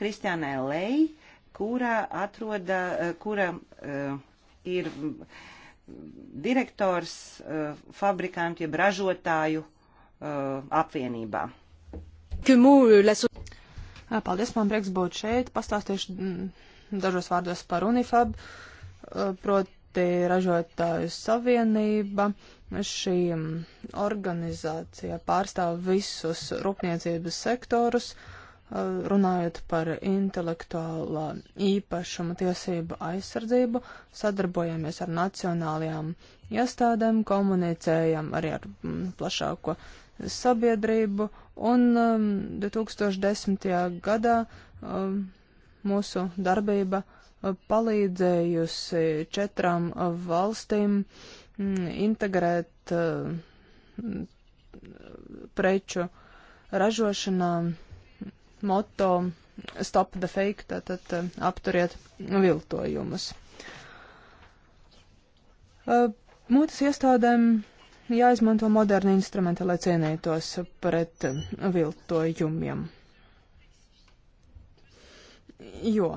Kristiānai Lei, kura atroda, kura uh, ir. Uh, direktors uh, fabrikantu jeb ražotāju uh, apvienībā. Euh, eh, paldies, man prieks būt šeit. Pastāstīšu mm, dažos vārdos par UNIFAB, proti ražotāju savienība. Šī mm, organizācija pārstāv visus rūpniecības sektorus. Uh, runājot par intelektuālā īpašuma tiesību aizsardzību, sadarbojamies ar nacionālajām iestādēm, komunicējam arī ar mm, plašāko sabiedrību, un 2010. Mm, gadā mm, mūsu darbība palīdzējusi četrām valstīm integrēt preču ražošanā moto Stop the Fake, tātad eh, apturiet viltojumus. Eh, Mūtas iestādēm jāizmanto moderni instrumenti, lai cienītos pret eh, viltojumiem. Jo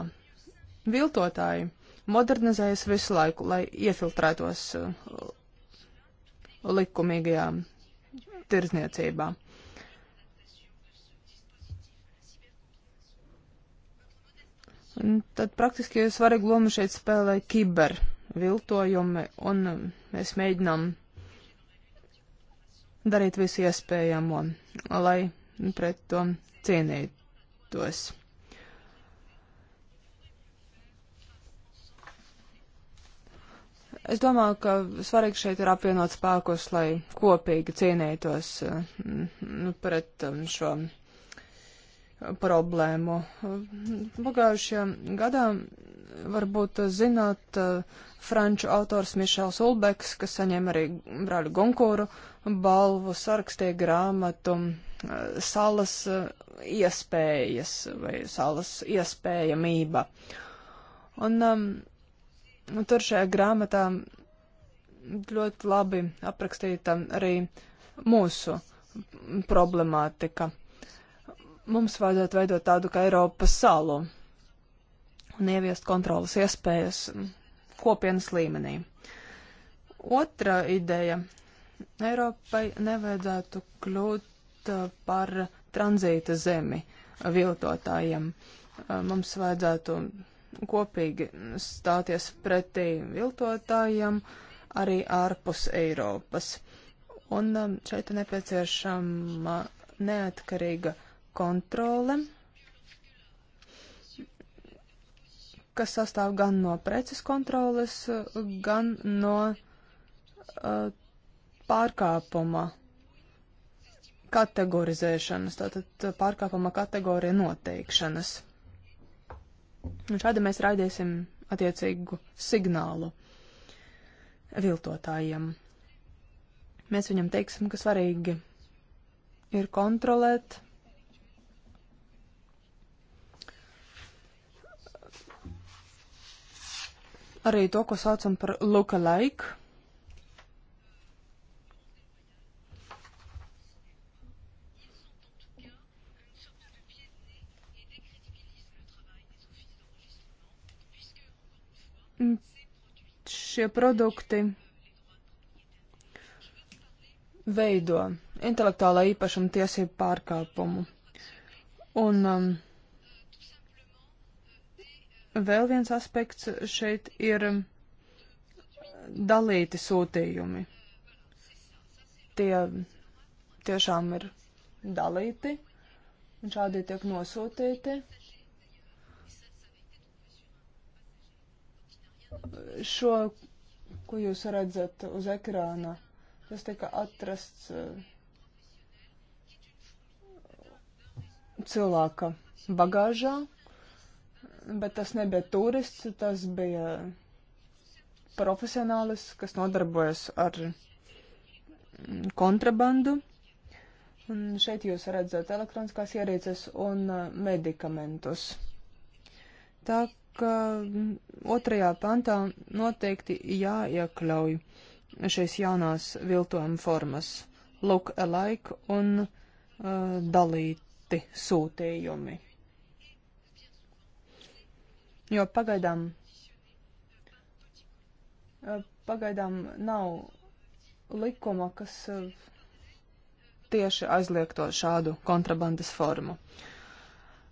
viltotāji modernizējas visu laiku, lai iefiltrētos likumīgajā tirzniecībā. Tad praktiski svarīgu lomu šeit spēlē kiber viltojumi, un um, mēs mēģinām darīt visu iespējamo, lai pret to cīnītos. Es domāju, ka svarīgi šeit ir apvienot spēkus, lai kopīgi cīnītos uh, nu, pret um, šo problēmu. Pagājušajā gadā varbūt zināt eh, franču autors Mišels Ulbeks, kas saņēma arī brāļu Gonkūru balvu, sarakstīja grāmatu eh, salas eh, iespējas vai salas iespējamība. Un um, tur šajā grāmatā ļoti labi aprakstīta arī mūsu problemātika. Mums vajadzētu veidot tādu kā Eiropas salu un ieviest kontrolas iespējas kopienas līmenī. Otra ideja - Eiropai nevajadzētu kļūt uh, par tranzīta zemi viltotājiem. Uh, mums vajadzētu kopīgi stāties pretī viltotājiem arī ārpus Eiropas. Un um, šeit nepieciešama neatkarīga kontrole, kas sastāv gan no preces kontroles, gan no uh, pārkāpuma kategorizēšanas, tātad pārkāpuma kategorija noteikšanas. Un šādi mēs raidīsim attiecīgu signālu viltotājiem. Mēs viņam teiksim, ka svarīgi ir kontrolēt arī to, ko saucam par lookalike. Mm, šie produkti veido intelektuālā īpašuma tiesību pārkāpumu. Un um, Vēl viens aspekts šeit ir dalīti sūtījumi. Tie tiešām ir dalīti, un šādi tiek nosūtīti. Šo, ko jūs redzat uz ekrāna, tas tika atrasts uh, cilvēka bagāžā bet tas nebija turists, tas bija profesionālis, kas nodarbojas ar mm, kontrabandu. Un šeit jūs redzat elektroniskās ierīces un uh, medikamentus. Tā ka mm, otrajā pantā noteikti jāiekļauj šīs jaunās viltojuma formas - look alike un uh, dalīti sūtījumi jo pagaidām, eh, pagaidām nav likuma, kas eh, tieši aizliegto šādu kontrabandas formu.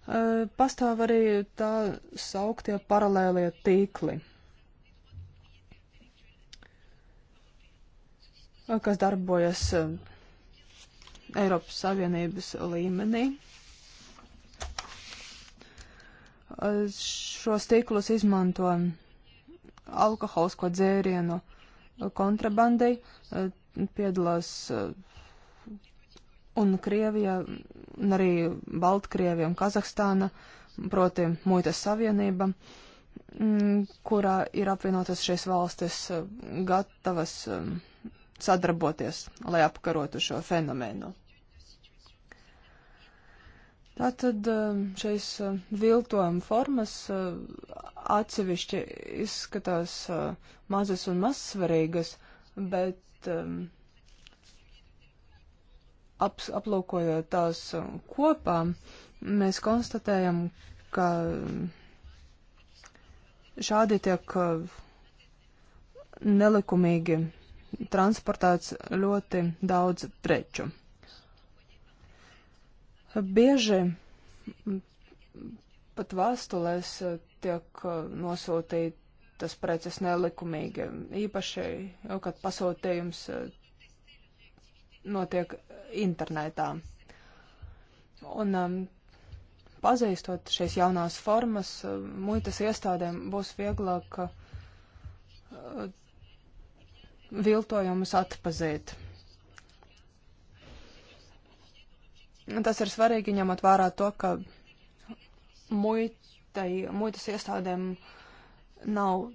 Eh, pastāv arī tā sauktie paralēlie tīkli, kas darbojas Eiropas Savienības līmenī šos tīklus izmanto alkoholisko dzērienu kontrabandai, eh, piedalās eh, un Krievija, un arī Baltkrievija un Kazahstāna, proti Muitas Savienība, mm, kurā ir apvienotas šīs valstis eh, gatavas sadarboties, lai apkarotu šo fenomenu. Tātad um, šīs uh, viltojuma formas uh, atsevišķi izskatās uh, mazas un mazsvarīgas, bet um, ap, aplūkojot tās kopā, mēs konstatējam, ka um, šādi tiek nelikumīgi transportēts ļoti daudz preču. Bieži pat vēstulēs eh, tiek eh, nosūtītas preces nelikumīgi, īpaši jau, kad pasūtījums eh, notiek internetā. Un um, pazīstot šīs jaunās formas, muitas iestādēm būs vieglāk viltojumus atpazīt. Tas ir svarīgi ņemot vērā to, ka muitai, muitas iestādēm nav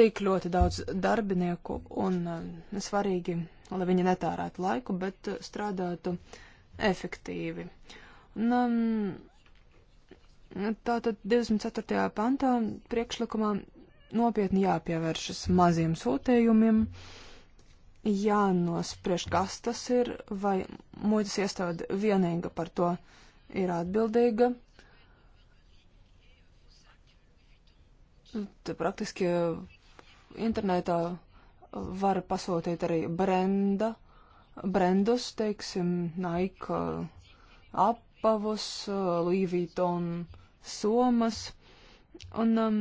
tik ļoti daudz darbinieku un eh, svarīgi, lai viņi netērētu laiku, bet strādātu efektīvi. Un, um, tātad 24. pantā priekšlikumā nopietni jāpievēršas maziem sūtējumiem. Uh, jānospriež, kas tas ir, vai muitas iestāde vienīga par to ir atbildīga. Te praktiski eh, internetā var pasūtīt arī brenda, brendus, teiksim, Nike eh, apavus, eh, Louis Vuitton somas. Un um,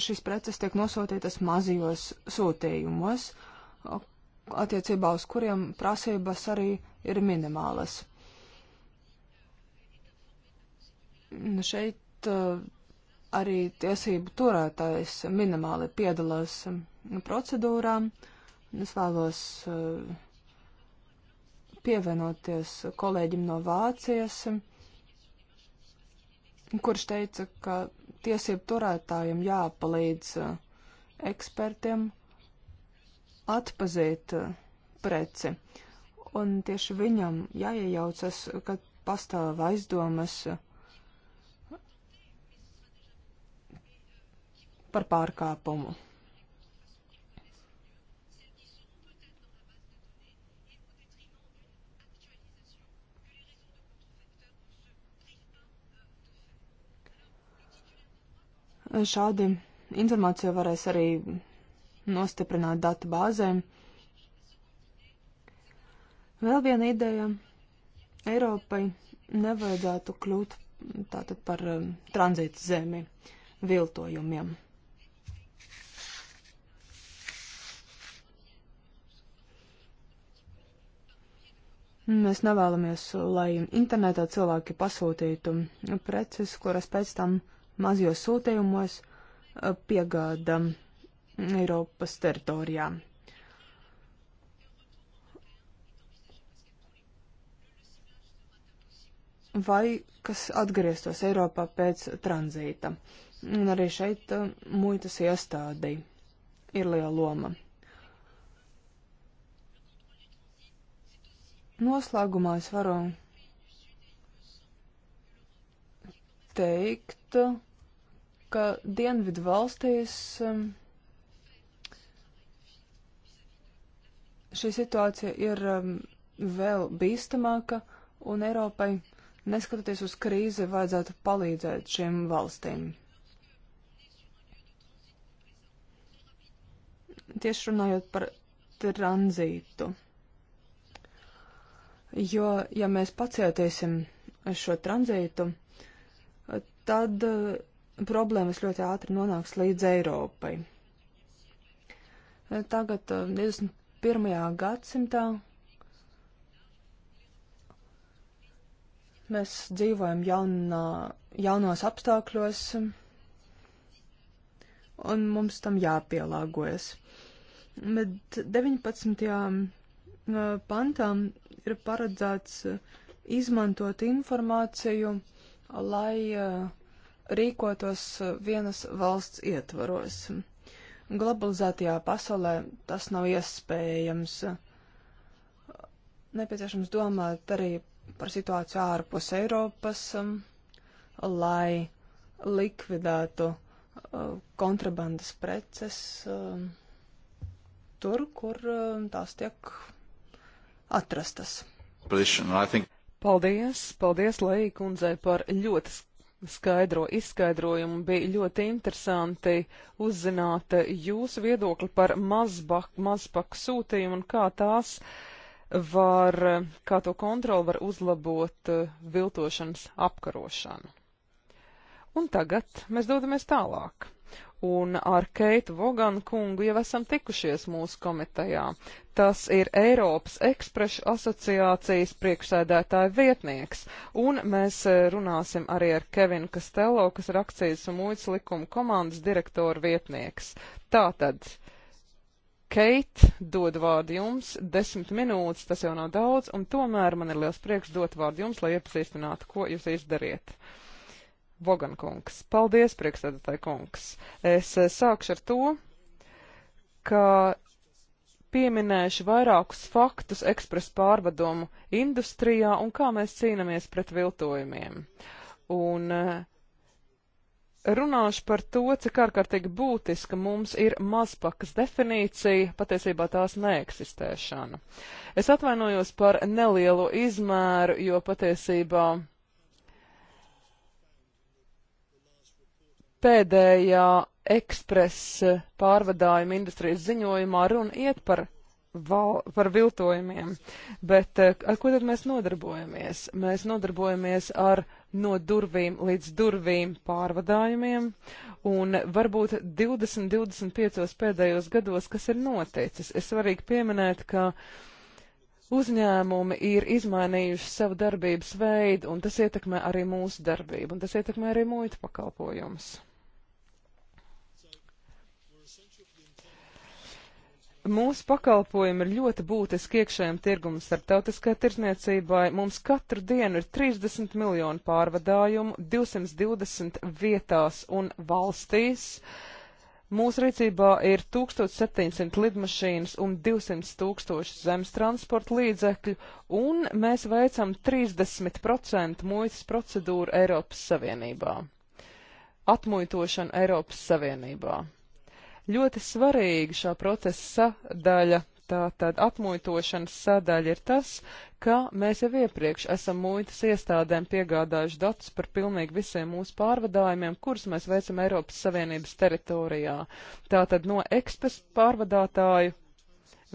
šīs preces tiek nosūtītas mazajos sūtījumos. Uh, attiecībā uz kuriem prasības arī ir minimālas. Nu, šeit uh, arī tiesību turētājs minimāli piedalās um, procedūrā. Es vēlos uh, pievienoties kolēģim no Vācijas, kurš teica, ka tiesību turētājiem jāpalīdz uh, ekspertiem atpazīt uh, preci. Un tieši viņam jāiejaucas, kad pastāv aizdomas uh, par pārkāpumu. Šādi informāciju varēs arī nostiprināt datu bāzēm. Vēl viena ideja Eiropai nevajadzētu kļūt tātad par um, tranzītu zemi viltojumiem. Mēs nevēlamies, lai internetā cilvēki pasūtītu preces, kuras pēc tam mazajos sūtījumos uh, piegāda Eiropas teritorijā. Vai kas atgrieztos Eiropā pēc tranzīta. Un arī šeit uh, muitas iestādī ir liela loma. Noslēgumā es varu teikt, ka dienvidu valstīs um, šī situācija ir um, vēl bīstamāka, un Eiropai, neskatoties uz krīzi, vajadzētu palīdzēt šiem valstīm. Tieši runājot par tranzītu. Jo, ja mēs pacietīsim šo tranzītu, tad uh, problēmas ļoti ātri nonāks līdz Eiropai. Tagad uh, 20. 21. gadsimtā mēs dzīvojam jaunā, jaunos apstākļos, un mums tam jāpielāgojas. Bet 19. pantā ir paredzēts izmantot informāciju, lai rīkotos vienas valsts ietvaros. Globalizētajā pasaulē tas nav iespējams. Nepieciešams domāt arī par situāciju ārpus Eiropas, um, lai likvidētu uh, kontrabandas preces um, tur, kur um, tās tiek atrastas. Paldies, paldies Leija kundzei par ļoti skaidro izskaidrojumu. Bija ļoti interesanti uzzināt jūsu viedokli par mazbaku mazbak sūtījumu un kā tās var, kā to kontroli var uzlabot viltošanas apkarošanu. Un tagad mēs dodamies tālāk un ar Keitu Voganu kungu jau esam tikušies mūsu komitejā. Tas ir Eiropas eksprešu asociācijas priekšsēdētāja vietnieks, un mēs e, runāsim arī ar Kevinu Kastelo, kas ir akcijas un mūjas likuma komandas direktora vietnieks. Tātad. Keit, dod vārdu jums, desmit minūtes, tas jau nav daudz, un tomēr man ir liels prieks dot vārdu jums, lai iepazīstinātu, ko jūs izdariet. Uh, Vogankungs. Paldies, priekšsēdētāji kungs. Es eh, sākšu ar to, ka pieminēšu vairākus faktus ekspresu pārvadumu industrijā un kā mēs cīnāmies pret viltojumiem. Un eh, runāšu par to, cik ārkārtīgi būtiska mums ir mazpakas definīcija, patiesībā tās neeksistēšana. Es atvainojos par nelielo izmēru, jo patiesībā pēdējā ekspresa pārvadājuma industrijas ziņojumā runa iet par, val, par viltojumiem. Bet eh, ar ko tad mēs nodarbojamies? Mēs nodarbojamies ar no durvīm līdz durvīm pārvadājumiem un varbūt 20-25 pēdējos gados, kas ir noticis. Ir svarīgi pieminēt, ka uzņēmumi ir izmainījuši savu darbības veidu, un tas ietekmē arī mūsu darbību, un tas ietekmē arī muitu pakalpojumus. Mūsu pakalpojumi ir ļoti būtiski iekšējiem tirgumu starptautiskai tirzniecībai. Mums katru dienu ir 30 miljonu pārvadājumu, 220 vietās un valstīs. Mūsu rīcībā ir 1700 lidmašīnas un 200 tūkstoši zemes transporta līdzekļu, un mēs veicam 30% muitas procedūru Eiropas Savienībā. Atmuitošana Eiropas Savienībā. Ļoti svarīga šā procesa sadaļa, tātad atmuitošanas sadaļa ir tas, ka mēs jau iepriekš esam muitas iestādēm piegādājuši datus par pilnīgi visiem mūsu pārvadājumiem, kurus mēs veicam Eiropas Savienības teritorijā. Tātad no ekspres pārvadātāju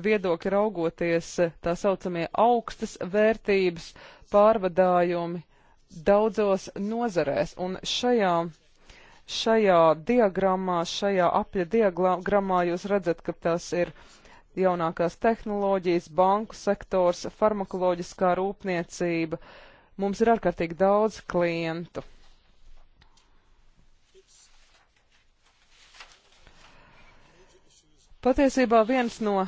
viedokļa raugoties tā saucamie augstas vērtības pārvadājumi daudzos nozarēs, un šajā Šajā diagrammā, šajā apļa diagrammā jūs redzat, ka tas ir jaunākās tehnoloģijas, banku sektors, farmakoloģiskā rūpniecība. Mums ir ārkārtīgi daudz klientu. Patiesībā viens no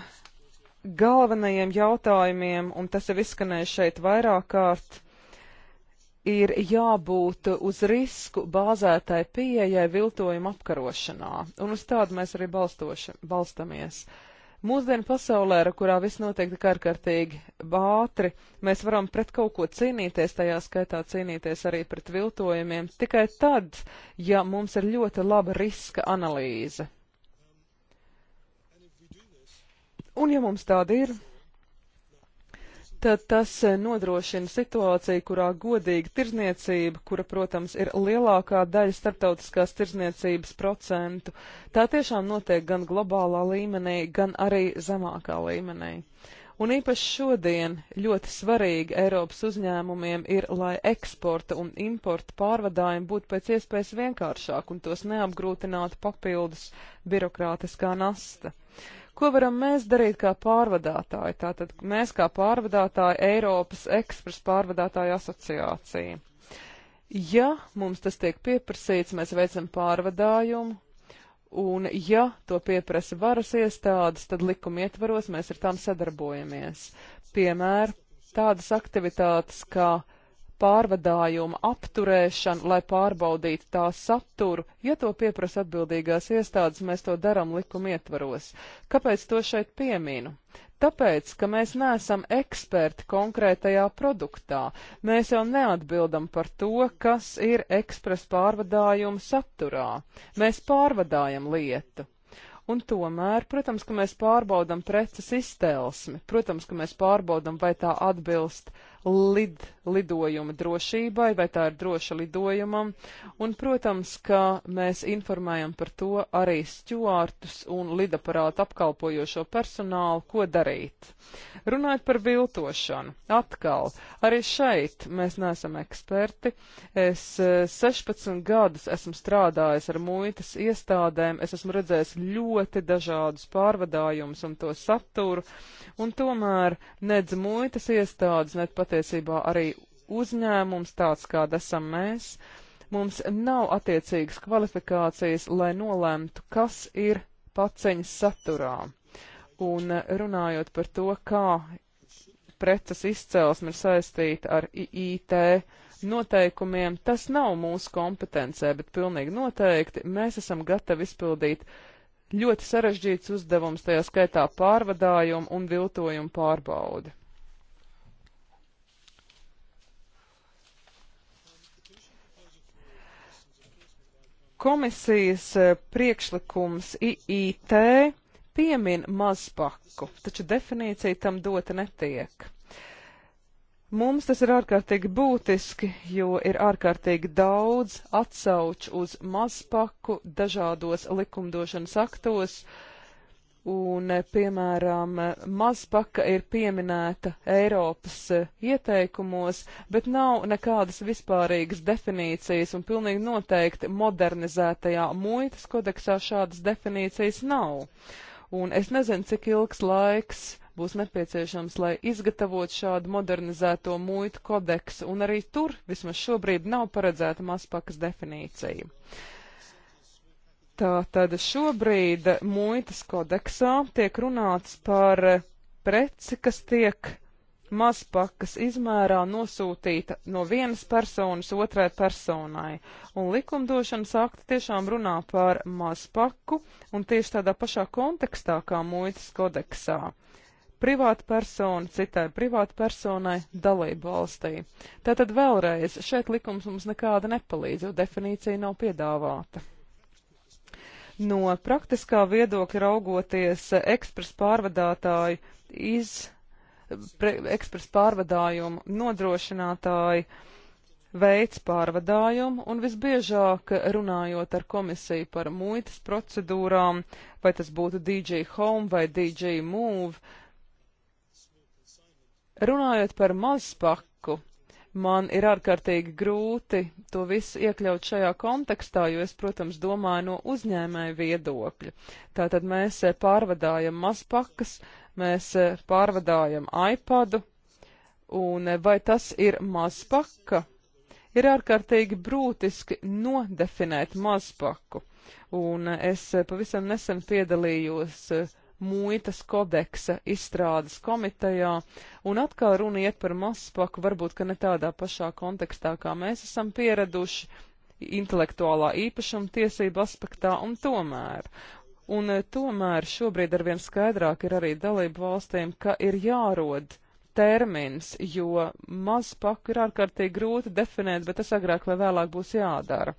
galvenajiem jautājumiem, un tas jau izskanēja šeit vairāk kārt, ir jābūt uz risku bāzētai pieejai viltojuma apkarošanā, un uz tādu mēs arī balstoši, balstamies. Mūsdienu pasaulē, kurā viss notiek tik ārkārtīgi ātri, mēs varam pret kaut ko cīnīties, tajā skaitā cīnīties arī pret viltojumiem, tikai tad, ja mums ir ļoti laba riska analīze. Un ja mums tāda ir, tad tas eh, nodrošina situāciju, kurā godīga tirzniecība, kura, protams, ir lielākā daļa starptautiskās tirzniecības procentu, tā tiešām notiek gan globālā līmenī, gan arī zemākā līmenī. Un īpaši šodien ļoti svarīgi Eiropas uzņēmumiem ir, lai eksporta un importa pārvadājumi būtu pēc iespējas vienkāršāk un tos neapgrūtinātu papildus birokrātiskā nasta. Ko varam mēs darīt kā pārvadātāji? Tātad mēs kā pārvadātāji Eiropas ekspres pārvadātāju asociācija. Ja mums tas tiek pieprasīts, mēs veicam pārvadājumu, un ja to pieprasa varas iestādes, tad likuma ietvaros mēs ar tām sadarbojamies. Piemēr tādas aktivitātes kā pārvadājuma apturēšanu, lai pārbaudītu tā saturu. Ja to pieprasa atbildīgās iestādes, mēs to darām likuma ietvaros. Kāpēc to šeit pieminu? Tāpēc, ka mēs neesam eksperti konkrētajā produktā, mēs jau neatbildam par to, kas ir ekspres pārvadājuma saturā. Mēs pārvadājam lietu. Un tomēr, protams, ka mēs pārbaudam preces iztelsmi, protams, ka mēs pārbaudam, vai tā atbilst uh, lid, lidojuma drošībai, vai tā ir droša lidojumam, un, protams, ka mēs informējam par to arī stjuārtus un lidaparātu apkalpojošo personālu, ko darīt. Runājot par viltošanu, atkal, arī šeit mēs neesam eksperti. Es 16 eh, gadus esmu strādājis ar muitas iestādēm, es esmu redzējis ļoti dažādus pārvadājumus un to saturu, un tomēr nedz muitas iestādes, ne pat patiesībā arī uzņēmums tāds, kāda esam mēs. Mums nav attiecīgas kvalifikācijas, lai nolemtu, kas ir paciņas saturā. Un eh, runājot par to, kā preces izcelsme ir saistīta ar IT noteikumiem, tas nav mūsu kompetencē, bet pilnīgi noteikti mēs esam gatavi izpildīt ļoti sarežģīts uzdevums, tajā skaitā pārvadājumu un viltojumu pārbaudi. Komisijas e, priekšlikums IIT piemin mazpaku, taču definīcija tam dota netiek. Mums tas ir ārkārtīgi būtiski, jo ir ārkārtīgi daudz atsauču uz mazpaku dažādos likumdošanas aktos, uh, Un, piemēram, mazpaka ir pieminēta Eiropas eh, ieteikumos, bet nav nekādas vispārīgas definīcijas, un pilnīgi noteikti modernizētajā muitas kodeksā šādas definīcijas nav. Un es nezinu, cik ilgs laiks būs nepieciešams, lai izgatavot šādu modernizēto muitu kodeksu, un arī tur vismaz šobrīd nav paredzēta mazpakas definīcija. Uh, Tātad šobrīd muitas kodeksā tiek runāts par preci, kas tiek mazpakas izmērā nosūtīta no vienas personas otrai personai. Un likumdošanas akti tiešām runā par mazpaku un tieši tādā pašā kontekstā kā muitas kodeksā. Privāta persona citai privāta personai dalību valstī. Tātad vēlreiz, šeit likums mums nekāda nepalīdz, jo definīcija nav piedāvāta. No praktiskā viedokļa raugoties ekspres pārvadātāju iz, pre, ekspres pārvadājumu nodrošinātāji veids pārvadājumu un visbiežāk runājot ar komisiju par muitas procedūrām, vai tas būtu DJ Home vai DJ Move, runājot par mazpaku, man ir ārkārtīgi grūti to visu iekļaut šajā kontekstā, jo es, protams, domāju no uzņēmēja viedokļa. Tātad mēs eh, pārvadājam mazpakas, mēs eh, pārvadājam iPadu, un eh, vai tas ir mazpaka? Ir ārkārtīgi brūtiski nodefinēt mazpaku, un es pavisam nesen piedalījos muitas kodeksa izstrādes komitejā, un atkal runa iet par mazspaku, varbūt, ka ne tādā pašā kontekstā, kā mēs esam pieraduši intelektuālā īpašuma tiesība aspektā, un tomēr. Un eh, tomēr šobrīd arvien skaidrāk ir arī dalību valstīm, ka ir jārod termins, jo mazpaku ir ārkārtīgi grūti definēt, bet tas agrāk vai vēlāk būs jādara.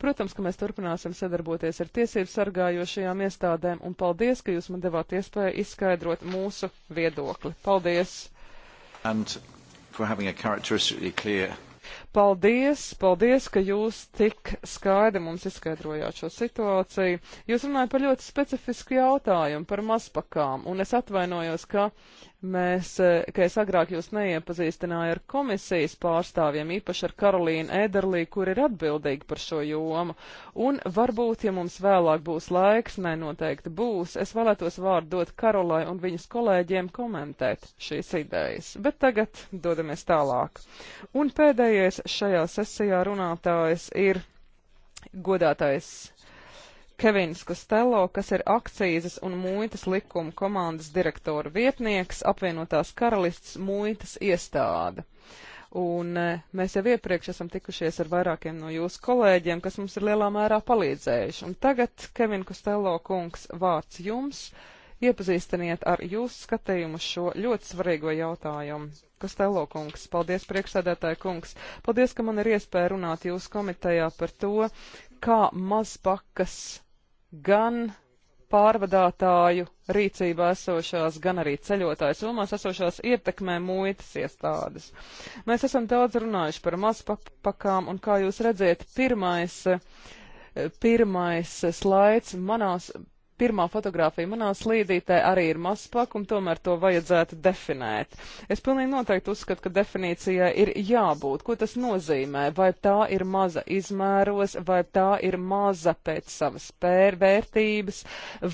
Protams, ka mēs turpināsim sadarboties ar tiesību sargājošajām iestādēm, un paldies, ka jūs man devāt iespēju izskaidrot mūsu viedokli. Paldies! Paldies, paldies, ka jūs tik skaidri mums izskaidrojāt šo situāciju. Jūs runājat par ļoti specifisku jautājumu, par mazpakām, un es atvainojos, ka Mēs, eh, ka es agrāk jūs neiepazīstināju ar komisijas pārstāvjiem, īpaši ar Karolīnu Ederlī, kur ir atbildīga par šo jomu. Un varbūt, ja mums vēlāk būs laiks, nē, noteikti būs, es vēlētos vārdu dot Karolai un viņas kolēģiem komentēt šīs idejas. Bet tagad dodamies tālāk. Un pēdējais šajā sesijā runātājs ir godātais Kevins Kostello, kas ir akcijas un muitas likuma komandas direktora vietnieks apvienotās karalists muitas iestāde. Un e, mēs jau iepriekš esam tikušies ar vairākiem no jūsu kolēģiem, kas mums ir lielā mērā palīdzējuši. Un tagad, Kevin Kostello kungs, vārds jums. Iepazīstiniet ar jūsu skatījumu šo ļoti svarīgo jautājumu. Kostelo kungs, paldies priekšsēdētāja kungs. Paldies, ka man ir iespēja runāt jūsu komitejā par to, kā mazpakas gan pārvadātāju rīcībā esošās, gan arī ceļotāju somās esošās ietekmē muitas iestādes. Mēs esam daudz runājuši par mazpakām, un kā jūs redziet, pirmais, eh, pirmais slaids manās pirmā fotografija manā slīdītē arī ir mazspak, un tomēr to vajadzētu definēt. Es pilnīgi noteikti uzskatu, ka definīcijai ir jābūt. Ko tas nozīmē? Vai tā ir maza izmēros, vai tā ir maza pēc savas pērvērtības,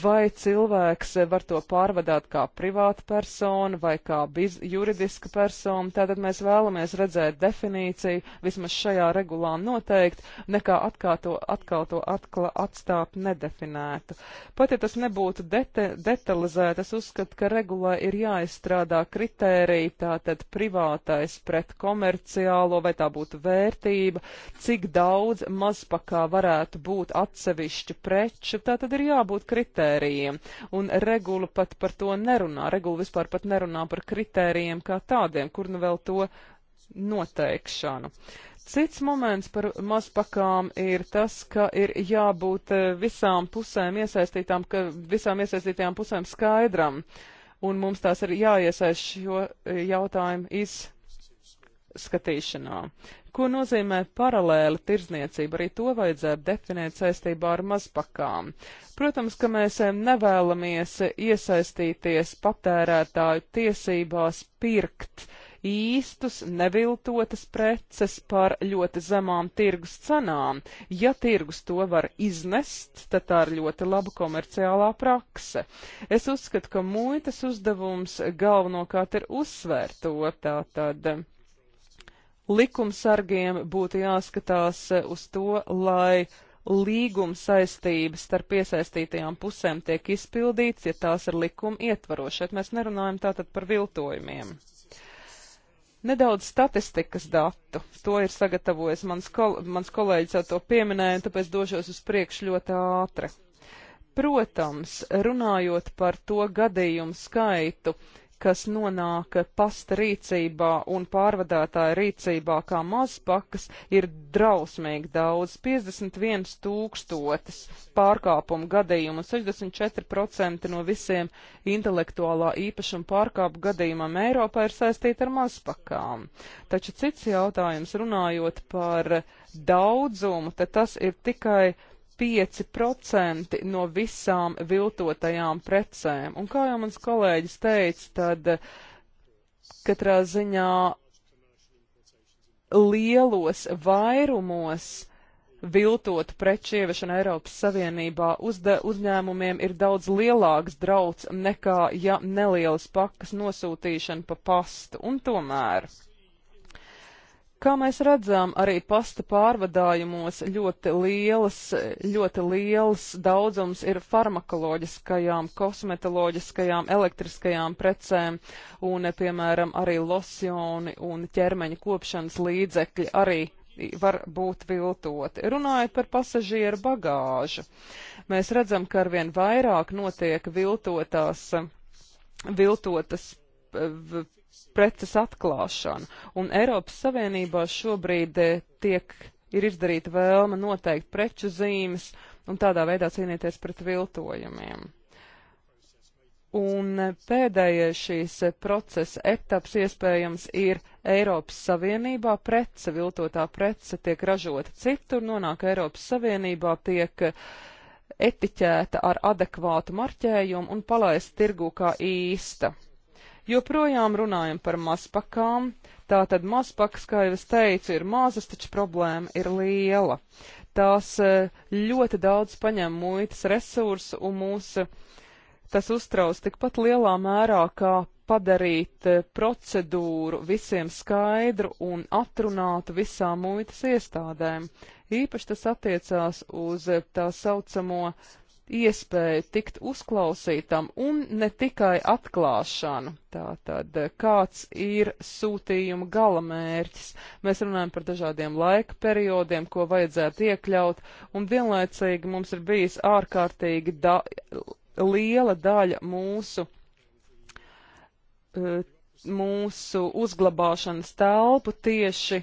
vai cilvēks var to pārvadāt kā privāta persona vai kā biz, juridiska persona. Tātad mēs vēlamies redzēt definīciju vismaz šajā regulā noteikti, nekā atkal to, atkal to atkla, atstāt nedefinētu. Pat pat ja tas nebūtu deta detalizēti, es uzskatu, ka regulā ir jāizstrādā kritērija, tātad privātais pret komerciālo, vai tā būtu vērtība, cik daudz mazpakā varētu būt atsevišķu preču, tātad ir jābūt kritērijiem. Un regula pat par to nerunā, regula vispār pat nerunā par kritērijiem kā tādiem, kur nu vēl to noteikšanu. Cits moments par mazpakām ir tas, ka ir jābūt eh, visām pusēm iesaistītām, ka visām iesaistītajām pusēm skaidram, un mums tās ir jāiesaist šo eh, jautājumu izskatīšanā. Ko nozīmē paralēla tirzniecība? Arī to vajadzētu definēt saistībā ar mazpakām. Protams, ka mēs eh, nevēlamies iesaistīties patērētāju tiesībās pirkt uh, īstus, neviltotas preces par ļoti zemām tirgus cenām. Ja tirgus to var iznest, tad tā ir ļoti laba komerciālā prakse. Es uzskatu, ka muitas uzdevums galvenokārt ir uzsvērt to tātad. Likumsargiem būtu jāskatās uz to, lai līguma saistības starp iesaistītajām pusēm tiek izpildīts, ja tās ir likuma ietvaros. Šeit mēs nerunājam tātad par viltojumiem. Nedaudz statistikas datu. To ir sagatavojis mans, kol mans kolēģis, jau to pieminēja, un tāpēc došos uz priekšu ļoti ātri. Protams, runājot par to gadījumu skaitu, uh, kas nonāk pasta rīcībā un pārvadātāja rīcībā kā mazpakas, ir drausmīgi daudz - 51 tūkstotis pārkāpumu gadījumu un 64% no visiem intelektuālā īpašuma pārkāpu gadījumam Eiropā ir saistīti ar mazpakām. Taču cits jautājums runājot par daudzumu, tad tas ir tikai 5% no visām viltotajām precēm. Un kā jau mans kolēģis teica, tad eh, katrā ziņā lielos vairumos viltotu preču ieviešana Eiropas Savienībā uzde, uzņēmumiem ir daudz lielāks drauds nekā ja nelielas pakas nosūtīšana pa pastu. Un tomēr Kā mēs redzam, arī pasta pārvadājumos ļoti liels, ļoti liels daudzums ir farmakoloģiskajām, kosmetoloģiskajām, elektriskajām precēm un, piemēram, arī losjoni un ķermeņa kopšanas līdzekļi arī var būt viltoti. Runājot par pasažieru bagāžu, mēs redzam, ka arvien vairāk notiek viltotās, viltotas preces atklāšanu. Un Eiropas Savienībā šobrīd eh, tiek, ir izdarīta vēlme noteikt preču zīmes un tādā veidā cīnīties pret viltojumiem. Un eh, pēdējais šīs eh, procesa etaps iespējams ir Eiropas Savienībā prece, viltotā prece tiek ražota citur, nonāk Eiropas Savienībā, tiek etiķēta ar adekvātu marķējumu un palaist tirgū kā īsta. Joprojām runājam par mazpakām. Tātad mazpakas, kā jau es teicu, ir mazas, taču problēma ir liela. Tās e, ļoti daudz paņem muitas resursu un mūsu e, tas uztrauc tikpat lielā mērā, kā padarīt e, procedūru visiem skaidru un atrunātu visām muitas iestādēm. Īpaši tas attiecās uz tā saucamo iespēju tikt uzklausītam un ne tikai atklāšanu. Tātad, kāds ir sūtījuma gala mērķis? Mēs runājam par dažādiem laika periodiem, ko vajadzētu iekļaut, un vienlaicīgi mums ir bijis ārkārtīgi da liela daļa mūsu eh, mūsu uzglabāšanas telpu tieši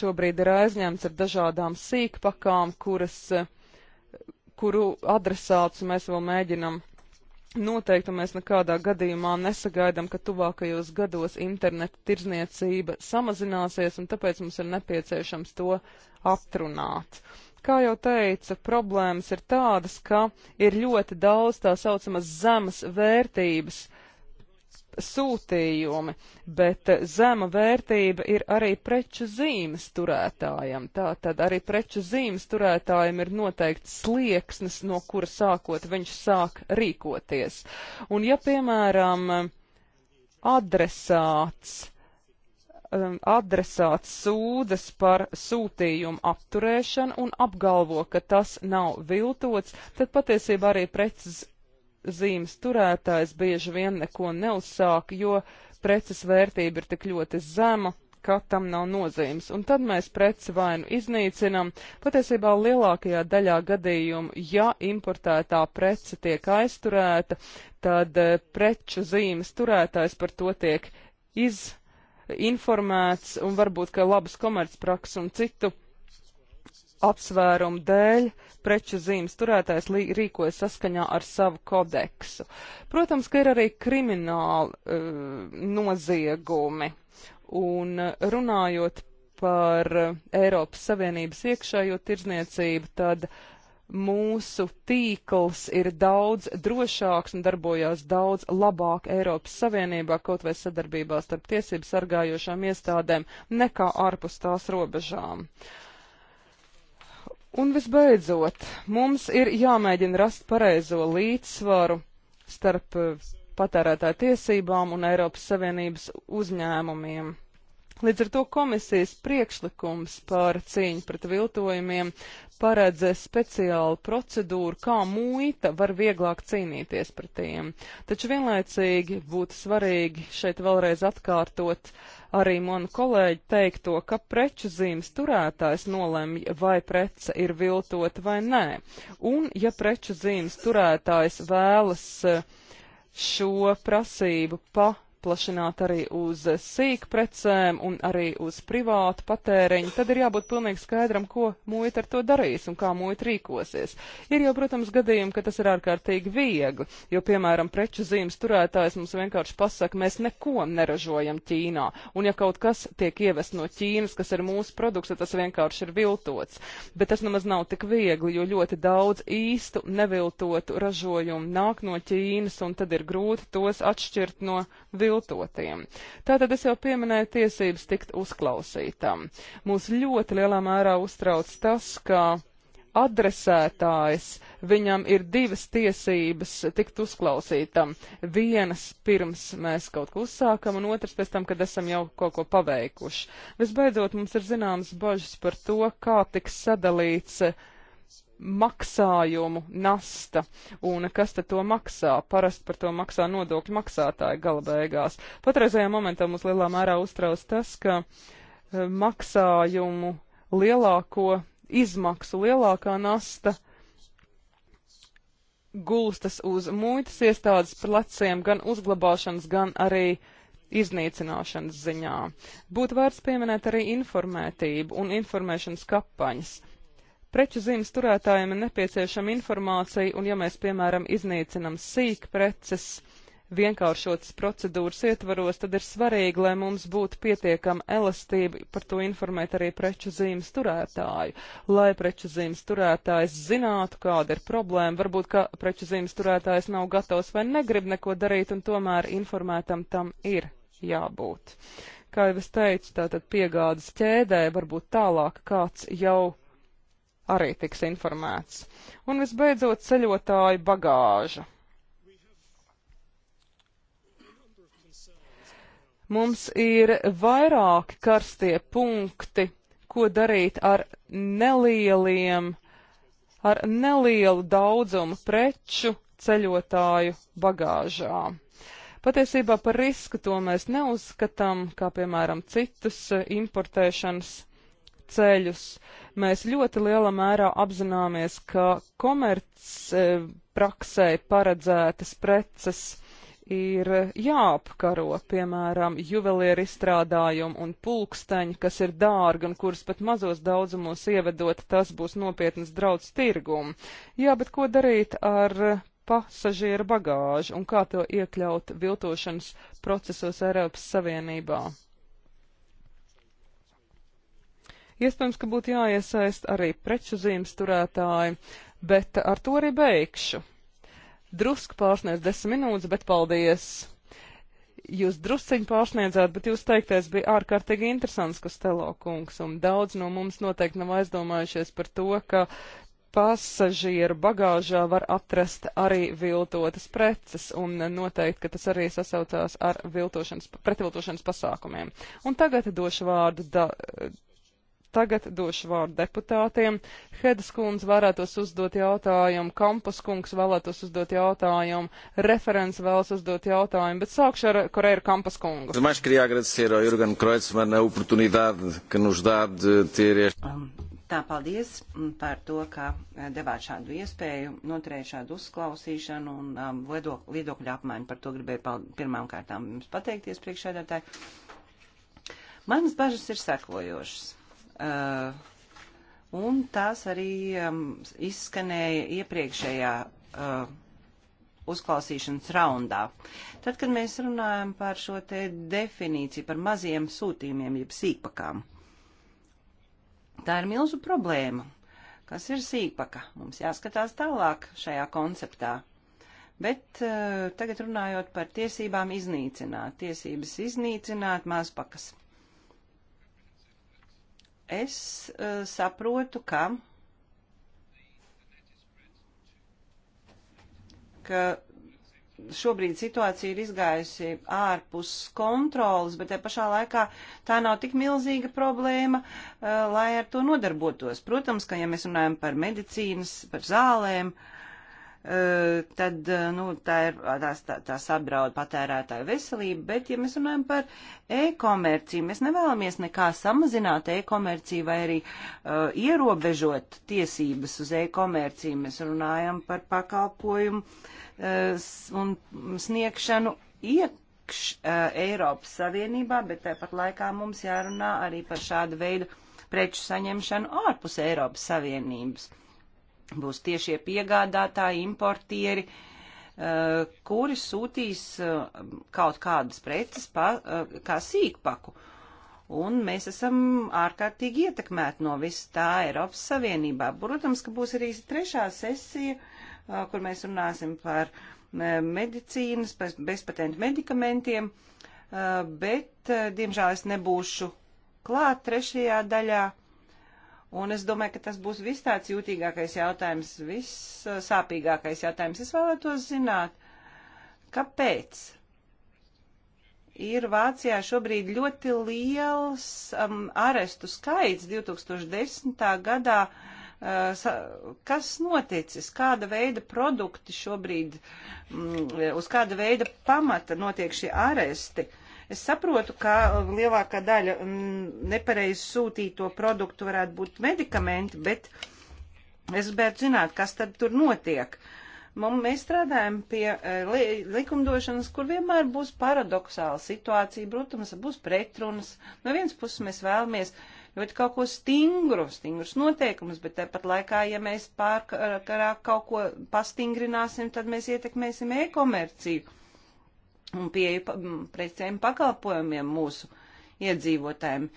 šobrīd ir aizņemts ar dažādām sīkpakām, kuras uh, kuru adresātus mēs vēl mēģinam Noteikti mēs nekādā gadījumā nesagaidām, ka tuvākajos gados interneta tirzniecība samazināsies, un tāpēc mums ir nepieciešams to atrunāt. Kā jau teicu, problēmas ir tādas, ka ir ļoti daudz tā saucamas zemes vērtības sūtījumi, bet zema vērtība ir arī preču zīmes turētājam. Tātad arī preču zīmes turētājam ir noteikti slieksnis, no kura sākot viņš sāk rīkoties. Un ja, piemēram, adresāts um, adresāts sūdzas par sūtījumu apturēšanu un apgalvo, ka tas nav viltots, tad patiesībā arī preces zīmes turētājs bieži vien neko neuzsāk, jo preces vērtība ir tik ļoti zema, ka tam nav nozīmes. Un tad mēs preci vainu iznīcinam. Patiesībā lielākajā daļā gadījumu, ja importētā prece tiek aizturēta, tad eh, preču zīmes turētājs par to tiek iz informēts un varbūt, ka labas komercprakses un citu apsvērumu dēļ preču zīmes turētājs rīkojas saskaņā ar savu kodeksu. Protams, ka ir arī krimināli uh, noziegumi. Un eh, runājot par eh, Eiropas Savienības iekšējo tirzniecību, tad mūsu tīkls ir daudz drošāks un darbojās daudz labāk Eiropas Savienībā, kaut vai sadarbībā starp tiesību sargājošām iestādēm, nekā ārpus tās robežām. Uh, Un visbeidzot, mums ir jāmēģina rast pareizo līdzsvaru starp eh, patērētāju tiesībām un Eiropas Savienības uzņēmumiem. Līdz ar to komisijas priekšlikums par cīņu pret viltojumiem paredz speciālu procedūru, kā muita var vieglāk cīnīties pret tiem. Taču vienlaicīgi būtu svarīgi šeit vēlreiz atkārtot, uh, arī manu kolēģi teikto, ka preču zīmes turētājs nolemj, vai prece ir viltota vai nē. Un, ja preču zīmes turētājs vēlas eh, šo prasību pa paplašināt arī uz sīk precēm un arī uz privātu patēriņu, tad ir jābūt pilnīgi skaidram, ko muita ar to darīs un kā muita rīkosies. Ir jau, protams, gadījumi, ka tas ir ārkārtīgi viegli, jo, piemēram, preču zīmes turētājs mums vienkārši pasaka, mēs neko neražojam Ķīnā, un ja kaut kas tiek ievest no Ķīnas, kas ir mūsu produkts, tad tas vienkārši ir viltots. Bet tas nemaz nav tik viegli, jo ļoti daudz īstu neviltotu ražojumu nāk no Ķīnas, un tad ir grūti tos atšķirt no viltotu viltotiem. Tātad es jau pieminēju tiesības tikt uzklausītam. Mūs ļoti lielā mērā uztrauc tas, ka adresētājs, viņam ir divas tiesības tikt uzklausītam. Vienas pirms mēs kaut ko uzsākam, un otras pēc tam, kad esam jau kaut ko paveikuši. Visbeidzot, mums ir zināmas bažas par to, kā tiks sadalīts uh, maksājumu nasta. Un kas tad to maksā? Parasti par to maksā nodokļu maksātāji gala beigās. Patreizajā momentā mums lielā mērā uztrauc tas, ka eh, maksājumu lielāko izmaksu lielākā nasta gulstas uz muitas iestādes pleciem gan uzglabāšanas, gan arī iznīcināšanas ziņā. Būtu vērts pieminēt arī informētību un informēšanas kampaņas. Preču zīmes turētājiem ir nepieciešama informācija, un ja mēs, piemēram, iznīcinam sīk preces vienkāršotas procedūras ietvaros, tad ir svarīgi, lai mums būtu pietiekama elastība par to informēt arī preču zīmes turētāju, lai preču zīmes turētājs zinātu, kāda ir problēma, varbūt, ka preču zīmes turētājs nav gatavs vai negrib neko darīt, un tomēr informētam tam ir jābūt. Kā jau es teicu, tātad piegādes ķēdē varbūt tālāk kāds jau arī tiks informēts. Un visbeidzot ceļotāju bagāža. Mums ir vairāki karstie punkti, ko darīt ar nelieliem, ar nelielu daudzumu preču ceļotāju bagāžā. Patiesībā par risku to mēs neuzskatām, kā piemēram citus importēšanas ceļus, Mēs ļoti lielā mērā apzināmies, ka komercpraksē e, paredzētas preces ir jāapkaro, piemēram, juvelieru izstrādājumu un pulksteņi, kas ir dārgi un kurus pat mazos daudzumos ievedot, tas būs nopietnas draudz tirgumu. Jā, bet ko darīt ar pasažieru bagāžu un kā to iekļaut viltošanas procesos Eiropas Savienībā? Iespējams, ka būtu jāiesaist arī preču zīmes turētāji, bet ar to arī beigšu. Drusk pārsniedz desmit minūtes, bet paldies! jūs drusciņi pārsniedzāt, bet jūs teiktais bija ārkārtīgi interesants, kas telo kungs, un daudz no mums noteikti nav aizdomājušies par to, ka pasažieru bagāžā var atrast arī viltotas preces, un noteikti, ka tas arī sasaucās ar viltošanas, pretviltošanas pasākumiem. Un tagad došu vārdu da, Tagad došu vārdu deputātiem. Hedas kundze varētos uzdot jautājumu, Kampas kungs vēlētos uzdot jautājumu, referents vēlas uzdot jautājumu, bet sākšu ar Koreira Kampas kungu. Mais queria agradecer ao Jurgen Kreutzmann a oportunidade que nos nu dá de eh, ter este. Um, tā paldies mm, par to, ka eh, devāt šādu iespēju, noturēt šādu uzklausīšanu un um, viedokļu apmaiņu. Par to gribēju pirmām kārtām jums pateikties priekšēdētāji. Manas bažas ir sekojošas Uh, un tās arī um, izskanēja iepriekšējā uh, uzklausīšanas raundā. Tad, kad mēs runājam par šo te definīciju par maziem sūtījumiem, jeb sīkpakām, tā ir milzu problēma. Kas ir sīkpaka? Mums jāskatās tālāk šajā konceptā. Bet uh, tagad runājot par tiesībām iznīcināt, tiesības iznīcināt mazpakas. Es uh, saprotu, ka, ka šobrīd situācija ir izgājusi ārpus kontrolas, bet te pašā laikā tā nav tik milzīga problēma, uh, lai ar to nodarbotos. Protams, ka ja mēs runājam par medicīnas, par zālēm, uh, Eh, tad eh, nu, tā ir tās, tās apdraud patērētāju veselību, bet ja mēs runājam par e-komerciju, mēs nevēlamies nekā samazināt e-komerciju vai arī uh, ierobežot tiesības uz e-komerciju, mēs runājam par pakalpojumu uh, un sniegšanu iekš uh, Eiropas Savienībā, bet tāpat laikā mums jārunā arī par šādu veidu preču saņemšanu ārpus Eiropas Savienības. Uh, Būs tiešie piegādātāji, importieri, eh, kuri sūtīs eh, kaut kādas preces pa, eh, kā sīkpaku. Un mēs esam ārkārtīgi ietekmēti no viss tā Eiropas Savienībā. Protams, ka būs arī trešā sesija, kur mēs runāsim par medicīnas, par bezpatentu medikamentiem, bet, diemžēl, es nebūšu klāt trešajā daļā. Un es domāju, ka tas būs viss tāds jūtīgākais jautājums, viss uh, sāpīgākais jautājums. Es vēlētos zināt, kāpēc ir Vācijā šobrīd ļoti liels um, arestu skaits 2010. gadā. Uh, kas noticis, kāda veida produkti šobrīd, mm, uz kāda veida pamata notiek šie aresti? Uh, Es saprotu, ka um, lielākā daļa um, nepareizi sūtīto produktu varētu būt medikamenti, bet es gribētu zināt, kas tad tur notiek. Mums, mēs strādājam pie uh, li, likumdošanas, kur vienmēr būs paradoxāla situācija, protams, būs pretrunas. No vienas puses mēs vēlamies ļoti kaut ko stingru, stingrus noteikumus, bet tāpat laikā, ja mēs pārkarā kaut ko pastingrināsim, tad mēs ietekmēsim e-komerciju un pieeju precēm pakalpojumiem mūsu iedzīvotājiem.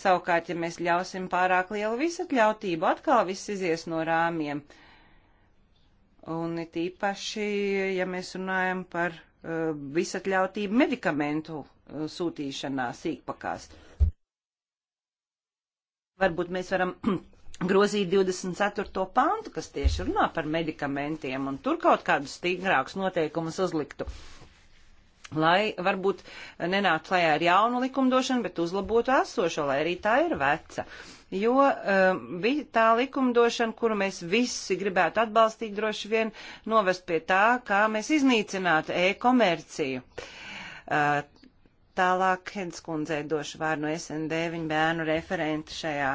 Savukārt, ja mēs ļausim pārāk lielu visatļautību, atkal viss izies no rāmjiem. Un it īpaši, ja mēs runājam par uh, visatļautību medikamentu uh, sūtīšanā sīkpakās. Varbūt mēs varam grozīt 24. pantu, kas tieši runā par medikamentiem, un tur kaut kādus stingrākus noteikumus uzliktu. Uh, lai varbūt nenāktu klajā ar jaunu likumdošanu, bet uzlabotu esošo, lai arī tā ir veca. Jo um, tā likumdošana, kuru mēs visi gribētu atbalstīt, droši vien novest pie tā, kā mēs iznīcinātu e-komerciju. Uh, tālāk Hedskundzei došu vārdu no SND, viņa bērnu referenti šajā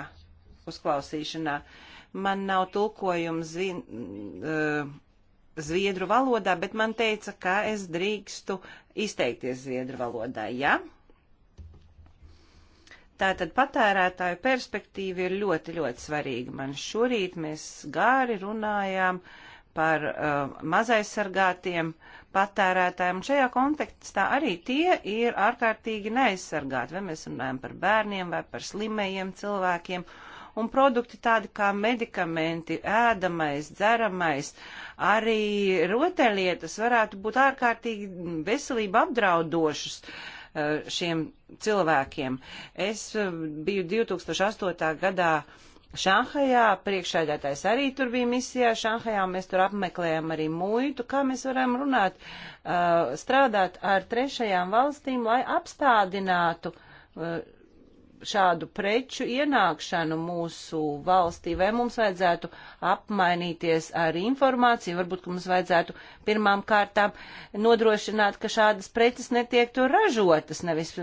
uzklausīšanā. Man nav tulkojums zin, uh, Zviedru valodā, bet man teica, ka es drīkstu izteikties Zviedru valodā, jā? Ja? Tātad patērētāju perspektīva ir ļoti, ļoti svarīga. Man šorīt mēs gāri runājām par uh, mazaizsargātiem patērētājiem. Šajā kontekstā arī tie ir ārkārtīgi neaizsargāti, vai mēs runājam par bērniem vai par slimējiem cilvēkiem. Uh, un produkti tādi kā medikamenti, ēdamais, dzeramais, arī rotaļlietas varētu būt ārkārtīgi veselību apdraudošas eh, šiem cilvēkiem. Es eh, biju 2008. gadā Šanhajā, priekšēdētājs arī tur bija misijā, Šanhajā mēs tur apmeklējām arī muitu, kā mēs varam runāt, eh, strādāt ar trešajām valstīm, lai apstādinātu šādu preču ienākšanu mūsu valstī, vai mums vajadzētu apmainīties ar informāciju, varbūt, ka mums vajadzētu pirmām kārtām nodrošināt, ka šādas preces netiek tur ražotas, nevis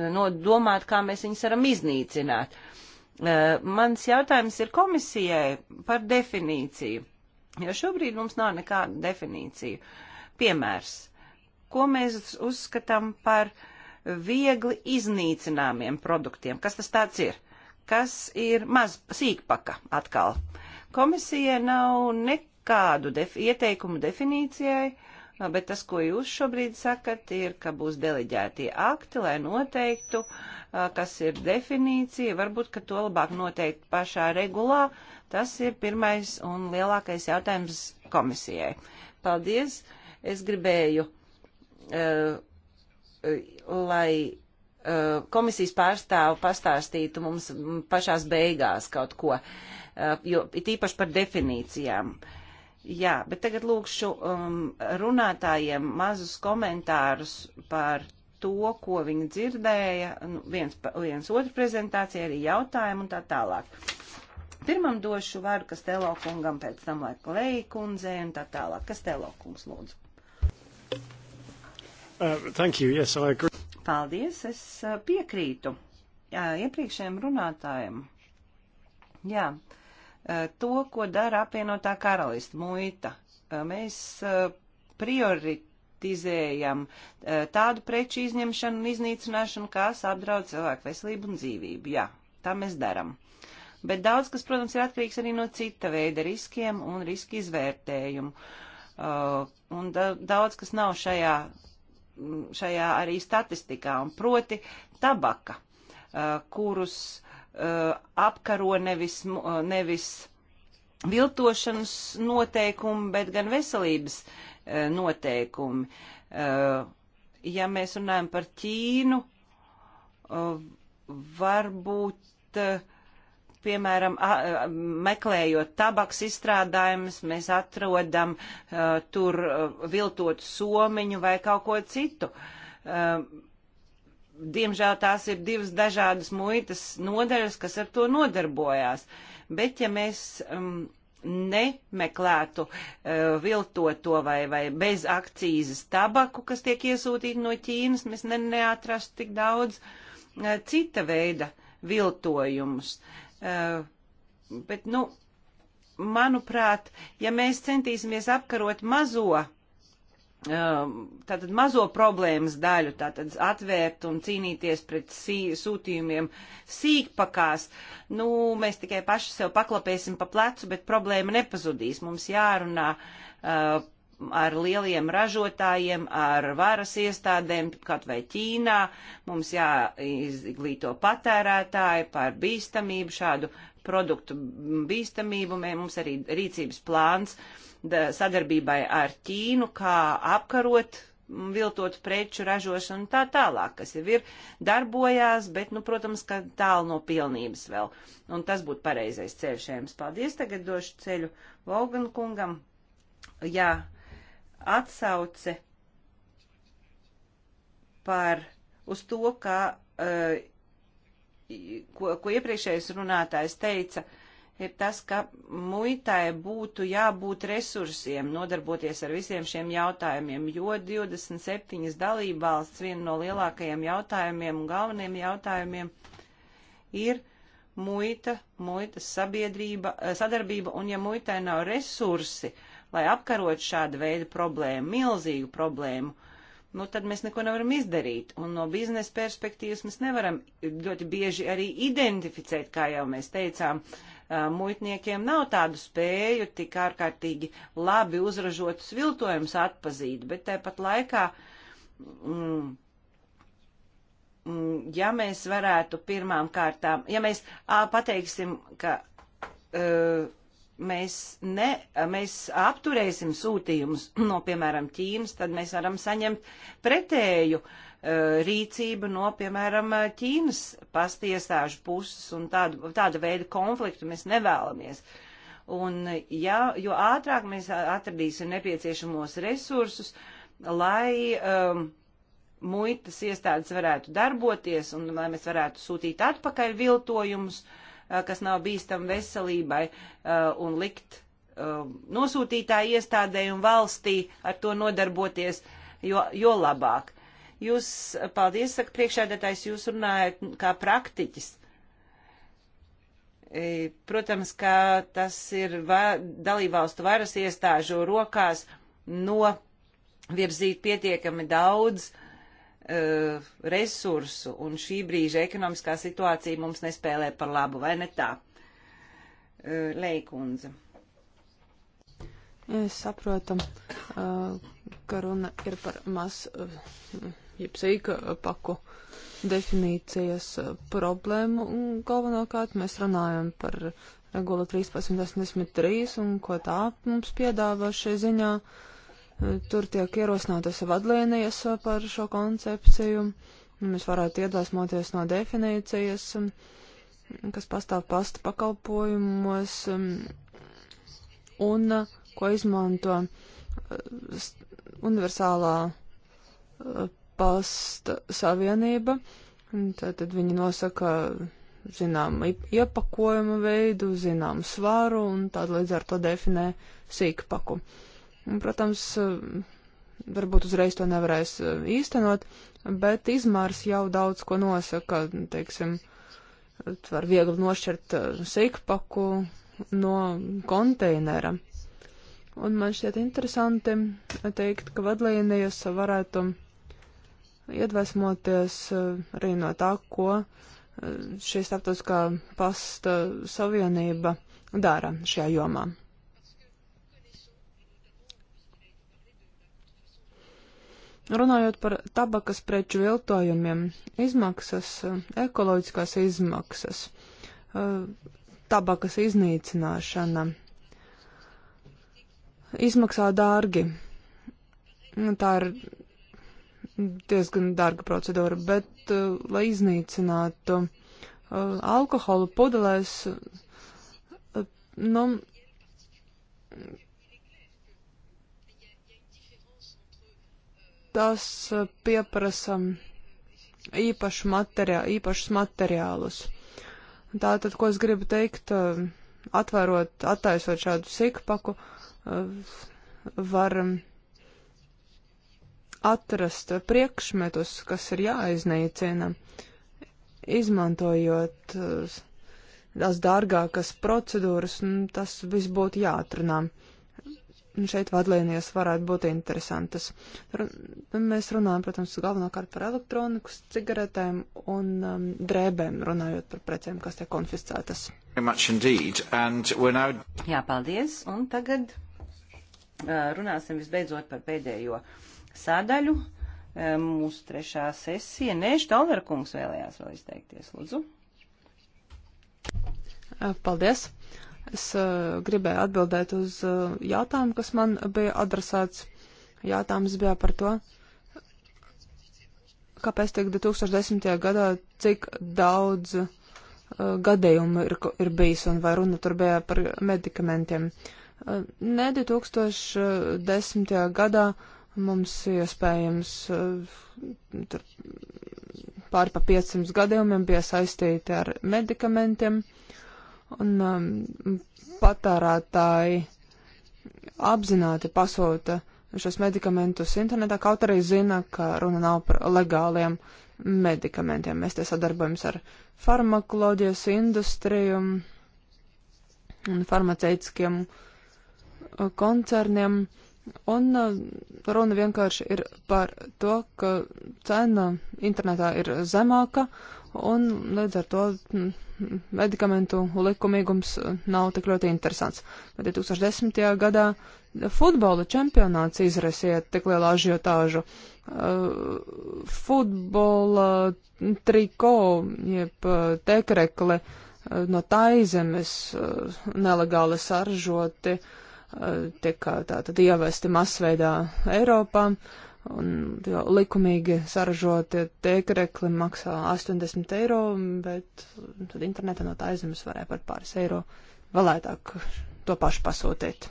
domāt, kā mēs viņas varam iznīcināt. Eh, mans jautājums ir komisijai par definīciju, jo šobrīd mums nav nekāda definīcija. Piemērs, ko mēs uzskatām par uh, viegli iznīcināmiem produktiem. Kas tas tāds ir? Kas ir maz sīkpaka atkal? Komisijai nav nekādu def ieteikumu definīcijai, bet tas, ko jūs šobrīd sakat, ir, ka būs deleģētie akti, lai noteiktu, kas ir definīcija. Varbūt, ka to labāk noteikt pašā regulā. Tas ir pirmais un lielākais jautājums komisijai. Paldies! Es gribēju. Uh, lai uh, komisijas pārstāvu pastāstītu mums pašās beigās kaut ko, uh, jo it īpaši par definīcijām. Jā, bet tagad lūkšu um, runātājiem mazus komentārus par to, ko viņi dzirdēja, nu, viens, viens otru prezentāciju, arī jautājumu un tā tālāk. Pirmam došu vārdu Kastelo kungam, pēc tam laika Leija kundzei un tā tālāk. Kastelo kungs, lūdzu. Uh, thank you. Yes, I agree. Paldies, es uh, piekrītu iepriekšējiem runātājiem. Jā, uh, to, ko dara apvienotā karalista muita. Uh, mēs prioritizējam tādu preču izņemšanu un iznīcināšanu, kas apdraud cilvēku veselību un dzīvību. Jā, tā mēs daram. Bet daudz, kas, protams, ir atkarīgs arī no cita veida riskiem un riski izvērtējumu. Uh, un da daudz, kas nav šajā šajā arī statistikā, un proti tabaka, eh, kurus eh, apkaro nevis, eh, nevis viltošanas noteikumi, bet gan veselības noteikumi. Ja mēs runājam par Ķīnu, varbūt uh, piemēram, meklējot tabaks izstrādājumus, mēs atrodam uh, tur viltotu somiņu vai kaut ko citu. Uh, diemžēl tās ir divas dažādas muitas nodaļas, kas ar to nodarbojās. Bet ja mēs um, nemeklētu uh, viltoto vai, vai bez akcīzes tabaku, kas tiek iesūtīta no Ķīnas, mēs ne, neatrastu tik daudz uh, cita veida viltojumus. Uh, Eh, bet, nu, manuprāt, ja mēs centīsimies apkarot mazo eh, tātad mazo problēmas daļu, tātad atvērt un cīnīties pret sī, sūtījumiem sīkpakās, nu, mēs tikai paši sev paklapēsim pa plecu, bet problēma nepazudīs. Mums jārunā uh, ar lieliem ražotājiem, ar varas iestādēm, kaut vai Ķīnā. Mums jāizglīto patērētāji par bīstamību, šādu produktu bīstamību. Mums arī rīcības plāns sadarbībai ar Ķīnu, kā apkarot viltot preču ražošanu tā tālāk, kas jau ir darbojās, bet, nu, protams, ka tālu no pilnības vēl. Un tas būtu pareizais ceļš šiem. Paldies, tagad došu ceļu Volgan kungam. Jā, atsauce par uz to, kā, eh, ko, ko iepriekšējais runātājs teica, ir tas, ka muitai būtu jābūt resursiem nodarboties ar visiem šiem jautājumiem, jo 27 dalībvalsts viena no lielākajiem jautājumiem un galveniem jautājumiem ir muita, muitas sabiedrība, eh, sadarbība, un ja muitai nav resursi, uh, lai apkarot šādu veidu problēmu, milzīgu problēmu, nu tad mēs neko nevaram izdarīt. Un no biznesa perspektīvas mēs nevaram ļoti bieži arī identificēt, kā jau mēs teicām, muitniekiem nav tādu spēju tik ārkārtīgi labi uzražotus viltojumus atpazīt, bet tāpat laikā. Mm, mm, ja mēs varētu pirmām kārtām, ja mēs ā, pateiksim, ka uh, mēs, ne, mēs apturēsim sūtījumus no, piemēram, Ķīnas, tad mēs varam saņemt pretēju uh, rīcību no, piemēram, Ķīnas pastiesāžu puses un tādu, tādu veidu konfliktu mēs nevēlamies. Un, ja, jo ātrāk mēs atradīsim nepieciešamos resursus, lai um, muitas iestādes varētu darboties un lai mēs varētu sūtīt atpakaļ viltojumus, uh, Eh, kas nav bīstam veselībai, eh, un likt eh, nosūtītāju iestādēju un valstī ar to nodarboties, jo, jo labāk. Jūs, paldies, saka priekšēdētājs, jūs runājat kā praktiķis. Protams, ka tas ir va dalībvalstu varas iestāžu rokās novirzīt pietiekami daudz uh, Eh, resursu, un šī brīža ekonomiskā situācija mums nespēlē par labu, vai ne tā? Eh, Leikundze. Es saprotu, eh, ka runa ir par maz, jeb sīka paku definīcijas problēmu. Galvenokārt mēs runājam par regulu 1383 un ko tā mums piedāvā šajā ziņā. Uh, Tur tiek ierosinātas vadlīnijas par šo koncepciju. Mēs varētu iedvesmoties no definīcijas, kas pastāv pasta pakalpojumos un ko izmanto uh, universālā uh, pasta savienība. Tad, tad viņi nosaka zināmu iepakojumu veidu, zināmu svāru un tad līdz ar to definē sīkpaku. Uh, Un, protams, eh, varbūt uzreiz to nevarēs eh, īstenot, bet izmērs jau daudz ko nosaka, teiksim, var viegli nošķirt eh, sīkpaku no konteinera. Un man šķiet interesanti teikt, ka vadlīnijas varētu iedvesmoties arī no tā, ko šī starptautiskā pasta savienība dara šajā jomā. Runājot par tabakas preču viltojumiem, izmaksas, ekoloģiskās izmaksas, eh, tabakas iznīcināšana izmaksā dārgi. Tā ir diezgan dārga procedūra, bet, eh, lai iznīcinātu eh, alkoholu pudelēs, nu, tas eh, pieprasa īpašu materiā, īpašus materiālus. Tātad, ko es gribu teikt, eh, atvērot, attaisot šādu sikpaku, eh, var mm, atrast priekšmetus, kas ir jāiznīcina, izmantojot tās dārgākas procedūras, un tas viss būtu jāatrunā. Un šeit vadlīnijas varētu būt interesantas. Run mēs runājam, protams, galvenokārt par elektronikas cigaretēm un um, drēbēm, runājot par precēm, kas tiek konfiscētas. Now... Jā, paldies. Un tagad uh, runāsim visbeidzot par pēdējo sādaļu. Uh, mūsu trešā sesija. Nē, Štalverkungs vēlējās vēl izteikties, lūdzu. Uh, paldies. Es uh, gribēju atbildēt uz uh, jautājumu, kas man bija adresēts. Jautājums bija par to, kāpēc tiek 2010. gadā cik daudz uh, gadījumu ir, ir bijis un vai runa tur bija par medikamentiem. Uh, ne 2010. gadā mums iespējams uh, pāri pa 500 gadījumiem bija saistīti ar medikamentiem. Uh, un um, patērētāji apzināti pasūta šos medikamentus internetā, kaut arī zina, ka runa nav par legāliem medikamentiem. Mēs te sadarbojamies ar farmakoloģijas industriju un farmaceitiskiem uh, koncerniem, un uh, runa vienkārši ir par to, ka cena internetā ir zemāka, un līdz ar to mm, medikamentu likumīgums eh, nav tik ļoti interesants. Bet 2010. gadā futbola čempionāts izraisīja tik lielu ažiotāžu. Eh, futbola triko, jeb eh, tekrekli no taizemes nelegāli saržoti tika tātad ievesti masveidā Eiropā. Uh, Un likumīgi saražotie tēkrekli maksā 80 eiro, bet tad internetā no tā aizjums varēja par pāris eiro vēl ētāk to pašu pasūtīt.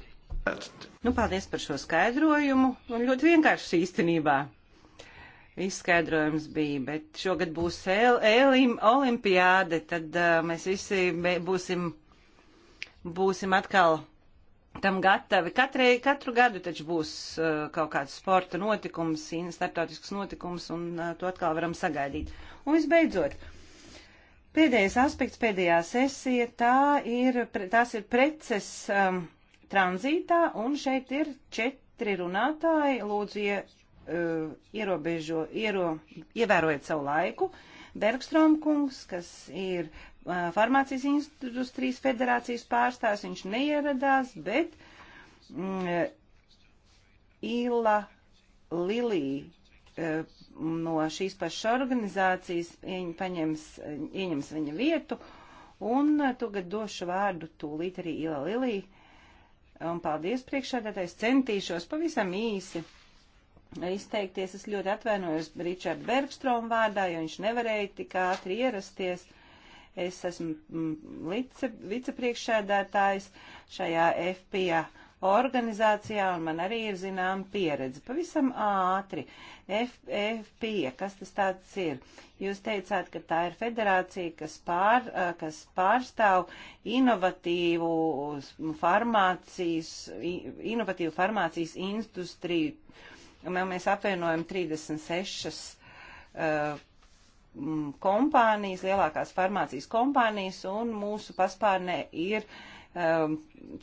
Nu, paldies par šo skaidrojumu. Un ļoti vienkārši īstenībā izskaidrojums bija, bet šogad būs el, elim, olimpiāde, tad uh, mēs visi būsim, būsim atkal tam gatavi. Katrai, katru gadu taču būs uh, kaut kāds sporta notikums, startautisks notikums, un uh, to atkal varam sagaidīt. Un visbeidzot, pēdējais aspekts, pēdējā sesija, tā ir, tās ir preces um, tranzītā, un šeit ir četri runātāji, lūdzu, ie, uh, ierobežo, iero, ievērojiet savu laiku. Bergstrom kungs, kas ir farmācijas industrijas federācijas pārstāvis, viņš neieradās, bet mm, Ila Lilī no šīs pašas organizācijas paņems, ieņems viņa vietu, un tagad došu vārdu tūlīt arī Ila Lilī. Un paldies priekšādātais, centīšos pavisam īsi izteikties. Es ļoti atvainojos Richard Bergstrom vārdā, jo viņš nevarēja tik ātri ierasties. Uh, Es esmu mm, lice, vicepriekšsēdētājs šajā FPA organizācijā, un man arī ir zinām pieredze. Pavisam ātri, FFP, kas tas tāds ir? Jūs teicāt, ka tā ir federācija, kas, pār, kas pārstāv inovatīvu farmācijas, inovatīvu farmācijas industriju, un mēs apvienojam 36 uh, Mm, kompānijas, lielākās farmācijas kompānijas, un mūsu paspārnē ir um,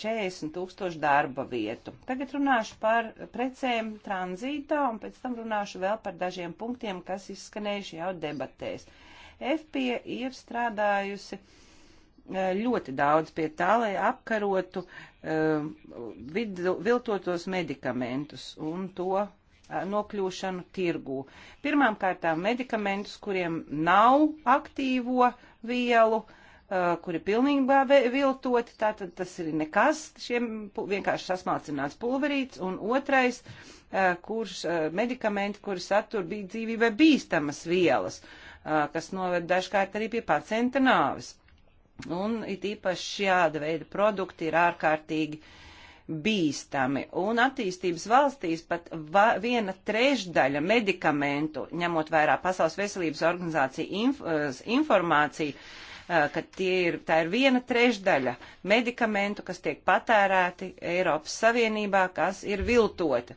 40 tūkstoši darba vietu. Tagad runāšu par precēm tranzītā, un pēc tam runāšu vēl par dažiem punktiem, kas izskanējuši jau debatēs. FPA ir strādājusi eh, ļoti daudz pie tā, lai apkarotu um, vidu, viltotos medikamentus un to Eh, nokļūšanu tirgū. Pirmkārt, medikamentus, kuriem nav aktīvo vielu, eh, kuri pilnībā viltoti, tātad tas ir nekas, šiem vienkārši sasmalcināts pulverīts, un otrais, eh, kurš medikamenti, kuri satur bija dzīvībai bīstamas vielas, kas noved dažkārt arī pie pacienta nāves. Un it īpaši šāda veida produkti ir ārkārtīgi uh, bīstami. Un attīstības valstīs pat va, viena trešdaļa medikamentu, ņemot vērā Pasaules veselības organizācija inf, eh, informāciju, eh, ka ir, tā ir viena trešdaļa medikamentu, kas tiek patērēti Eiropas Savienībā, kas ir viltota.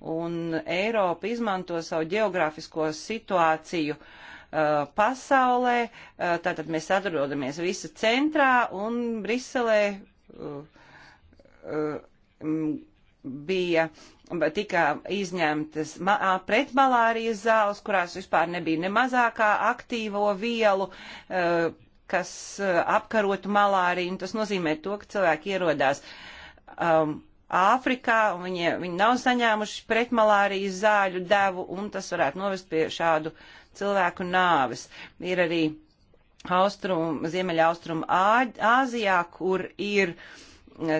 Un Eiropa izmanto savu geogrāfisko situāciju uh, pasaulē, uh, tātad mēs atrodamies visi centrā un Briselē. Uh, uh, bija tika izņemtas pretmalārijas zāles, kurās vispār nebija ne mazākā aktīvo vielu, e, kas e, apkarotu malāriju. Tas nozīmē to, ka cilvēki ierodās um, Āfrikā, um, un viņi, viņi nav saņēmuši pretmalārijas zāļu devu, un tas varētu novest pie šādu cilvēku nāves. Ir arī austrum, ziemeļa austrum Āzijā, kur ir uh,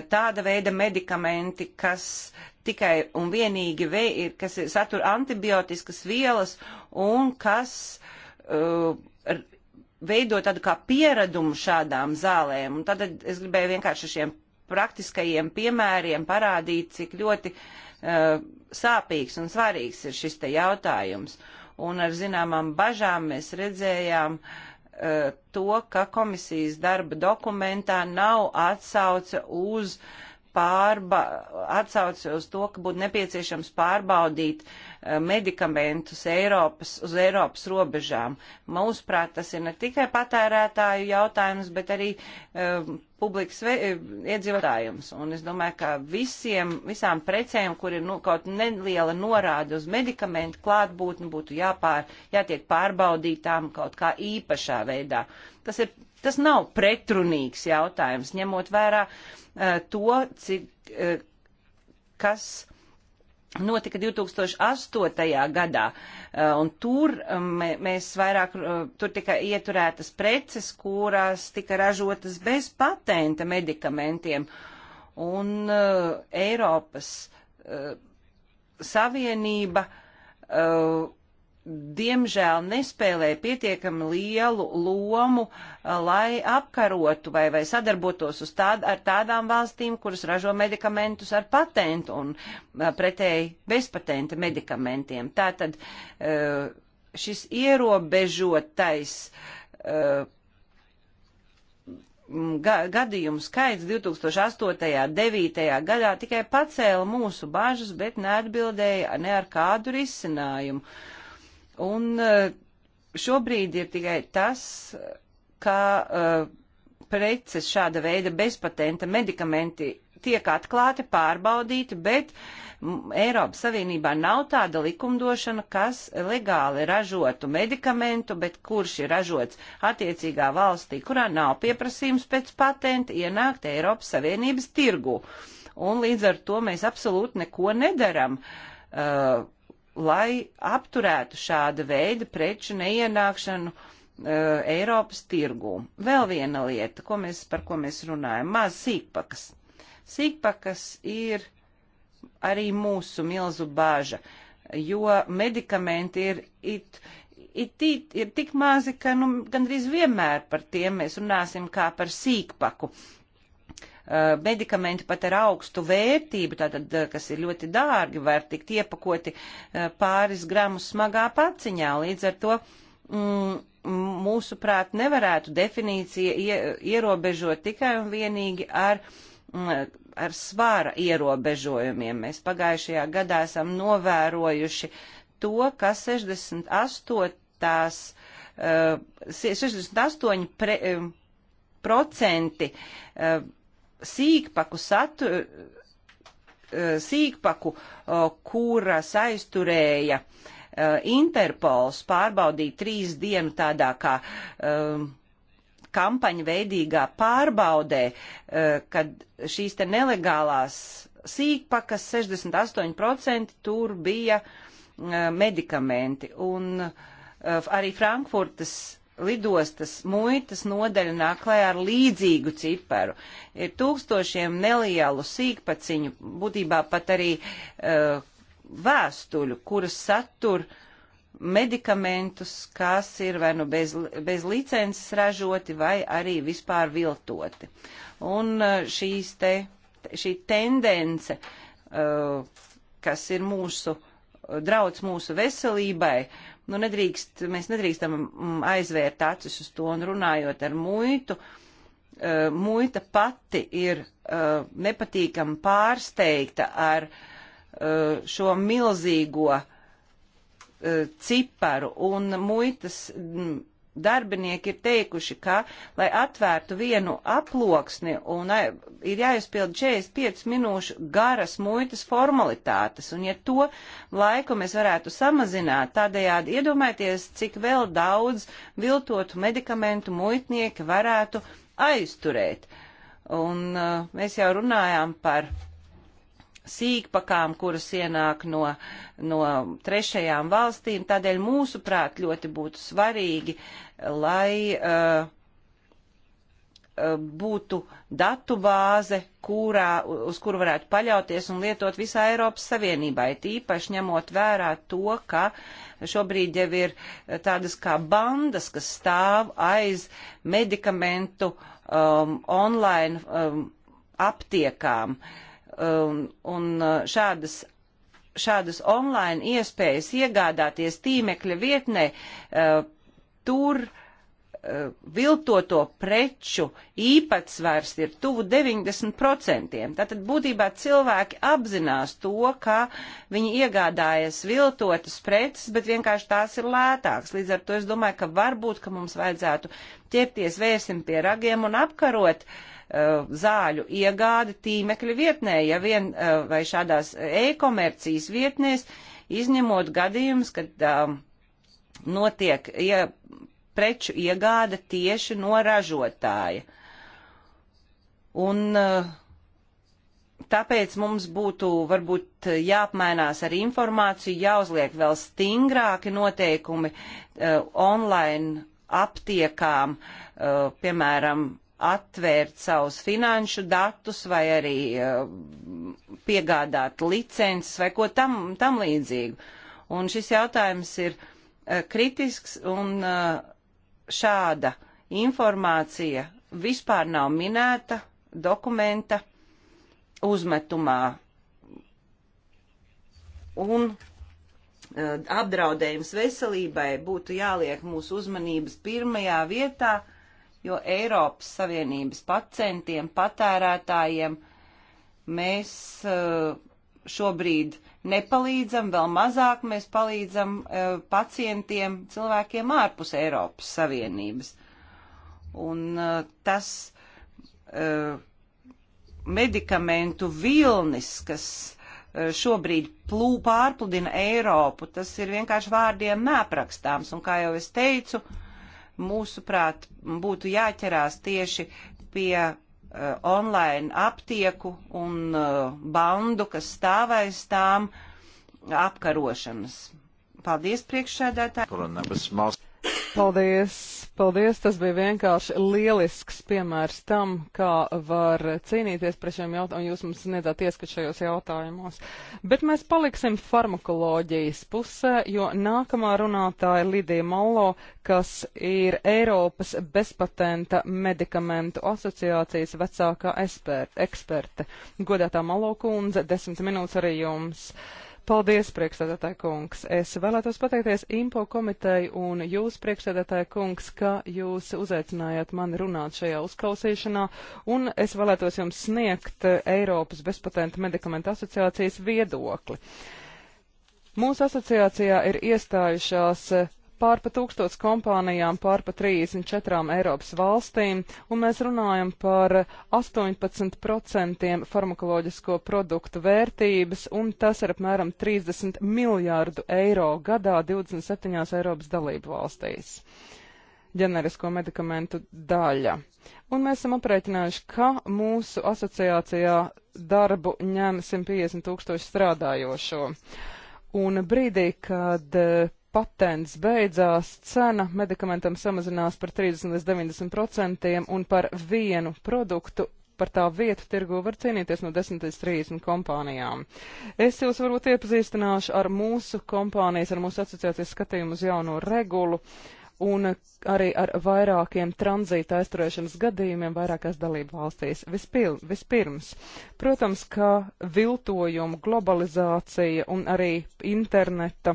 tāda veida medikamenti, kas tikai un vienīgi ir, kas ir, satur antibiotiskas vielas un kas uh, veido tādu kā pieradumu šādām zālēm. Un tad es gribēju vienkārši šiem praktiskajiem piemēriem parādīt, cik ļoti uh, sāpīgs un svarīgs ir šis te jautājums. Un ar zināmām bažām mēs redzējām, uh, to, ka komisijas darba dokumentā nav atsauce uz pārba, atsauce uz to, ka būtu nepieciešams pārbaudīt uh, medikamentus Eiropas, uz Eiropas robežām. Mūsuprāt, tas ir ne tikai patērētāju jautājums, bet arī um, publikas iedzīvotājums. Un es domāju, ka visiem, visām precēm, kur ir nu, kaut neliela norāda uz medikamentu klātbūtni, būtu jāpār, jātiek pārbaudītām kaut kā īpašā veidā. Tas, ir, tas nav pretrunīgs jautājums, ņemot vērā uh, to, cik, uh, kas notika 2008. gadā, eh, un tur um, mēs vairāk, eh, tur tika ieturētas preces, kurās tika ražotas bez patenta medikamentiem, un eh, Eiropas Savienība diemžēl nespēlē pietiekami lielu lomu, eh, lai apkarotu vai, vai sadarbotos uz tād, ar tādām valstīm, kuras ražo medikamentus ar patentu un eh, pretēji bezpatenta medikamentiem. Tātad eh, šis ierobežotais gadījumu skaits 2008. un 2009. gadā tikai pacēla mūsu bažas, bet neatbildēja ne ar kādu risinājumu. Uh, Un eh, šobrīd ir tikai tas, ka eh, preces šāda veida bezpatenta medikamenti tiek atklāti, pārbaudīti, bet Eiropas Savienībā nav tāda likumdošana, kas legāli ražotu medikamentu, bet kurš ir ražots attiecīgā valstī, kurā nav pieprasījums pēc patenta, ienākt Eiropas Savienības tirgu. Un līdz ar to mēs absolūti neko nedaram. Uh, lai apturētu šāda veida preču neienākšanu uh, Eiropas tirgū. Vēl viena lieta, ko mēs, par ko mēs runājam, maz sīkpakas. Sīkpakas ir arī mūsu milzu bāža, jo medikamenti ir it, it, it, ir tik mazi, ka nu, gandrīz vienmēr par tiem mēs runāsim kā par sīkpaku. Uh, Eh, medikamenti pat ar augstu vērtību, tātad, eh, kas ir ļoti dārgi, var tikt iepakoti eh, pāris gramus smagā paciņā. Līdz ar to mm, mūsuprāt nevarētu definīcija ierobežot tikai un vienīgi ar mm, ar svāra ierobežojumiem. Mēs pagājušajā gadā esam novērojuši to, ka 68, tās, 68 pre, procenti sīkpaku satur, eh, sīkpaku, eh, kuras aizturēja eh, Interpols pārbaudīja trīs dienu tādā kā um, kampaņa veidīgā pārbaudē, uh, kad šīs te nelegālās sīkpakas 68% tur bija uh, medikamenti. Un uh, arī Frankfurtas lidostas muitas nodeļa nāk klajā ar līdzīgu ciparu. Ir tūkstošiem nelielu sīkpaciņu, būtībā pat arī uh, vēstuļu, kuras satur medikamentus, kas ir vai nu bez, bez licences ražoti, vai arī vispār viltoti. Un uh, šīs te, šī tendence, uh, kas ir mūsu, uh, drauds mūsu veselībai, uh, nu, nedrīkst, mēs nedrīkstam mm, aizvērt acis uz to un runājot ar muitu. Uh, muita pati ir uh, e, nepatīkam pārsteigta ar uh, šo milzīgo ciparu un muitas m, darbinieki ir teikuši, ka, lai atvērtu vienu aploksni, un ir jāizpild 45 minūšu garas muitas formalitātes, un ja to laiku mēs varētu samazināt, tādējādi iedomājieties, cik vēl daudz viltotu medikamentu muitnieki varētu aizturēt. Un uh, mēs jau runājām par sīkpakām, kuras ienāk no, no trešajām valstīm. Tādēļ mūsuprāt ļoti būtu svarīgi, lai uh, būtu datu bāze, kurā, uz kuru varētu paļauties un lietot visā Eiropas Savienībā, tīpaši ņemot vērā to, ka šobrīd jau ir eh, tādas kā bandas, kas stāv aiz medikamentu um, online um, aptiekām. Uh, Um, un uh, šādas šādas online iespējas iegādāties tīmekļa vietnē, uh, tur uh, viltoto preču īpatsvars ir tuvu 90%. Tātad būtībā cilvēki apzinās to, ka viņi iegādājas viltotas preces, bet vienkārši tās ir lētākas. Līdz ar to es domāju, ka varbūt, ka mums vajadzētu ķerties vēsim pie ragiem un apkarot uh, Uh, zāļu iegādi tīmekļa vietnē, ja vien uh, vai šādās e-komercijas vietnēs, izņemot gadījumus, kad um, notiek ja, preču iegāde tieši no ražotāja. Un uh, tāpēc mums būtu varbūt jāapmainās ar informāciju, jāuzliek vēl stingrāki noteikumi uh, online aptiekām, uh, piemēram, atvērt savus finanšu datus vai arī eh, piegādāt licences vai ko tam, tam līdzīgu. Un šis jautājums ir eh, kritisks un eh, šāda informācija vispār nav minēta dokumenta uzmetumā. Un apdraudējums veselībai būtu jāliek mūsu uzmanības pirmajā vietā, jo Eiropas Savienības pacientiem, patērētājiem mēs eh, šobrīd nepalīdzam, vēl mazāk mēs palīdzam eh, pacientiem, cilvēkiem ārpus Eiropas Savienības. Un eh, tas medikamentu vilnis, kas šobrīd plū pārpludina Eiropu, tas ir vienkārši vārdiem neaprakstāms. Un kā jau es teicu, uh, mūsuprāt, būtu jāķerās tieši pie uh, online aptieku un uh, bandu, kas stāv aiz tām eh, apkarošanas. Paldies, priekšsēdētāji! Paldies! Paldies, tas bija vienkārši lielisks piemērs tam, kā var cīnīties par šiem jautājumiem. Jūs mums sniedzāt ieskatu šajos jautājumos. Bet mēs paliksim farmakoloģijas pusē, jo nākamā runātāja Lidija Mallo, kas ir Eiropas bezpatenta medikamentu asociācijas vecākā espert, eksperte. Godētā Mallo kundze, desmit minūtes arī jums. Uh, Paldies, priekšsēdētāja kungs. Es vēlētos pateikties IMPO komiteju un jūs, priekšsēdētāja kungs, ka jūs uzaicinājāt mani runāt šajā uzklausīšanā, un es vēlētos jums sniegt Eiropas bezpatenta medikamentu asociācijas viedokli. Mūsu asociācijā ir iestājušās pārpa tūkstots kompānijām, pārpa 34 Eiropas valstīm, un mēs runājam par 18% farmakoloģisko produktu vērtības, un tas ir apmēram 30 miljārdu eiro gadā 27 Eiropas dalību valstīs ģenerisko medikamentu daļa. Un mēs esam aprēķinājuši, ka mūsu asociācijā darbu ņem 150 tūkstoši strādājošo. Un brīdī, kad patents beidzās, cena medikamentam samazinās par 30 līdz 90 procentiem un par vienu produktu par tā vietu tirgu var cīnīties no 10 līdz 30 kompānijām. Es jūs varbūt iepazīstināšu ar mūsu kompānijas, ar mūsu asociācijas skatījumu uz jauno regulu un arī ar vairākiem tranzīta aizturēšanas gadījumiem vairākās dalību valstīs. Vispil, vispirms, protams, ka viltojumu globalizācija un arī interneta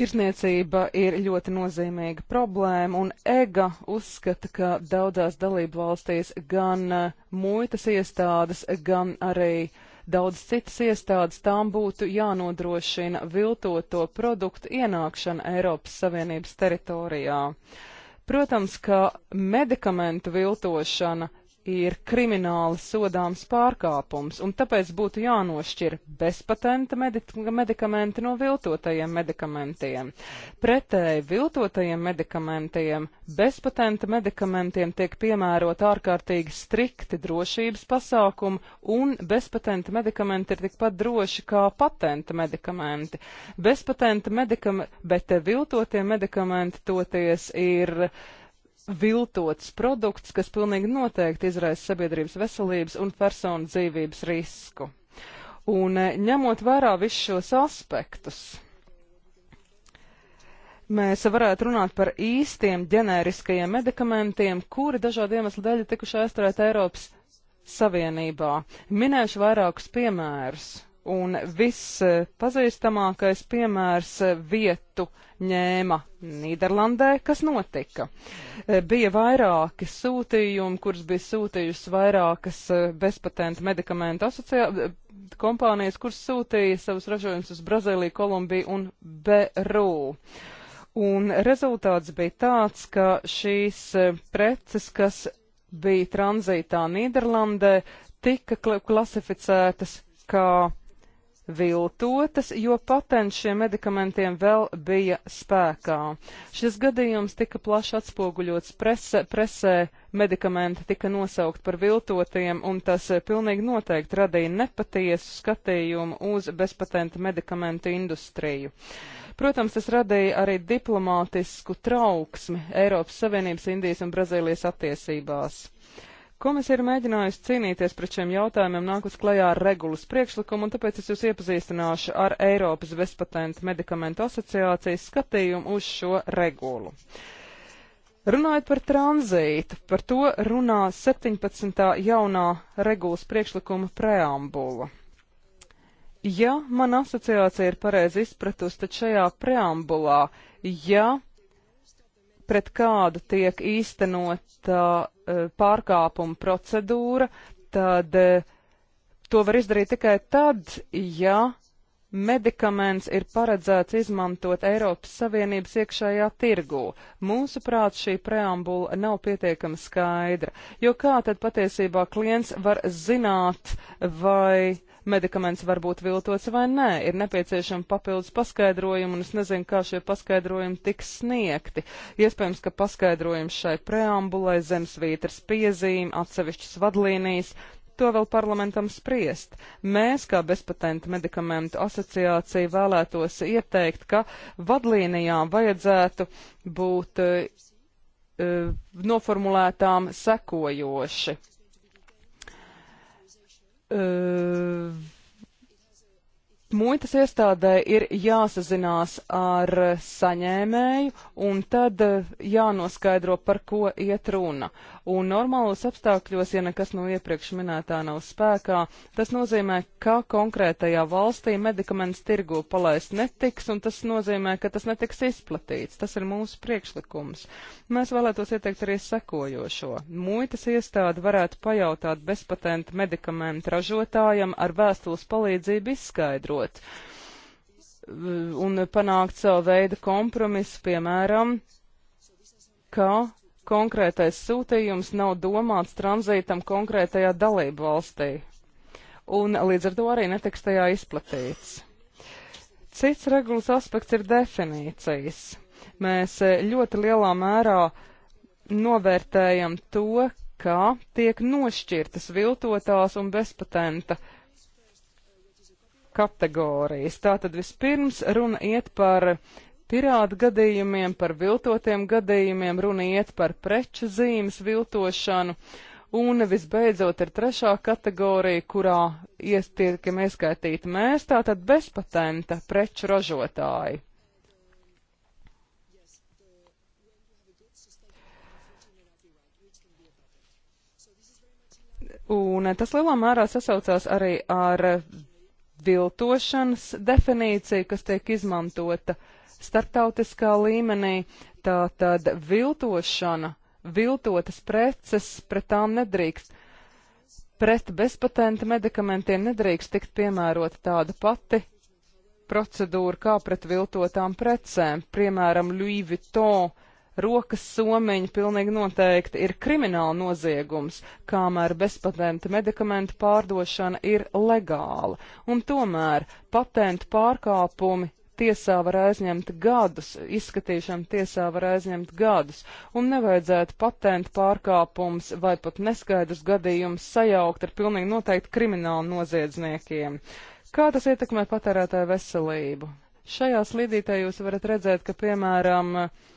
Tirzniecība ir ļoti nozīmīga problēma, un EGA uzskata, ka daudzās dalību valstīs gan eh, muitas iestādes, gan arī daudz citas iestādes tām būtu jānodrošina viltoto produktu ienākšana Eiropas Savienības teritorijā. Protams, ka medikamentu viltošana ir krimināli sodāms pārkāpums, un tāpēc būtu jānošķir bezpatenta medikamenti no viltotajiem medikamentiem. Pretēji viltotajiem medikamentiem bezpatenta medikamentiem tiek piemērot ārkārtīgi strikti drošības pasākumi, un bezpatenta medikamenti ir tikpat droši kā patenta medikamenti. Bezpatenta medikamenti, bet viltotie medikamenti toties ir viltots produkts, kas pilnīgi noteikti izraisa sabiedrības veselības un personu dzīvības risku. Un e, ņemot vērā visus šos aspektus, mēs varētu runāt par īstiem ģenēriskajiem medikamentiem, kuri dažādu iemeslu dēļ ir tikuši aizturēti Eiropas Savienībā. Minēšu vairākus piemērus. Un viss e, pazīstamākais piemērs e, vietu uh, ņēma Nīderlandē, kas notika. E, bija vairāki sūtījumi, kurus bija sūtījusi vairākas e, bezpatentu medikamentu asociā... E, kompānijas, kuras sūtīja savus ražojumus uz Brazīliju, Kolumbiju un Beru. Un rezultāts bija tāds, ka šīs preces, kas bija tranzītā Nīderlandē, tika klasificētas kā viltotas, jo patents šiem medikamentiem vēl bija spēkā. Šis gadījums tika plaši atspoguļots prese, presē, medikamenti tika nosaukt par viltotiem, un tas eh, pilnīgi noteikti radīja nepatiesu skatījumu uz bezpatenta medikamentu industriju. Protams, tas radīja arī diplomātisku trauksmi Eiropas Savienības, Indijas un Brazīlijas attiecībās. Komisija ir mēģinājusi cīnīties pret šiem jautājumiem, nākus klajā ar regulas priekšlikumu, un tāpēc es jūs iepazīstināšu ar Eiropas bezpatentu medikamentu asociācijas skatījumu uz šo regulu. Runājot par tranzītu, par to runā 17. jaunā regulas priekšlikuma preambula. Ja man asociācija ir pareizi izpratusi, tad šajā preambulā, ja pret kādu tiek īstenota uh, eh, pārkāpuma procedūra, tad uh, to var izdarīt tikai tad, ja medikaments ir paredzēts izmantot Eiropas Savienības iekšējā tirgū. Mūsuprāt, šī preambula nav pietiekami skaidra, jo kā tad patiesībā klients var zināt, vai uh, medikaments var būt viltots vai nē. Ir nepieciešama papildus paskaidrojuma, un es nezinu, kā šie paskaidrojumi tiks sniegti. Iespējams, ka paskaidrojums šai preambulai zemesvītras piezīme, atsevišķas vadlīnijas, to vēl parlamentam spriest. Mēs, kā bezpatenta medikamentu asociācija, vēlētos ieteikt, ka vadlīnijām vajadzētu būt uh, noformulētām sekojoši muitas iestādē ir jāsazinās ar saņēmēju un tad jānoskaidro, par ko iet runa un normālos apstākļos, ja nekas no iepriekš minētā nav spēkā, tas nozīmē, ka konkrētajā valstī medikaments tirgu palaist netiks, un tas nozīmē, ka tas netiks izplatīts. Tas ir mūsu priekšlikums. Mēs vēlētos ieteikt arī sekojošo. Muitas iestāde varētu pajautāt bezpatenta medikamentu ražotājam ar vēstules palīdzību izskaidrot un panākt savu veidu kompromisu, piemēram, ka konkrētais sūtījums nav domāts tranzītam konkrētajā dalību valstī, un līdz ar to arī netiks tajā izplatīts. Cits regulas aspekts ir definīcijas. Mēs e, ļoti lielā mērā novērtējam to, ka tiek nošķirtas viltotās un bezpatenta kategorijas. Tātad vispirms runa iet par pirāta gadījumiem, par viltotiem gadījumiem, runa iet par preču zīmes viltošanu. Un visbeidzot ir trešā kategorija, kurā iestiekam ieskaitīti mēs, tātad bezpatenta preču ražotāji. Un tas lielā mērā sasaucās arī ar viltošanas definīciju, kas tiek izmantota uh, starptautiskā līmenī, tā tad viltošana, viltotas preces, pret tām nedrīkst, pret bezpatenta medikamentiem nedrīkst tikt piemērota tāda pati procedūra kā pret viltotām precēm, piemēram, Louis Vuitton rokas somiņa pilnīgi noteikti ir krimināla noziegums, kamēr bezpatenta medikamentu pārdošana ir legāla, un tomēr patentu pārkāpumi tiesā var aizņemt gadus, izskatīšana tiesā var aizņemt gadus, un nevajadzētu patentu pārkāpums vai pat neskaidrus gadījumus sajaukt ar pilnīgi noteikti kriminālu noziedzniekiem. Kā tas ietekmē patērētāju veselību? Šajā slīdītē jūs varat redzēt, ka, piemēram, uh,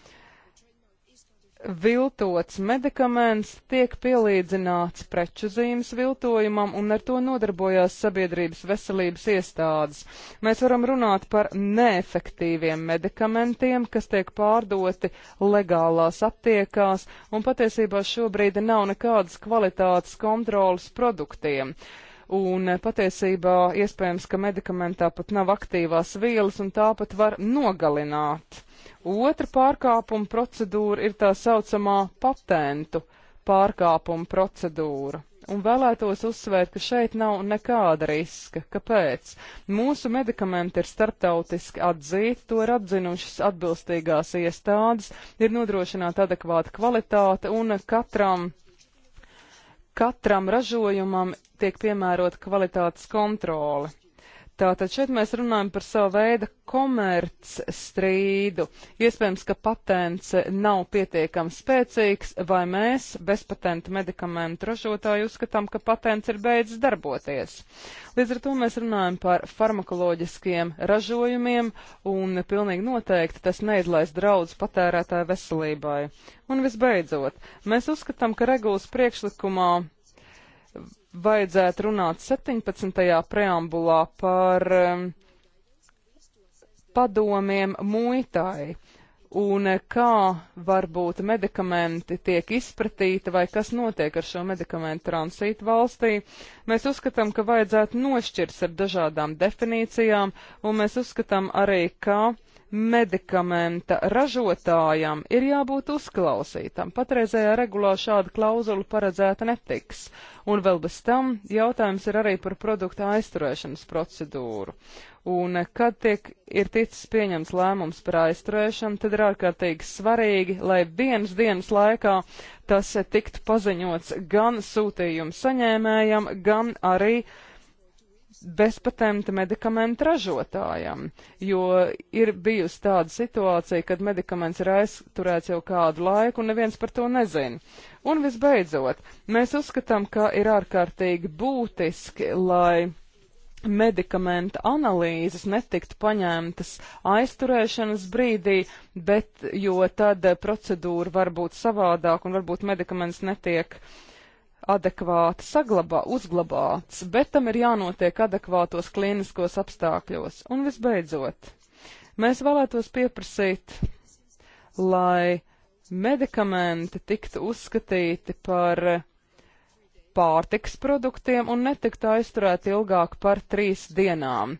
viltots medikaments tiek pielīdzināts preču zīmes viltojumam, un ar to nodarbojās sabiedrības veselības iestādes. Mēs varam runāt par neefektīviem medikamentiem, kas tiek pārdoti legālās aptiekās, un patiesībā šobrīd nav nekādas kvalitātes kontrolas produktiem. Un patiesībā iespējams, ka medikamentā pat nav aktīvās vielas, un tāpat var nogalināt Otra pārkāpuma procedūra ir tā saucamā patentu pārkāpuma procedūra. Un vēlētos uzsvērt, ka šeit nav nekāda riska. Kāpēc? Mūsu medikamenti ir starptautiski atzīti, to ir atzinušas atbilstīgās iestādes, ir nodrošināta adekvāta kvalitāte un katram, katram ražojumam tiek piemērota kvalitātes kontrole. Tātad šeit mēs runājam par savu veidu komerc strīdu. Iespējams, ka patents nav pietiekami spēcīgs, vai mēs bezpatenta medikamentu ražotāju uzskatām, ka patents ir beidzis darboties. Līdz ar to mēs runājam par farmakoloģiskiem ražojumiem, un pilnīgi noteikti tas neizlaiž draudz patērētāju veselībai. Un visbeidzot, mēs uzskatām, ka regulas priekšlikumā vajadzētu runāt 17. preambulā par um, padomiem muitai un kā varbūt medikamenti tiek izpratīti vai kas notiek ar šo medikamentu transītu valstī. Mēs uzskatām, ka vajadzētu nošķirs ar dažādām definīcijām un mēs uzskatām arī, ka medikamenta ražotājam ir jābūt uzklausītam. Patreizējā regulā šāda klauzula paredzēta netiks. Un vēl bez tam jautājums ir arī par produkta aizturēšanas procedūru. Un eh, kad tiek ir ticis pieņems lēmums par aizturēšanu, tad ir ārkārtīgi svarīgi, lai vienas dienas laikā tas eh, tiktu paziņots gan sūtījuma saņēmējam, gan arī uh, bezpatenta medikamentu ražotājam, jo ir bijusi tāda situācija, kad medikaments ir aizturēts jau kādu laiku un neviens par to nezina. Un visbeidzot, mēs uzskatām, ka ir ārkārtīgi būtiski, lai medikamenta analīzes netiktu paņemtas aizturēšanas brīdī, bet jo tad procedūra var būt savādāk un varbūt medikaments netiek uh, adekvāti saglabā, uzglabāts, bet tam ir jānotiek adekvātos klīniskos apstākļos. Un visbeidzot, mēs vēlētos pieprasīt, lai medikamenti tiktu uzskatīti par pārtiks produktiem un netikt aizturēt ilgāk par trīs dienām,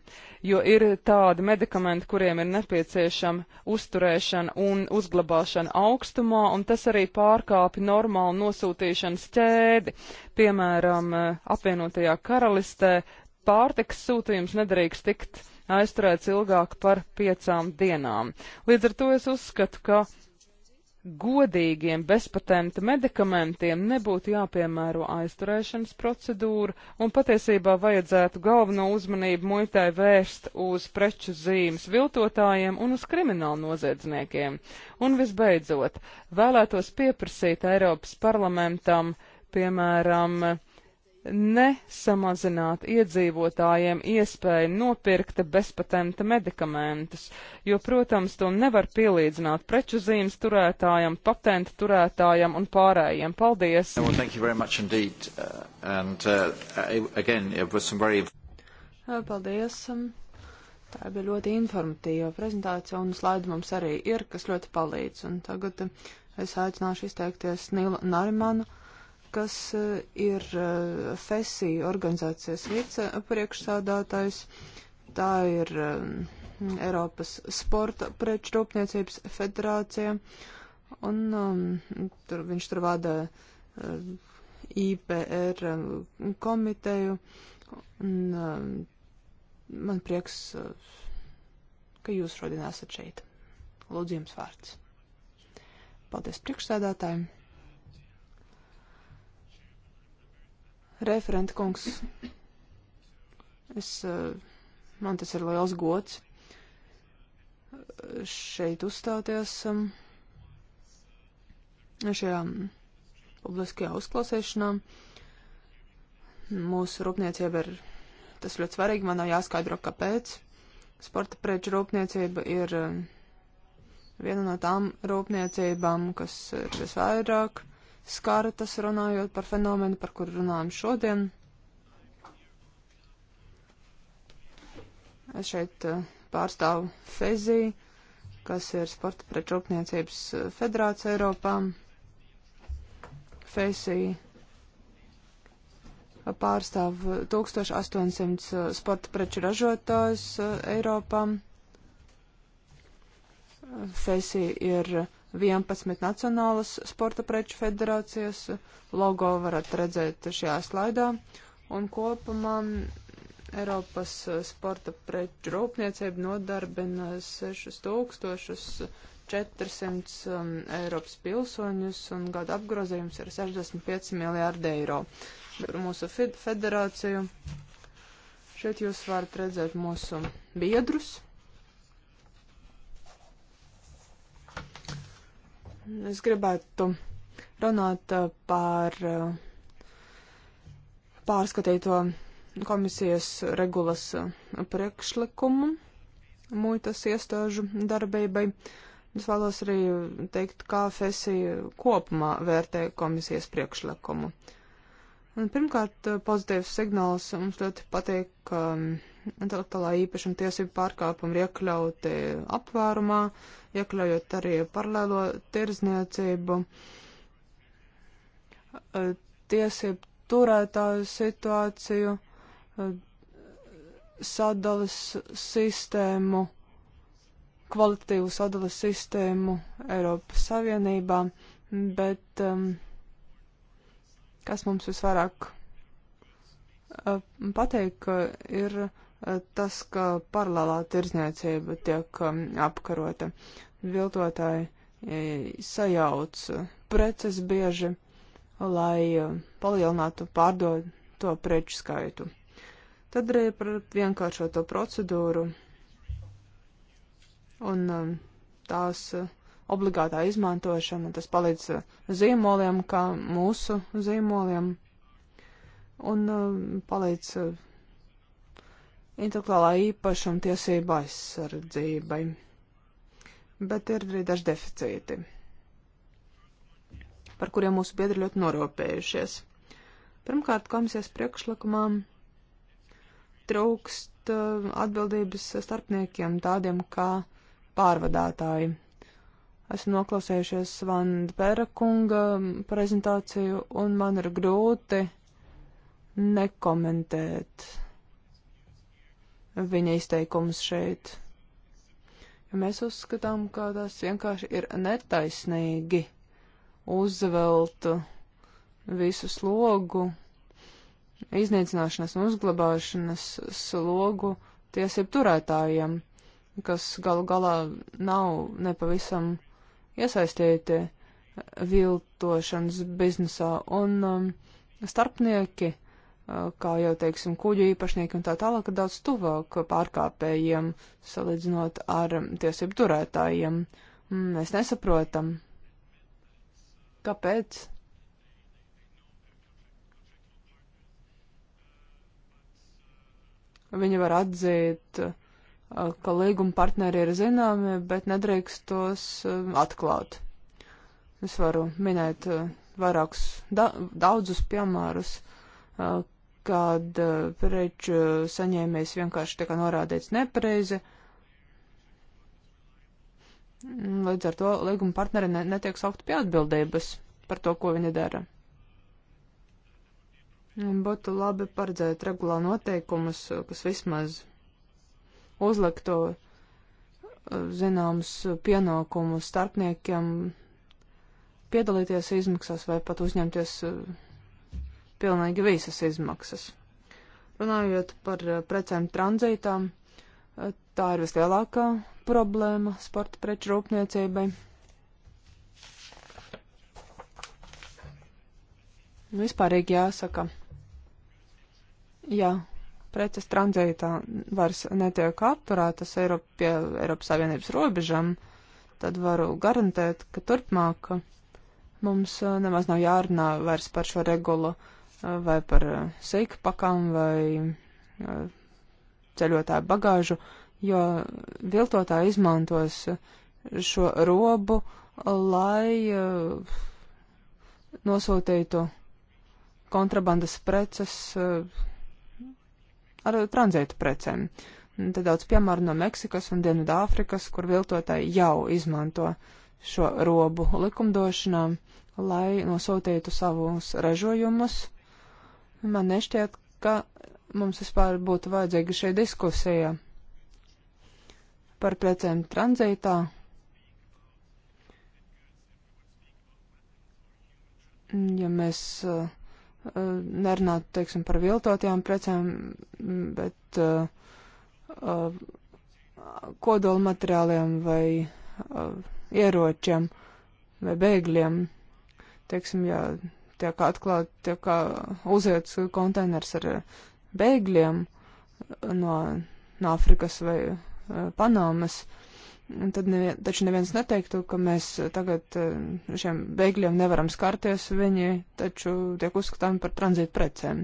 jo ir tādi medikamenti, kuriem ir nepieciešama uzturēšana un uzglabāšana augstumā, un tas arī pārkāpi normālu nosūtīšanas ķēdi. Piemēram, apvienotajā karalistē pārtiks sūtījums nedrīkst tikt aizturēts ilgāk par piecām dienām. Līdz ar to es uzskatu, ka godīgiem bezpatenta medikamentiem nebūtu jāpiemēro aizturēšanas procedūra, un patiesībā vajadzētu galveno uzmanību muitai vērst uz preču zīmes viltotājiem un uz kriminālu noziedzniekiem. Un visbeidzot, vēlētos pieprasīt Eiropas parlamentam, piemēram, nesamazināt iedzīvotājiem iespēju nopirkt bezpatenta medikamentus, jo, protams, to nevar pielīdzināt preču zīmes turētājam, patentu turētājam un pārējiem. Paldies! Uh, uh, uh, paldies! Um, tā bija ļoti informatīva prezentācija, un slaidu mums arī ir, kas ļoti palīdz. Un tagad es aicināšu izteikties Nīlu Narimanu kas eh, ir eh, FESI organizācijas vicepriekšsādātājs. Tā ir eh, Eiropas sporta preču rūpniecības federācija. Un um, tur, viņš tur vada uh, IPR komiteju. Un, um, man prieks, uh, ka jūs šodien esat šeit. Lūdzu, jums vārds. Paldies priekšsēdātājiem! Referenta kungs, es, eh, man tas ir liels gods eh, šeit uzstāties um, šajā mm, publiskajā uzklausīšanā. Mūsu rūpniecība ir tas ļoti svarīgi, man nav jāskaidro, kāpēc. Sporta preču rūpniecība ir eh, viena no tām rūpniecībām, kas ir visvairāk uh, skartas, runājot par fenomenu, par kur runājam šodien. Es šeit eh, pārstāvu Fezī, kas ir Sporta pretrūpniecības eh, federācija Eiropā. Fezī eh, pārstāv 1800 sporta preču ražotājus Eiropā. Fezī ir 11 Nacionālas sporta preču federācijas. Logo varat redzēt šajā slaidā. Un kopumā Eiropas sporta preču rūpniecība nodarbina 6400 um, Eiropas pilsoņus un gada apgrozījums ir 65 miljārdi eiro. Ar mūsu federāciju šeit jūs varat redzēt mūsu biedrus. Es gribētu runāt uh, par uh, pārskatīto komisijas regulas uh, priekšlikumu muitas iestāžu darbībai. Es vēlos arī teikt, kā FESI kopumā vērtē komisijas priekšlikumu. Un pirmkārt, pozitīvs signāls mums ļoti patīk, ka um, intelektuālā īpašuma tiesību pārkāpumi ir iekļauti apvērumā, iekļaujot arī paralēlo tirzniecību, tiesību turētāju situāciju, sadalas sistēmu, kvalitatīvu sadalas sistēmu Eiropas Savienībā, bet um, kas mums visvairāk pateikt, ka ir tas, ka paralēlā tirzniecība tiek um, apkarota. Viltotāji e, sajauc preces bieži, lai e, palielinātu pārdoto preču skaitu. Tad arī par vienkāršoto procedūru un um, tās e, obligātā izmantošana, tas palīdz zīmoliem, kā mūsu zīmoliem, un um, palīdz intelektuālā īpašuma tiesība aizsardzībai. Bet ir arī daži deficīti, par kuriem mūsu biedri ļoti norūpējušies. Pirmkārt, komisijas priekšlikumām trūkst uh, atbildības starpniekiem tādiem kā pārvadātāji. Esmu noklausījušies Vanda Pēra kunga prezentāciju, un man ir grūti nekomentēt viņa izteikumus šeit. Jo mēs uzskatām, ka tas vienkārši ir netaisnīgi uzvelt visu slogu, iznīcināšanas un uzglabāšanas slogu tiesību turētājiem, kas galu galā nav nepavisam iesaistīti viltošanas biznesā, un um, starpnieki kā jau, teiksim, kuģu īpašnieki un tā tālāk ir daudz tuvāk pārkāpējiem, salīdzinot ar tiesību turētājiem. Mēs nesaprotam, kāpēc viņi var atzīt, ka līguma partneri ir zināmi, bet nedrīkst tos atklāt. Es varu minēt vairākus, da, daudzus piemērus, kad eh, preču eh, saņēmējs vienkārši tā kā norādīts nepareizi. Līdz ar to līguma partneri ne, netiek saukti pie atbildības par to, ko viņi dara. Būtu labi paredzēt regulā noteikumus, eh, kas vismaz uzlikto zināms pienākumus starpniekiem piedalīties izmaksās vai pat uzņemties uh, pilnīgi visas izmaksas. Runājot par eh, precēm tranzītām, eh, tā ir vislielākā problēma sporta preču rūpniecībai. Nu, vispārīgi jāsaka, jā, preces tranzītā vairs netiek apturētas Eiropa, pie Eiropas Savienības robežām, tad varu garantēt, ka turpmāk mums eh, nemaz nav jārunā vairs par šo regulu. Uh, vai par eh, seiku pakām vai eh, ceļotāju bagāžu, jo viltotāji izmantos eh, šo robu, lai nosūtītu kontrabandas preces ar tranzītu precēm. Te daudz piemēru no Meksikas un Dienvidāfrikas, kur viltotāji jau izmanto šo robu likumdošanā, lai nosūtītu savus ražojumus Man nešķiet, ka mums vispār būtu vajadzīga šī diskusija par precēm tranzītā. Ja mēs uh, nerunātu, teiksim, par viltotajām precēm, bet uh, eh, uh, eh, kodola materiāliem vai uh, ieročiem vai bēgļiem, teiksim, ja tiek atklāti, tiek uzietas konteiners ar bēgļiem no, no Afrikas vai Panāmas. Tad nevien, taču neviens neteiktu, ka mēs tagad šiem bēgļiem nevaram skarties, viņi taču tiek uzskatāmi par tranzītu precēm.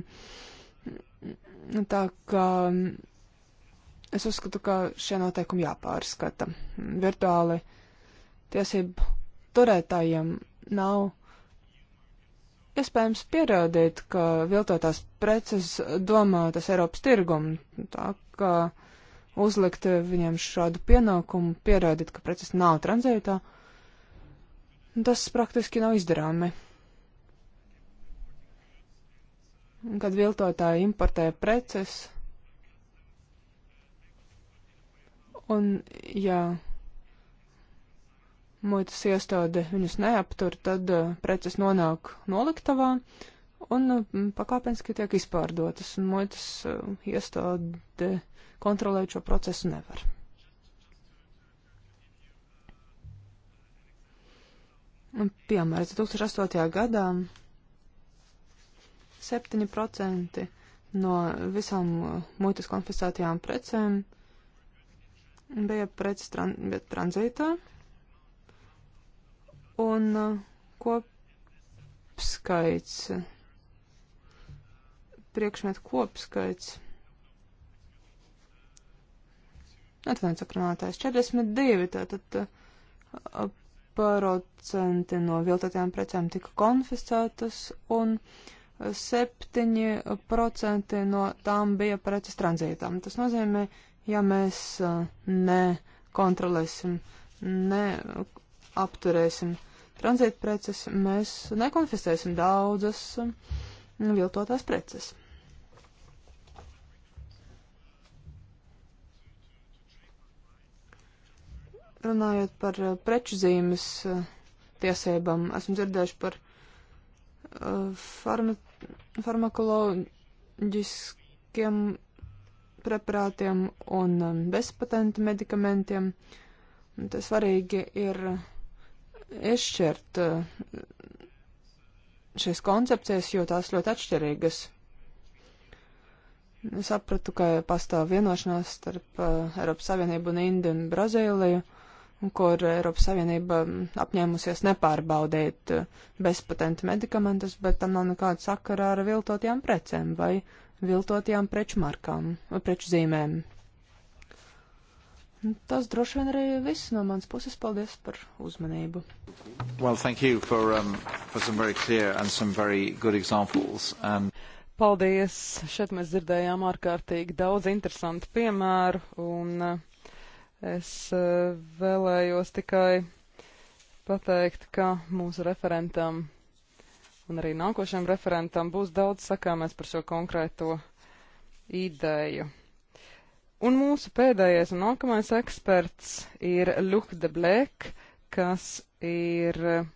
Tā kā es uzskatu, ka šie noteikumi jāpārskata. Virtuāli tiesību turētājiem nav iespējams pierādīt, ka viltotās preces domātas Eiropas tirgumu, tā ka uzlikt viņiem šādu pienākumu, pierādīt, ka preces nav tranzītā, tas praktiski nav izdarāmi. Kad viltotāji importē preces, un, jā, ja muitas iestāde viņus neaptur, tad eh, preces nonāk noliktavā un mm, pakāpeniski tiek izpārdotas, un muitas eh, iestāde kontrolēt šo procesu nevar. Piemēram, 2008. gadā 7% no visām eh, muitas konfiscētajām precēm bija preces tran tranzītā. Tran un uh, kopskaits, priekšmetu kopskaits. Atvainojiet, sakrunātājs 42, tātad uh, procenti no viltotajām precēm tika konfiscētas un 7% uh, no tām bija preces tranzītām. Tas nozīmē, ja mēs nekontrolēsim, ne apturēsim. Tranzītpreces mēs nekonfiscēsim daudzas um, viltotās preces. runājot par uh, preču zīmes uh, tiesībām, esmu dzirdējuši par uh, farma, farmakoloģiskiem preparātiem un um, bezpatentu medikamentiem. Tas svarīgi ir izšķirt eh, šīs koncepcijas, jo tās ļoti atšķirīgas. Es sapratu, ka pastāv vienošanās starp eh, Eiropas Savienību un Indiju un Brazīliju, kur Eiropas Savienība mm, apņēmusies nepārbaudīt eh, bezpatentu medikamentus, bet tam nav nekāda sakara ar viltotajām precēm vai viltotajām prečmarkām, preču zīmēm. Tas droši vien arī viss no manas puses. Paldies par uzmanību. Well, thank you for, um, for some very clear and some very good examples. And... Paldies! Šeit mēs dzirdējām ārkārtīgi daudz interesantu piemēru, un uh, es uh, vēlējos tikai pateikt, ka mūsu referentam un arī nākošajam referentam būs daudz sakāmēs par šo konkrēto ideju. Un mūsu pēdējais un nākamais eksperts ir Luc de Blek, kas ir eh,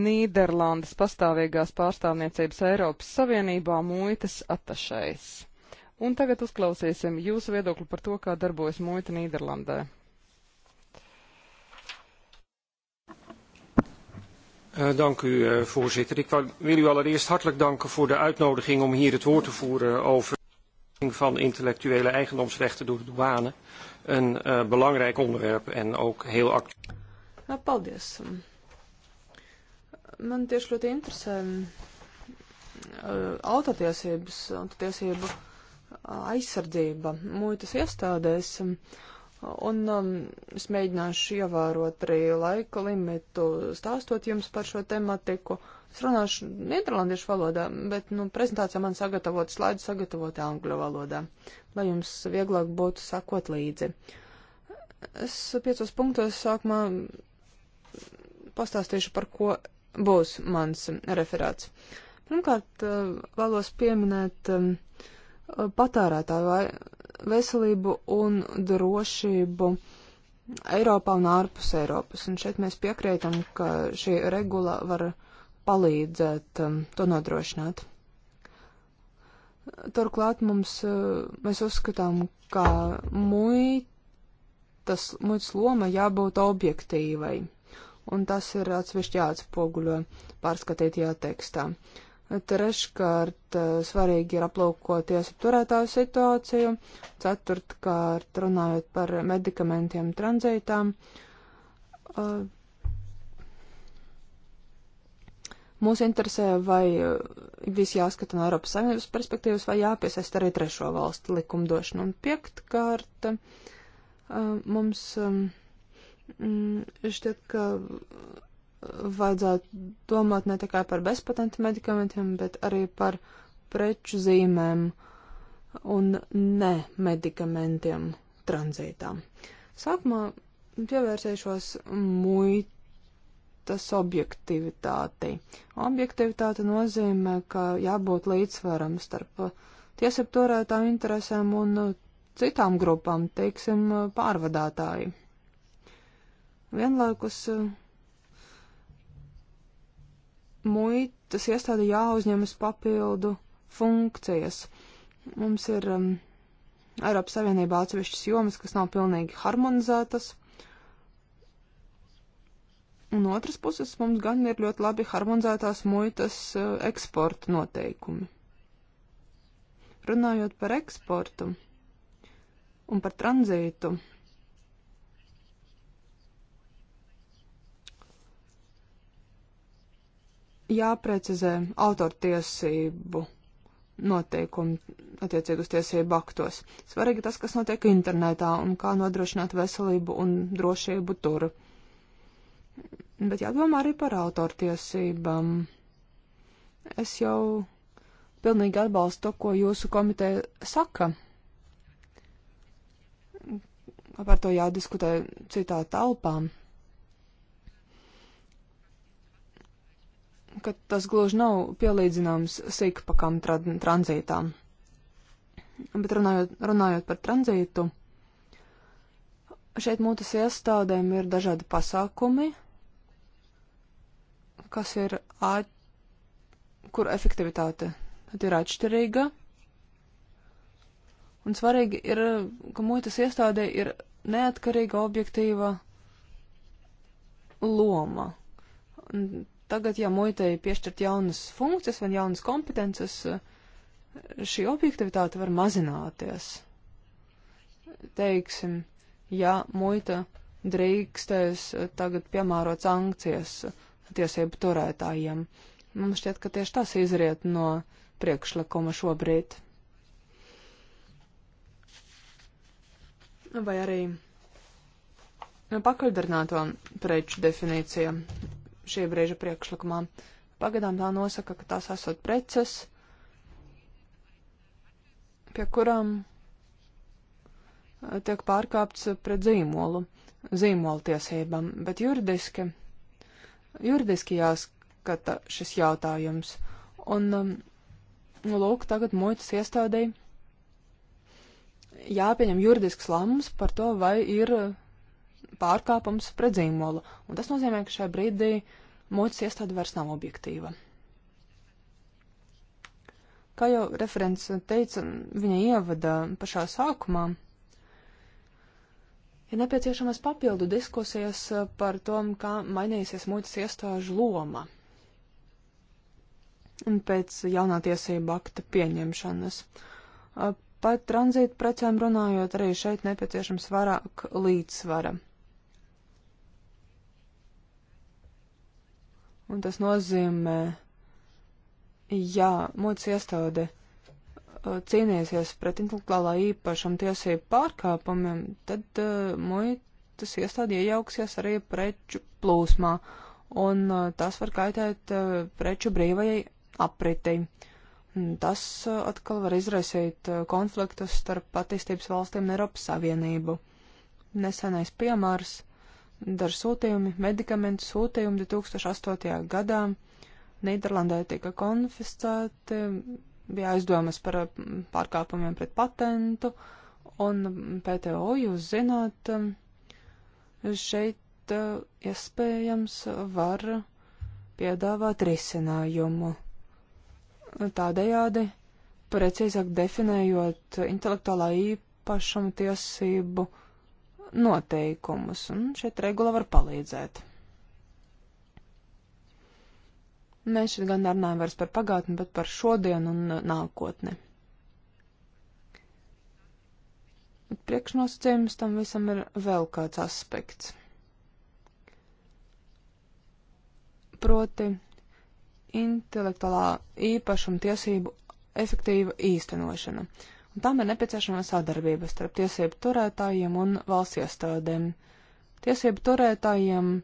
Nīderlandes pastāvīgās pārstāvniecības Eiropas Savienībā muitas atašais. Un tagad uzklausīsim jūsu viedokli par to, kā darbojas muita Nīderlandē. Eh, dank u, eh, voorzitter. Ik wil u allereerst hartelijk danken voor de uitnodiging om hier het woord te voeren over van intellectuele eigendomsrechten door de douane een uh, belangrijk onderwerp en ook heel actueel. Ja, paldies. Man tieši ļoti interesē uh, eh, autotiesības, autotiesību eh, aizsardzība muitas iestādēs. Un um, es mēģināšu ievērot arī laika limitu, stāstot jums par šo tematiku. Uh, Es runāšu nīderlandiešu valodā, bet, nu, prezentācijā man sagatavot slaidu sagatavot angļu valodā, lai jums vieglāk būtu sakot līdzi. Es piecos punktos sākumā pastāstīšu, par ko būs mans referāts. Pirmkārt, vēlos pieminēt um, patērētāju veselību un drošību Eiropā un ārpus Eiropas. Un šeit mēs piekrītam, ka šī regula var palīdzēt um, to nodrošināt. Turklāt mums, uh, mēs uzskatām, ka muitas, muitas loma jābūt objektīvai, un tas ir atsevišķi jāatspoguļo pārskatītajā tekstā. Treškārt, uh, svarīgi ir aplūkot iesapturētāju situāciju, ceturtkārt, runājot par medikamentiem tranzītām. Uh, Mūs interesē, vai uh, viss jāskata no Eiropas Savienības perspektīvas, vai jāpiesaist arī trešo valstu likumdošanu. Un piektkārt, uh, mums um, mm, šķiet, ka uh, vajadzētu domāt ne tikai par bezpatentu medikamentiem, bet arī par preču zīmēm un ne medikamentiem tranzītām. Sākumā pievērsīšos muitu lietas objektivitāti. Objektivitāte nozīmē, ka jābūt līdzsvaram starp uh, tiesību turētām interesēm un uh, citām grupām, teiksim, uh, pārvadātāji. Vienlaikus muitas iestāde jāuzņemas papildu funkcijas. Mums ir um, Eiropas Savienībā atsevišķas jomas, kas nav pilnīgi harmonizētas. Un no otras puses mums gan ir ļoti labi harmonizētās muitas eh, eksporta noteikumi. Runājot par eksportu un par tranzītu, jāprecizē autortiesību noteikumi attiecīgus tiesību aktos. Svarīgi tas, kas notiek internetā un kā nodrošināt veselību un drošību tur. Bet jādomā arī par autortiesībām. Es jau pilnīgi atbalstu to, ko jūsu komiteja saka. Par to jādiskutē citā telpā. Ka tas gluži nav pielīdzināms sīkpakam tra tranzītā. Bet runājot, runājot par tranzītu, šeit mūtas iestādēm ir dažādi pasākumi, kas ir, at, kur efektivitāte tad ir atšķirīga. Un svarīgi ir, ka muitas iestādē ir neatkarīga objektīva loma. Un tagad, ja muitai piešķirt jaunas funkcijas vai jaunas kompetences, šī objektivitāte var mazināties. Teiksim, ja muita drīkstēs tagad piemērot sankcijas tiesību turētājiem. Mums šķiet, ka tieši tas izriet no priekšlikuma šobrīd. Vai arī pakaļdarināto preču definīcija šī brīža priekšlikumā. Pagadām tā nosaka, ka tās esot preces, pie kurām eh, tiek pārkāpts pret zīmolu, zīmola tiesībām, bet juridiski juridiski jāskata šis jautājums. Un, um, nu, lūk, tagad muitas iestādēji jāpieņem juridisks lēmums par to, vai ir uh, pārkāpums pret zīmolu. Un tas nozīmē, ka šajā brīdī muitas iestāde vairs nav objektīva. Kā jau referents teica, viņa ievada pašā sākumā Ir nepieciešamas papildu diskusijas eh, par to, kā mainīsies muitas iestāžu loma un pēc jaunā tiesība akta pieņemšanas. Eh, Pat tranzīta precēm runājot, arī šeit nepieciešams vairāk līdzsvara. Un tas nozīmē, ja muitas iestāde cīnīsies pret intelektuālā īpašuma tiesību pārkāpumiem, tad uh, muitas iestādi iejauksies arī preču plūsmā, un uh, tas var kaitēt uh, preču brīvajai apritei. Tas uh, atkal var izraisīt uh, konfliktus starp attīstības valstīm un Eiropas Savienību. Nesenais piemērs - dažsūtījumi, medikamentu sūtījumi 2008. gadā. Nīderlandē tika konfiscēti bija aizdomas par pārkāpumiem pret patentu un PTO, jūs zināt, šeit iespējams var piedāvāt risinājumu. Tādējādi, precīzāk definējot intelektuālā īpašuma tiesību noteikumus, un šeit regula var palīdzēt. Mēs šeit gan nerunājam vairs par pagātni, bet par šodienu un uh, nākotni. Bet priekšnosacījums tam visam ir vēl kāds aspekts. Proti, intelektuālā īpašuma tiesību efektīva īstenošana. Un tam ir nepieciešama sadarbība starp tiesību turētājiem un valsts iestādēm. Tiesību turētājiem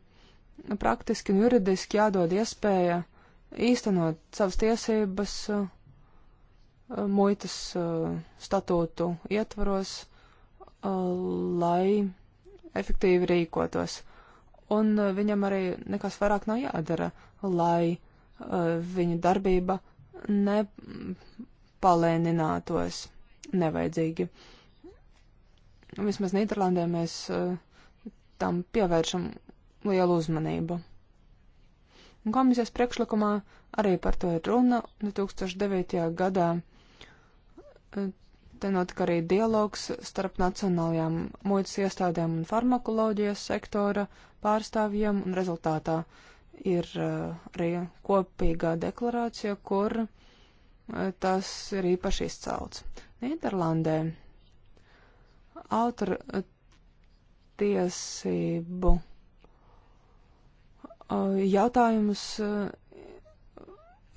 praktiski un juridiski jādod iespēja īstenot savas tiesības eh, muitas eh, statūtu ietvaros, eh, lai efektīvi rīkotos. Un viņam arī nekas vairāk nav jādara, lai viņa darbība nepalēninātos nevajadzīgi. Vismaz Nīderlandē mēs tam pievēršam lielu uzmanību. Un komisijas priekšlikumā arī par to ir runa 2009. gadā. Eh, te notika arī dialogs starp nacionālajām muitas iestādēm un farmakoloģijas sektora pārstāvjiem, un rezultātā ir eh, arī kopīgā deklarācija, kur eh, tas ir īpaši izcelts. Nīderlandē autortiesību jautājumus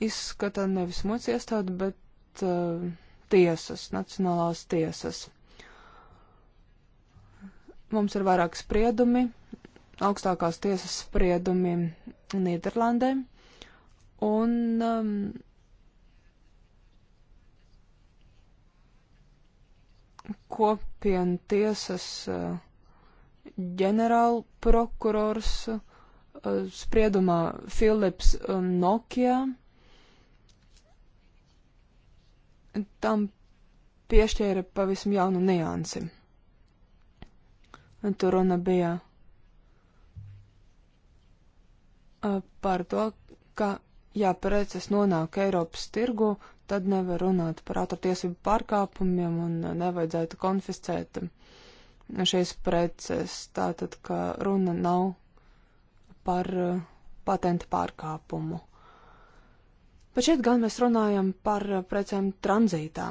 izskata nevis mūsu iestāde, bet uh, tiesas, nacionālās tiesas. Mums ir vairāk spriedumi, augstākās tiesas spriedumi Nīderlandē, un um, kopien tiesas uh, ģenerālprokurors uh, spriedumā Philips un Nokia. Tam piešķēra pavisam jaunu niansi. Un tur runa bija par to, ka, ja preces nonāk Eiropas tirgu, tad nevar runāt par autortiesību pārkāpumiem un nevajadzētu konfiscēt šīs preces. Tātad, ka runa nav par eh, patentu pārkāpumu. Bet šeit gan mēs runājam par eh, precēm tranzītā,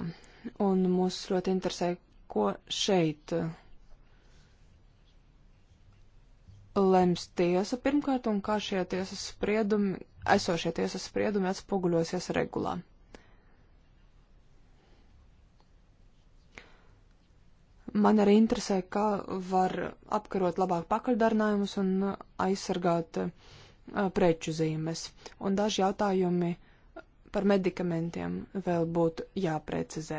un mūs ļoti interesē, ko šeit eh, lems tiesa pirmkārt, un kā šie tiesas spriedumi, esošie tiesas spriedumi atspoguļosies regulā. Man arī interesē, kā var apkarot labāk pakaļdarinājumus un aizsargāt uh, preču zīmes. Un daži jautājumi par medikamentiem vēl būtu jāprecizē.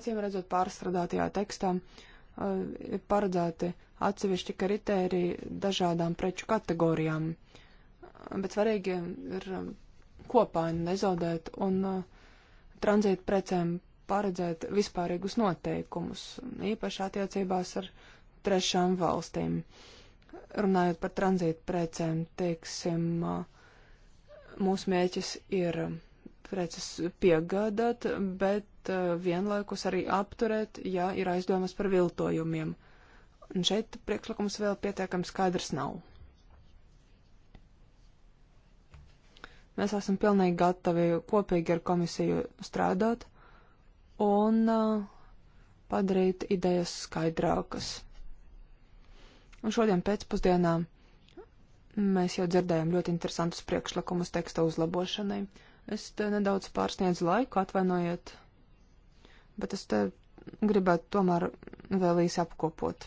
Acīm redzot, pārstrādātajā tekstā uh, ir paredzēti atsevišķi kriteriji dažādām preču kategorijām. Uh, bet svarīgi ir um, kopā nezaudēt un uh, tranzīta precēm paredzēt vispārīgus noteikumus, īpaši attiecībās ar trešām valstīm. Runājot par tranzīta precēm, teiksim, uh, mūsu mēķis ir um, preces piegādāt, bet uh, vienlaikus arī apturēt, ja ir aizdomas par viltojumiem. Un šeit priekšlikums vēl pietiekami skaidrs nav. Mēs esam pilnīgi gatavi kopīgi ar komisiju strādāt un uh, padarīt idejas skaidrākas. Un šodien pēcpusdienā mēs jau dzirdējām ļoti interesantus priekšlikumus teksta uzlabošanai. Es te nedaudz pārsniedzu laiku, atvainojiet, bet es te gribētu tomēr vēl īsi apkopot.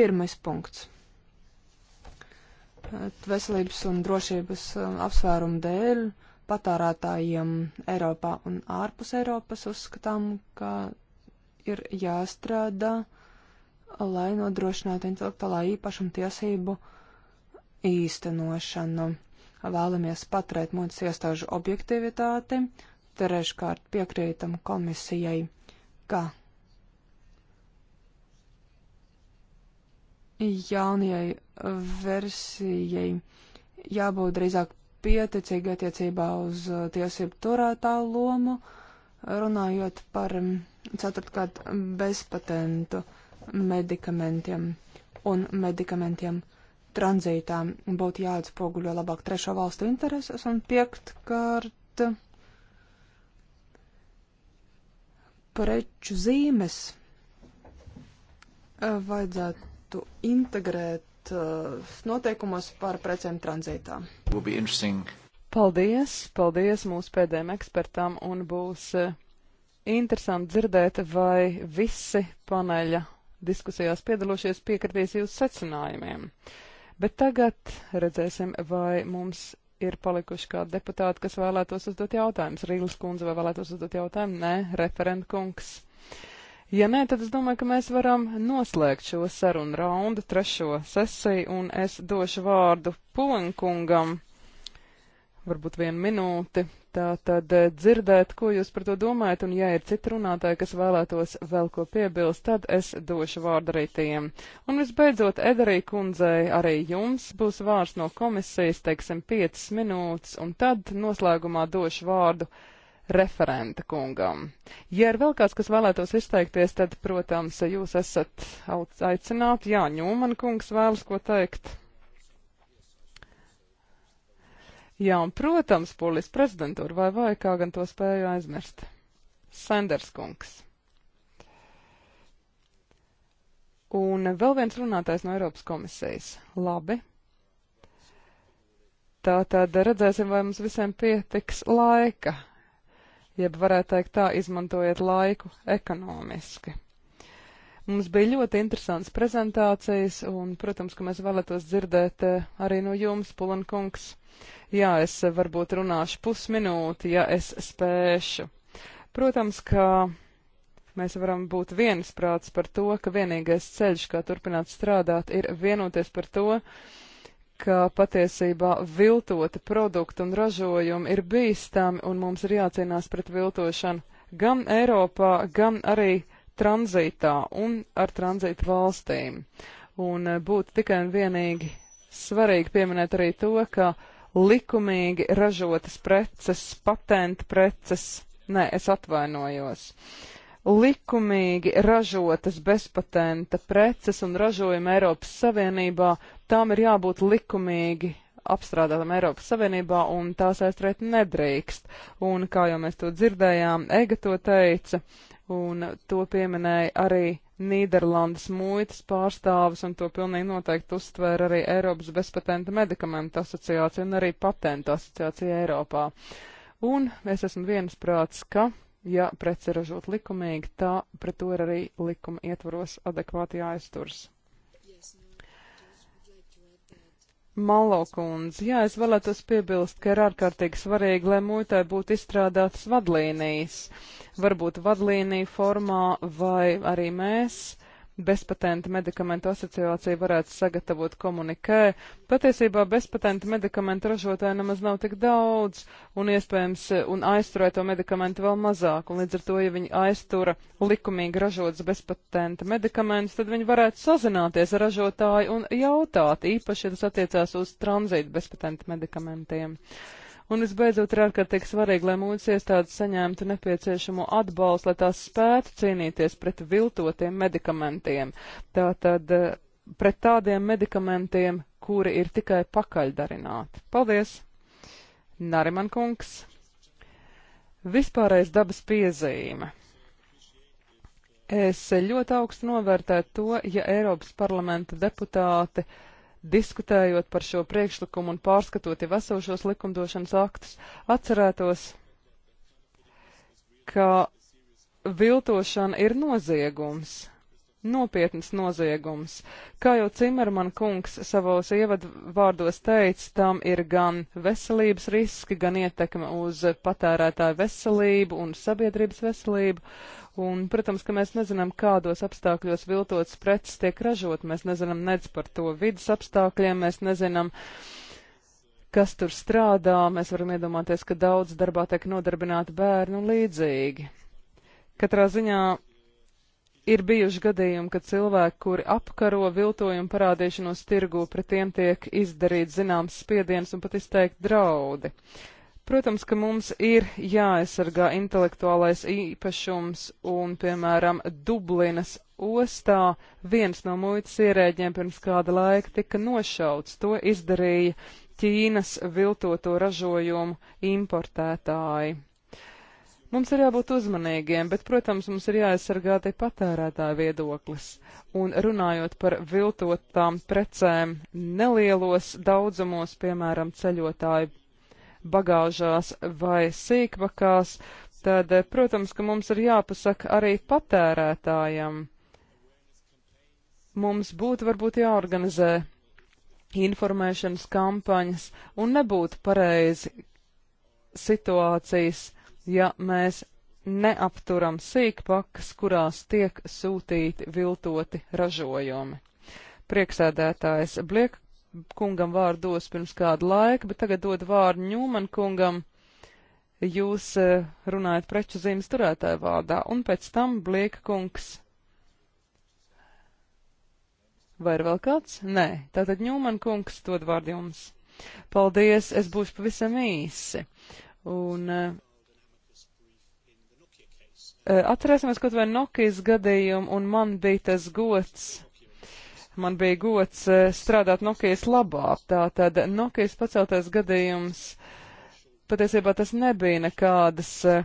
Pirmais punkts veselības un drošības um, apsvērumu dēļ patārātājiem Eiropā un ārpus Eiropas uzskatām, ka ir jāstrādā, lai nodrošinātu intelektuālā īpašuma tiesību īstenošanu. Vēlamies paturēt mūsu iestāžu objektivitāti, treškārt piekrītam komisijai, ka jaunajai versijai jābūt drīzāk pieticīgi attiecībā uz uh, tiesību turētā lomu, runājot par um, ceturtkārt bezpatentu medikamentiem un medikamentiem tranzītā būtu jāatspoguļo labāk trešo valstu intereses un piektkārt preču zīmes uh, vajadzētu varētu integrēt uh, noteikumos par precēm tranzītā. Paldies, paldies mūsu pēdējiem ekspertam un būs uh, interesanti dzirdēt, vai visi paneļa diskusijās piedalošies piekritīs jūsu secinājumiem. Bet tagad redzēsim, vai mums ir palikuši kādi deputāti, kas vēlētos uzdot jautājumus. Rīles kundze vai vēlētos uzdot jautājumu? Nē, referent kungs. Ja nē, tad es domāju, ka mēs varam noslēgt šo sarunu raundu, trešo sesiju, un es došu vārdu Pulenkungam, varbūt vienu minūti, tā tad eh, dzirdēt, ko jūs par to domājat, un ja ir citi runātāji, kas vēlētos vēl ko piebilst, tad es došu vārdu arī tiem. Un visbeidzot, Ederī kundzei arī jums būs vārds no komisijas, teiksim, piecas minūtes, un tad noslēgumā došu vārdu referenta kungam. Ja ir vēl kāds, kas vēlētos izteikties, tad, protams, jūs esat aicināti. Jā, Ņūman kungs vēlas ko teikt. Jā, un, protams, polijas prezidentūra vai vai kā gan to spēju aizmirst. Sanders kungs. Un vēl viens runātājs no Eiropas komisijas. Labi. Tā tad redzēsim, vai mums visiem pietiks laika jeb varētu teikt tā, izmantojiet laiku ekonomiski. Mums bija ļoti interesants prezentācijas, un, protams, ka mēs vēlētos dzirdēt eh, arī no jums, Pulankungs. Jā, es eh, varbūt runāšu pusminūti, ja es spēšu. Protams, ka mēs varam būt viensprāts par to, ka vienīgais ceļš, kā turpināt strādāt, ir vienoties par to, uh, ka patiesībā viltoti produkti un ražojumi ir bīstami un mums ir jācīnās pret viltošanu gan Eiropā, gan arī tranzītā un ar tranzītu valstīm. Un eh, būtu tikai un vienīgi svarīgi pieminēt arī to, ka likumīgi ražotas preces, patenta preces, nē, es atvainojos. Uh, likumīgi ražotas bezpatenta preces un ražojumi Eiropas Savienībā, tām ir jābūt likumīgi apstrādātam Eiropas Savienībā un tās aizturēt nedrīkst. Un kā jau mēs to dzirdējām, Ega to teica un to pieminēja arī Nīderlandes muitas pārstāvis un to pilnīgi noteikti uztvēra arī Eiropas bezpatenta medikamentu asociācija un arī patentu asociācija Eiropā. Un es esmu viensprāts, ka ja prece ražot likumīgi, tā pret to ir arī likuma ietvaros adekvāti jāizturs. Malo kundze, jā, es vēlētos piebilst, ka ir ārkārtīgi svarīgi, lai muitai būtu izstrādātas vadlīnijas. Varbūt vadlīniju formā vai arī mēs bezpatenta medikamentu asociācija varētu sagatavot komunikē. Patiesībā bezpatenta medikamentu ražotāju nemaz nav tik daudz, un iespējams, eh, un aizturē to medikamentu vēl mazāk, un līdz ar to, ja viņi aiztura likumīgi ražotas bezpatenta medikamentus, tad viņi varētu sazināties ar ražotāju un jautāt, īpaši, ja tas attiecās uz tranzītu bezpatenta medikamentiem. Uh, Un visbeidzot ir ārkārtīgi svarīgi, lai mūsu iestādes saņemtu nepieciešamo atbalstu, lai tās spētu cīnīties pret viltotiem medikamentiem. Tātad eh, pret tādiem medikamentiem, kuri ir tikai pakaļdarināti. Paldies! Nariman kungs! Vispārējais dabas piezīme. Es ļoti augstu novērtētu to, ja Eiropas parlamenta deputāti uh, diskutējot par šo priekšlikumu un pārskatot jau esošos likumdošanas aktus, atcerētos, ka viltošana ir noziegums nopietnas noziegums. Kā jau Cimerman kungs savos ievadvārdos teica, tam ir gan veselības riski, gan ietekme uz patērētāju veselību un sabiedrības veselību. Un, protams, ka mēs nezinām, kādos apstākļos viltots preces tiek ražot, mēs nezinām nec par to vidas apstākļiem, mēs nezinām, kas tur strādā, mēs varam iedomāties, ka daudz darbā tiek nodarbināti bērni un līdzīgi. Katrā ziņā ir bijuši gadījumi, kad cilvēki, kuri apkaro viltojumu parādīšanos tirgu, pret tiem tiek izdarīts zināms spiediens un pat izteikt draudi. Protams, ka mums ir jāaizsargā intelektuālais īpašums un, piemēram, Dublinas ostā viens no muitas ierēģiem pirms kāda laika tika nošauts. To izdarīja Ķīnas viltoto ražojumu importētāji. Mums ir jābūt uzmanīgiem, bet, protams, mums ir jāaizsargā tie patērētāja viedoklis. Un runājot par viltotām precēm nelielos daudzumos, piemēram, ceļotāju bagāžās vai sīkvakās, tad, protams, ka mums ir jāpasaka arī patērētājam. Mums būtu varbūt jāorganizē informēšanas kampaņas un nebūtu pareizi situācijas ja mēs neapturam sīkpakas, kurās tiek sūtīti viltoti ražojumi. Prieksēdētājs Bliek kungam vārdos pirms kādu laiku, bet tagad dod vārdu Ņūman kungam. Jūs e, runājat preču zīmes turētāju vārdā, un pēc tam Bliek kungs. Vai ir vēl kāds? Nē, tātad Ņūman kungs dod vārdu jums. Paldies, es būšu pavisam īsi. Un uh, Eh, atcerēsimies kaut vai Nokijas gadījumu, un man bija tas gods. Man bija gods eh, strādāt Nokijas labā. Tātad Nokijas paceltais gadījums, patiesībā tas nebija nekādas eh,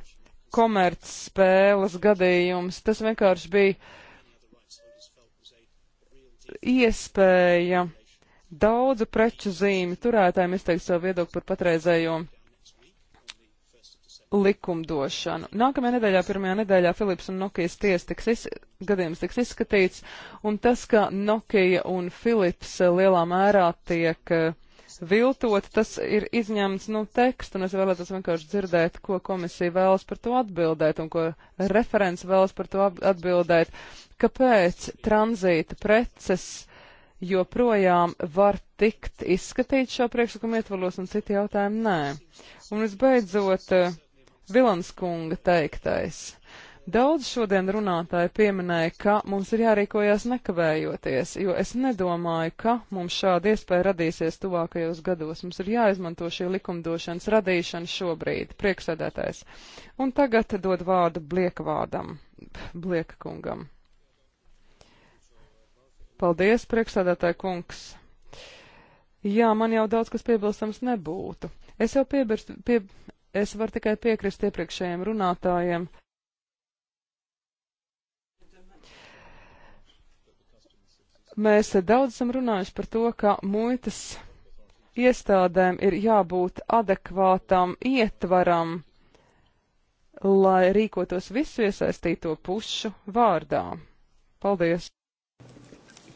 komerc spēles gadījums. Tas vienkārši bija iespēja daudzu preču zīmi turētājiem izteikt savu viedokli par patreizējo likumdošanu. Nākamajā nedēļā, pirmajā nedēļā Philips un Nokijas tiesa tiks iz, gadījums tiks izskatīts, un tas, ka Nokija un Philips lielā mērā tiek eh, viltot, tas ir izņemts no nu, teksta, un es vēlētos vienkārši dzirdēt, ko komisija vēlas par to atbildēt, un ko referents vēlas par to atbildēt, kāpēc tranzīta preces joprojām var tikt izskatīt šā priekšlikuma ietvaros, un citi jautājumi nē. Un visbeidzot, eh, Vilans kunga teiktais. Daudz šodien runātāji pieminēja, ka mums ir jārīkojas nekavējoties, jo es nedomāju, ka mums šāda iespēja radīsies tuvākajos gados. Mums ir jāizmanto šī likumdošanas radīšana šobrīd, priekšsēdētājs. Un tagad dod vārdu bliekvādam, bliekkungam. Paldies, priekšsēdētāji kungs. Jā, man jau daudz kas piebilstams nebūtu. Es jau piebirst, pie, Es varu tikai piekrist iepriekšējiem runātājiem. Mēs daudz esam runājuši par to, ka muitas iestādēm ir jābūt adekvātam ietvaram, lai rīkotos visu iesaistīto pušu vārdā. Paldies!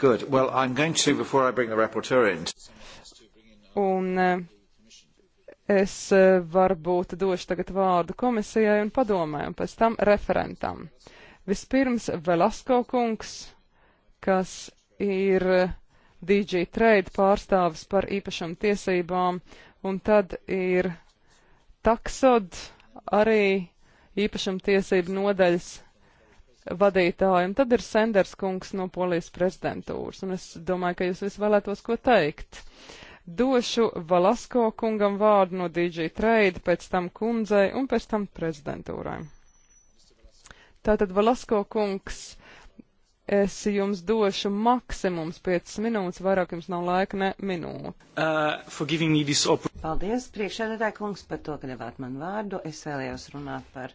Good. Well, I'm going to, before I bring the rapporteur in. Un eh, Es e, varbūt došu tagad vārdu komisijai un padomē, un pēc tam referentam. Vispirms Velasko kungs, kas ir e, DG Trade pārstāvis par īpašam tiesībām, un tad ir taksod arī īpašam tiesību nodaļas vadītāju, un tad ir Senders kungs no Polijas prezidentūras, un es domāju, ka jūs visi vēlētos ko teikt. Uh, Došu Valasko kungam vārdu no DG Trade, pēc tam kundzei un pēc tam prezidentūrai. Tātad Valasko kungs, es jums došu maksimums 5 minūtes, vairāk jums nav laika ne minūte. Uh, Paldies, priekšsēdētāji kungs, par to, ka devāt man vārdu. Es vēlējos runāt par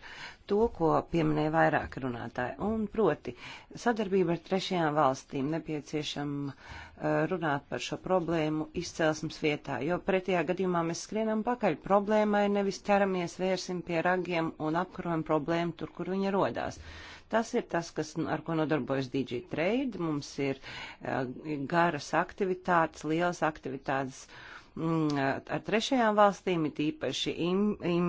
to, ko pieminēja vairāk runātāji. Un proti, sadarbība ar trešajām valstīm nepieciešam eh, runāt par šo problēmu izcelsmes vietā, jo pretējā gadījumā mēs skrienam pakaļ problēmai, nevis ķeramies vērsim pie ragiem un apkarojam problēmu tur, kur viņa rodās. Tas ir tas, kas, ar ko nodarbojas DJ Trade. Mums ir eh, garas aktivitātes, lielas aktivitātes. Uh, Mm, ar trešajām valstīm, it īpaši im, im,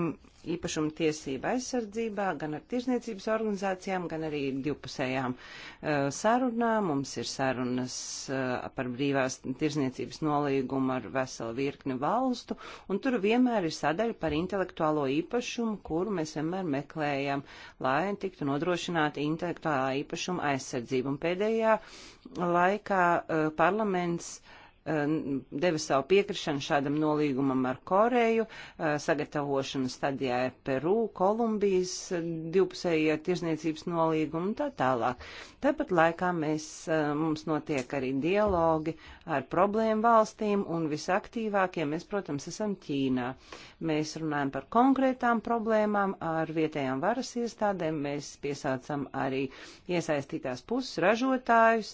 īpašuma tiesība aizsardzībā, gan ar tirzniecības organizācijām, gan arī divpusējām uh, sarunām. Mums ir sarunas uh, par brīvās tirzniecības nolīgumu ar veselu virkni valstu, un tur vienmēr ir sadaļa par intelektuālo īpašumu, kuru mēs vienmēr meklējam, lai tiktu nodrošināta intelektuālā īpašuma aizsardzība. Un pēdējā laikā uh, parlaments uh, Um, deva savu piekrišanu šādam nolīgumam ar Koreju, uh, sagatavošanu stadijā ar Peru, Kolumbijas uh, divpusējie tirzniecības nolīgumi un tā tālāk. Tāpat laikā mēs, uh, mums notiek arī dialogi ar problēmu valstīm un visaktīvākie mēs, protams, esam Ķīnā. Mēs runājam par konkrētām problēmām ar vietējām varas iestādēm, mēs piesācam arī iesaistītās puses ražotājus,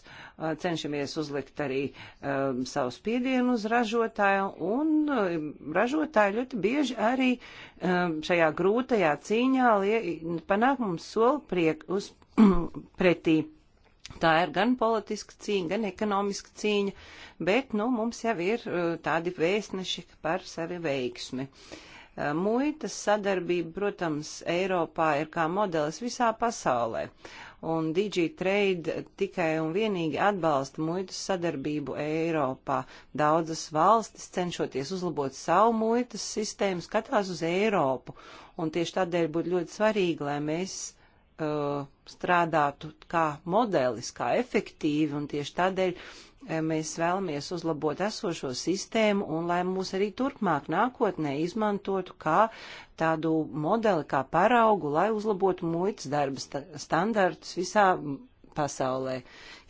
cenšamies uzlikt arī um, savu savu spiedienu uz ražotāju, un eh, ražotāji ļoti bieži arī eh, šajā grūtajā cīņā panāk mums soli priek uz pretī. Tā ir gan politiska cīņa, gan ekonomiska cīņa, bet, nu, mums jau ir eh, tādi vēstneši par savu veiksmi. Muitas sadarbība, protams, Eiropā ir kā modelis visā pasaulē. Uh, un DigiTrade tikai un vienīgi atbalsta muitas sadarbību Eiropā. Daudzas valstis cenšoties uzlabot savu muitas sistēmu skatās uz Eiropu, un tieši tādēļ būtu ļoti svarīgi, lai mēs uh, strādātu kā modelis, kā efektīvi, un tieši tādēļ Eh, mēs vēlamies uzlabot esošo sistēmu un lai mūs arī turpmāk nākotnē izmantotu kā tādu modeli, kā paraugu, lai uzlabotu muitas darba standartus visā pasaulē.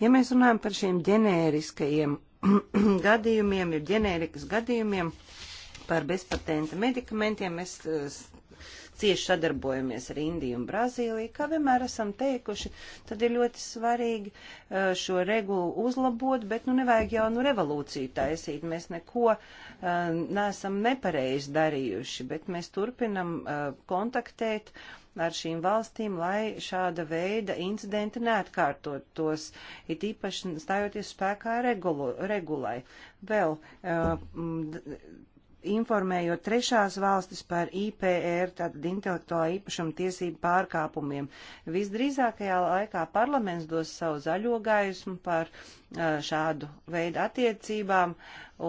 Ja mēs runājam par šiem ģenēriskajiem gadījumiem, ja ģenērikas gadījumiem par bezpatenta medikamentiem, es cieši sadarbojamies ar Indiju un Brazīliju, kā vienmēr esam teikuši, tad ir ļoti svarīgi eh, šo regulu uzlabot, bet nu nevajag jau nu revolūciju taisīt. Mēs neko eh, neesam nepareizi darījuši, bet mēs turpinam eh, kontaktēt ar šīm valstīm, lai šāda veida incidenti neatkārtot tos, it īpaši stājoties spēkā regulu, regulai. Vēl uh, informējot trešās valstis par IPR, tātad intelektuālā īpašuma tiesību pārkāpumiem. Visdrīzākajā laikā parlaments dos savu zaļo gaismu par šādu veidu attiecībām,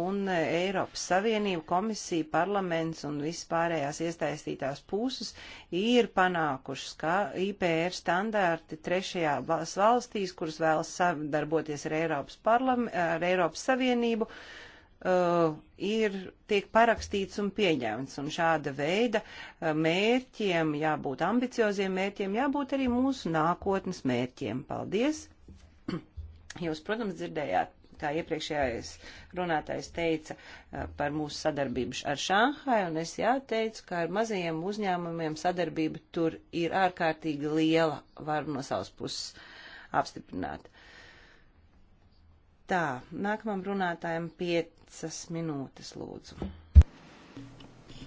un Eiropas Savienība, komisija, parlaments un vispārējās iesaistītās puses ir panākušas, ka IPR standārti trešajā valstīs, kuras vēlas sadarboties ar Eiropas, ar Eiropas Savienību, uh, uh, ir, tiek parakstīts un pieņemts. Un šāda veida uh, mērķiem, jābūt ambicioziem mērķiem, jābūt arī mūsu nākotnes mērķiem. Paldies! Jūs, protams, dzirdējāt, kā iepriekšējais runātājs teica uh, par mūsu sadarbību ar Šanhai, un es jāteicu, ka ar mazajiem uzņēmumiem sadarbība tur ir ārkārtīgi liela, var no savas puses apstiprināt. Tā, nākamam runātājam piecas minūtes lūdzu.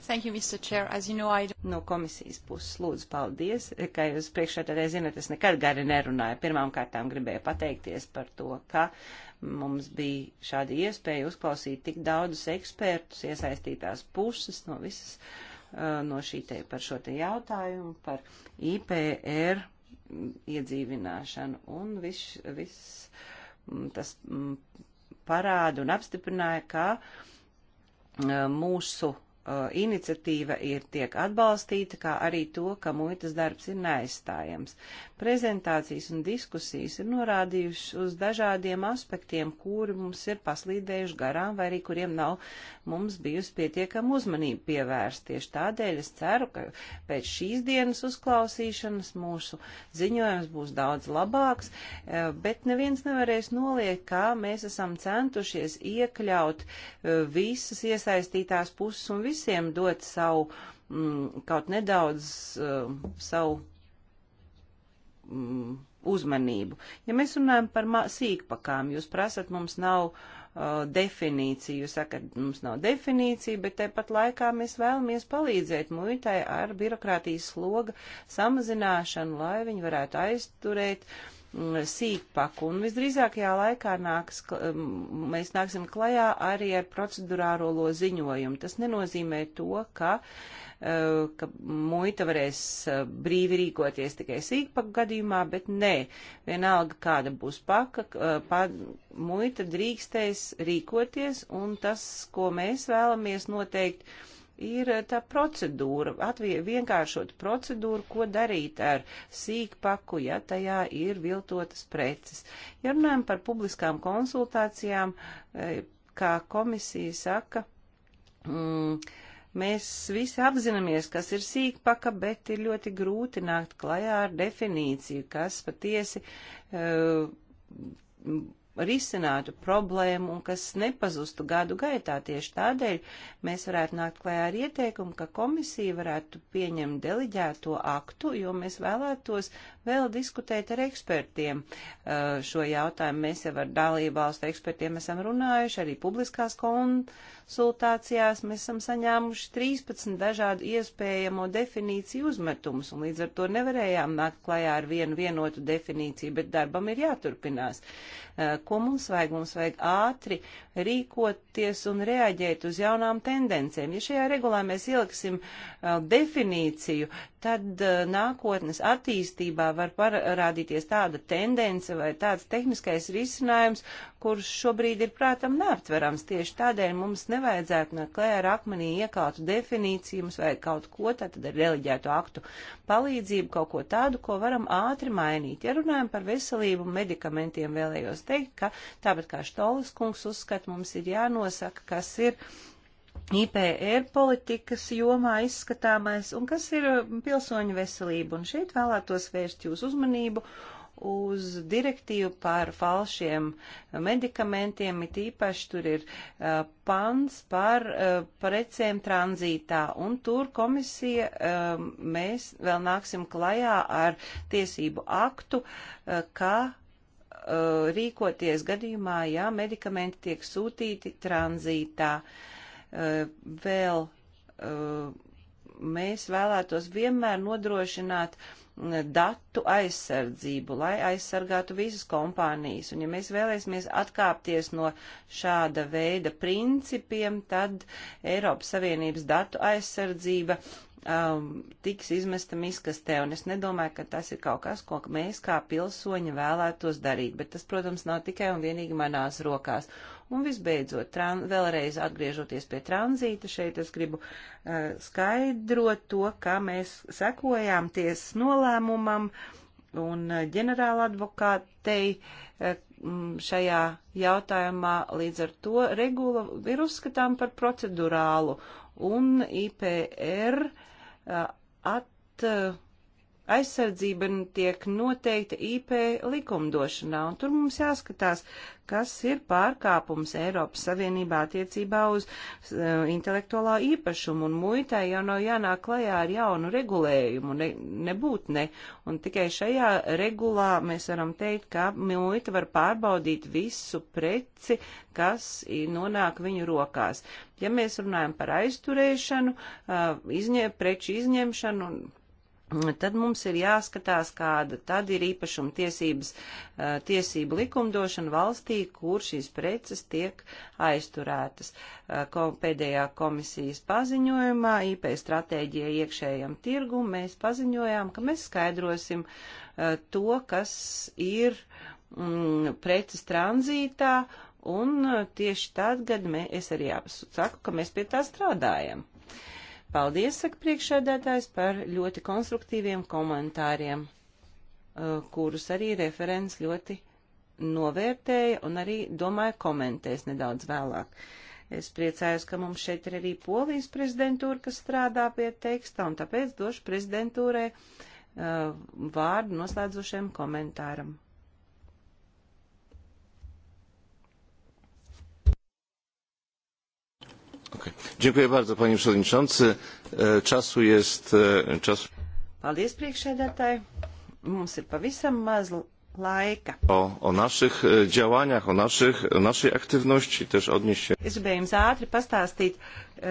Thank you, Mr. Chair. As you know, I... No komisijas puses lūdzu paldies, ka jūs priekšētādē zinat, es nekad gari nerunāju. Pirmām kārtām gribēju pateikties par to, ka mums bija šāda iespēja uzklausīt tik daudzus ekspertus, iesaistītās puses no visas, uh, no šī te par šo te jautājumu, par IPR iedzīvināšanu un viss. Vis, vis Mm, tas mm, parāda un apstiprināja, ka mm, mūsu iniciatīva ir tiek atbalstīta, kā arī to, ka muitas darbs ir neaizstājams. Prezentācijas un diskusijas ir norādījušas uz dažādiem aspektiem, kuri mums ir paslīdējuši garām vai arī kuriem nav mums bijusi pietiekama uzmanība pievērsta. Tieši tādēļ es ceru, ka pēc šīs dienas uzklausīšanas mūsu ziņojums būs daudz labāks, eh, bet neviens nevarēs noliekt, kā mēs esam centušies iekļaut eh, visas iesaistītās puses un visiem dot savu, mm, kaut nedaudz uh, savu mm, uzmanību. Ja mēs runājam par sīkpakām, jūs prasat, mums nav uh, definīcija, jūs sakat, mums nav definīcija, bet tepat laikā mēs vēlamies palīdzēt muitai ar birokrātijas sloga samazināšanu, lai viņi varētu aizturēt mm, sīkpaku. Un visdrīzākajā laikā nāks, mm, mēs nāksim klajā arī ar procedurālo ziņojumu. Tas nenozīmē to, ka uh, Eh, ka muita varēs eh, brīvi rīkoties tikai sīkpaka gadījumā, bet nē, vienalga kāda būs paka, eh, pa, muita drīkstēs rīkoties, un tas, ko mēs vēlamies noteikt, ir tā procedūra, atvie, vienkāršot procedūru, ko darīt ar sīkpaku, ja tajā ir viltotas preces. Ja runājam par publiskām konsultācijām, kā komisija saka, mm, Mēs visi apzināmies, kas ir sīkpaka, bet ir ļoti grūti nākt klajā ar definīciju, kas patiesi uh, risinātu problēmu un kas nepazustu gadu gaitā. Tieši tādēļ mēs varētu nākt klājā ar ieteikumu, ka komisija varētu pieņemt deliģēto aktu, jo mēs vēlētos vēl diskutēt ar ekspertiem uh, šo jautājumu. Mēs jau ar dalībvalstu ekspertiem esam runājuši, arī publiskās konsultācijās mēs esam saņēmuši 13 dažādu iespējamo definīciju uzmetumus, un līdz ar to nevarējām nākt klājā ar vienu vienotu definīciju, bet darbam ir jāturpinās uh, ko mums vajag. Mums vajag ātri rīkoties un reaģēt uz jaunām tendencēm. Ja šajā regulā mēs ieliksim uh, definīciju, tad uh, nākotnes attīstībā var parādīties tāda tendence vai tāds tehniskais risinājums, kurš šobrīd ir prātam neaptverams. Tieši tādēļ mums nevajadzētu naklē ar akmenī iekautu definīciju, mums vajag kaut ko tātad ar reliģētu aktu palīdzību, kaut ko tādu, ko varam ātri mainīt. Ja runājam par veselību un medikamentiem, vēlējos teikt, ka tāpat kā Štolis kungs uzskata, mums ir jānosaka, kas ir IPR politikas jomā izskatāmais un kas ir um, pilsoņu veselība. Un šeit vēlētos vērst jūsu uzmanību uz direktīvu par falšiem medikamentiem, it īpaši tur ir uh, pants par uh, precēm tranzītā, un tur komisija uh, mēs vēl nāksim klajā ar tiesību aktu, uh, kā uh, rīkoties gadījumā, ja medikamenti tiek sūtīti tranzītā. Uh, Eh, vēl eh, mēs vēlētos vienmēr nodrošināt mm, datu aizsardzību, lai aizsargātu visas kompānijas. Un ja mēs vēlēsimies atkāpties no šāda veida principiem, tad Eiropas Savienības datu aizsardzība uh, um, tiks izmesta miskastē, un es nedomāju, ka tas ir kaut kas, ko mēs kā pilsoņi vēlētos darīt, bet tas, protams, nav tikai un vienīgi manās rokās. Un visbeidzot, tran, vēlreiz atgriežoties pie tranzīta, šeit es gribu uh, skaidrot to, kā mēs sekojām tiesas nolēmumam un uh, ģenerāla advokātei uh, šajā jautājumā līdz ar to regula ir uzskatām par procedurālu un IPR uh, at, aizsardzība tiek noteikta IP likumdošanā, un tur mums jāskatās, kas ir pārkāpums Eiropas Savienībā attiecībā uz uh, intelektuālā īpašumu, un muitai jau nav jānāk klajā ar jaunu regulējumu, ne, nebūt ne, un tikai šajā regulā mēs varam teikt, ka muita var pārbaudīt visu preci, kas nonāk viņu rokās. Ja mēs runājam par aizturēšanu, uh, izņem, preču izņemšanu, tad mums ir jāskatās, kāda tad ir īpašuma tiesības, tiesība likumdošana valstī, kur šīs preces tiek aizturētas. Kom, pēdējā komisijas paziņojumā IP stratēģija iekšējam tirgu mēs paziņojām, ka mēs skaidrosim to, kas ir m, mm, preces tranzītā, un tieši tad, kad mē, es arī saku, ka mēs pie tā strādājam. Uh, Paldies, saka priekšēdētājs, par ļoti konstruktīviem komentāriem, eh, kurus arī referents ļoti novērtēja un arī, domāju, komentēs nedaudz vēlāk. Es priecājos, ka mums šeit ir arī polijas prezidentūra, kas strādā pie teksta, un tāpēc došu prezidentūrai uh, vārdu noslēdzošiem komentāram. Okay. Dziękuję bardzo, panie przewodniczący. E, czasu jest... E, czasu... Paldies, priekšēdētāji. Mums ir pavisam maz laika. O, o naszych e, działaniach, o, naszych, o naszej aktywności też odnieść się. Es gribēju jums ātri pastāstīt e,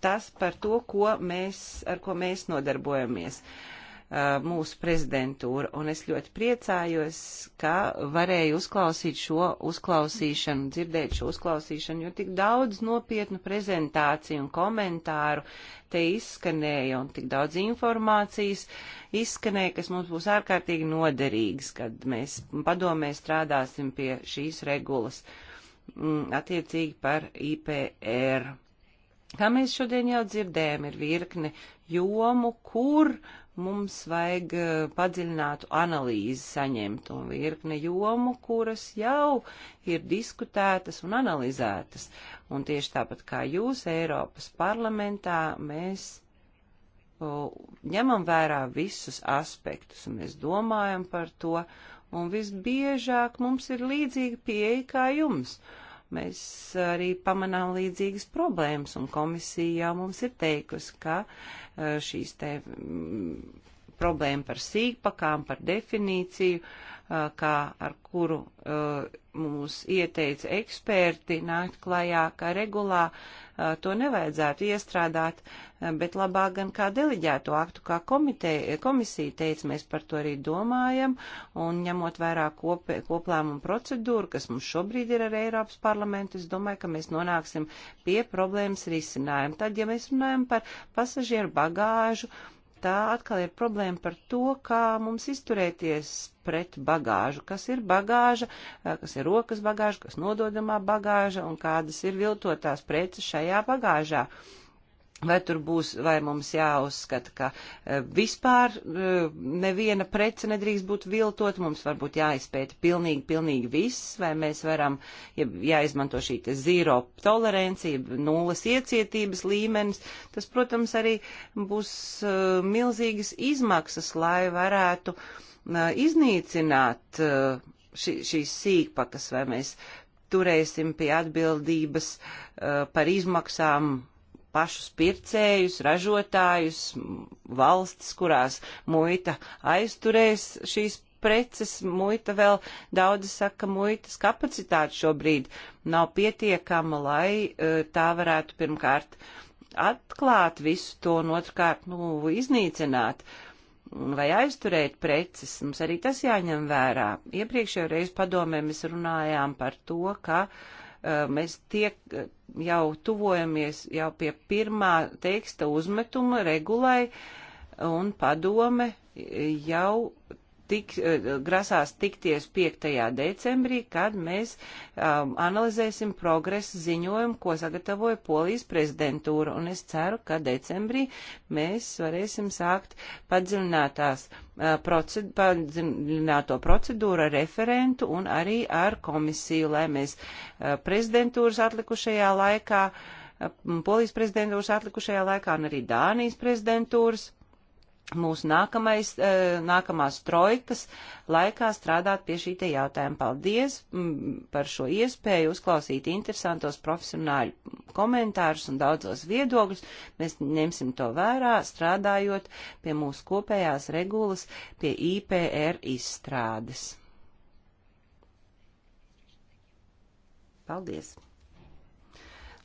tas par to, ko mēs, ar ko mēs nodarbojamies. E, mūsu prezidentūra, un es ļoti priecājos, ka varēju uzklausīt šo uzklausīšanu, dzirdēt šo uzklausīšanu, jo tik daudz nopietnu prezentāciju un komentāru te izskanēja un tik daudz informācijas izskanēja, kas mums būs ārkārtīgi noderīgs, kad mēs padomē strādāsim pie šīs regulas mm, attiecīgi par IPR. Kā mēs šodien jau dzirdējam, ir virkne jomu, kur mums vajag eh, padziļinātu analīzi saņemt un virkne jomu, kuras jau ir diskutētas un analizētas. Un tieši tāpat kā jūs Eiropas parlamentā, mēs eh, ņemam vērā visus aspektus un mēs domājam par to, un visbiežāk mums ir līdzīga pieeja kā jums. Uh, mēs arī pamanām līdzīgas problēmas, un komisija jau mums ir teikusi, ka e, šīs te mm, problēma par sīkpakām, par definīciju, uh, kā ar kuru mums ieteica eksperti nākt klajā, kā regulā, to nevajadzētu iestrādāt, bet labāk gan kā deliģēto aktu, kā komiteja, komisija teica, mēs par to arī domājam, un ņemot vērā kop, koplēmumu procedūru, kas mums šobrīd ir ar Eiropas parlamentu, es domāju, ka mēs nonāksim pie problēmas risinājuma. Tad, ja mēs runājam par pasažieru bagāžu, uh, tā atkal ir problēma par to, kā mums izturēties pret bagāžu, kas ir bagāža, kas ir rokas bagāža, kas nododamā bagāža un kādas ir viltotās preces šajā bagāžā. Uh, Vai tur būs, vai mums jāuzskata, ka e, vispār e, neviena prece nedrīkst būt viltot, mums varbūt jāizpēta pilnīgi, pilnīgi viss, vai mēs varam, ja jāizmanto šī te zīro tolerancija, nulles iecietības līmenis, tas, protams, arī būs e, milzīgas izmaksas, lai varētu iznīcināt šī, šīs sīkpakas, vai mēs turēsim pie atbildības par izmaksām pašus pircējus, ražotājus, valstis, kurās muita aizturēs šīs preces, muita vēl daudzi saka, muitas kapacitāte šobrīd nav pietiekama, lai eh, tā varētu pirmkārt atklāt visu to un otrkārt, nu, iznīcināt vai aizturēt preces. Mums arī tas jāņem vērā. Iepriekšējo reizi padomē mēs runājām par to, ka uh, mēs tiek jau tuvojamies jau pie pirmā teksta uzmetuma regulai, un padome jau tik, eh, grasās tikties 5. decembrī, kad mēs um, analizēsim progresa ziņojumu, ko sagatavoja Polijas prezidentūra, un es ceru, ka decembrī mēs varēsim sākt padziļinātās uh, proced, padziļināto procedūru ar referentu un arī ar komisiju, lai mēs uh, prezidentūras atlikušajā laikā, uh, Polijas prezidentūras atlikušajā laikā un arī Dānijas prezidentūras mūsu nākamais, eh, nākamās trojkas laikā strādāt pie šī te jautājuma. Paldies mm, par šo iespēju uzklausīt interesantos profesionāļu komentārus un daudzos viedokļus. Mēs ņemsim to vērā, strādājot pie mūsu kopējās regulas, pie IPR izstrādes. Paldies!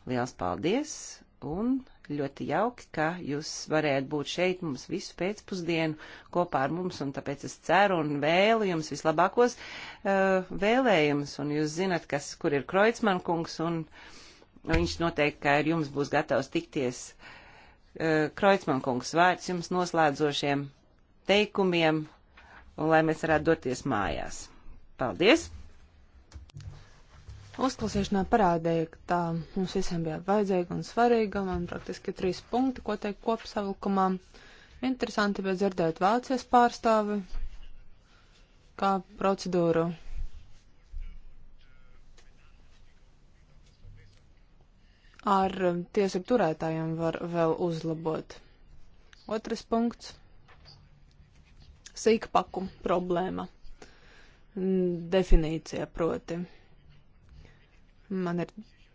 Liels paldies! Un Ļoti jauki, ka jūs varējāt būt šeit mums visu pēcpusdienu kopā ar mums, un tāpēc es ceru un vēlu jums vislabākos uh, vēlējumus, un jūs zinat, kas, kur ir Kreutzmann kungs, un viņš noteikti, ka ar jums būs gatavs tikties. Uh, Kreutzmann kungs vārds jums noslēdzošiem teikumiem, un lai mēs varētu doties mājās. Paldies! Uzklausīšanā parādīja, ka tā mums visiem bija vajadzīga un svarīga. Man praktiski trīs punkti, ko teikt kopsavilkumā. Interesanti bija dzirdēt Vācijas pārstāvi, kā procedūru. Ar tiesību turētājiem var vēl uzlabot. Otrs punkts - sīkpaku problēma. Definīcija proti. Man ir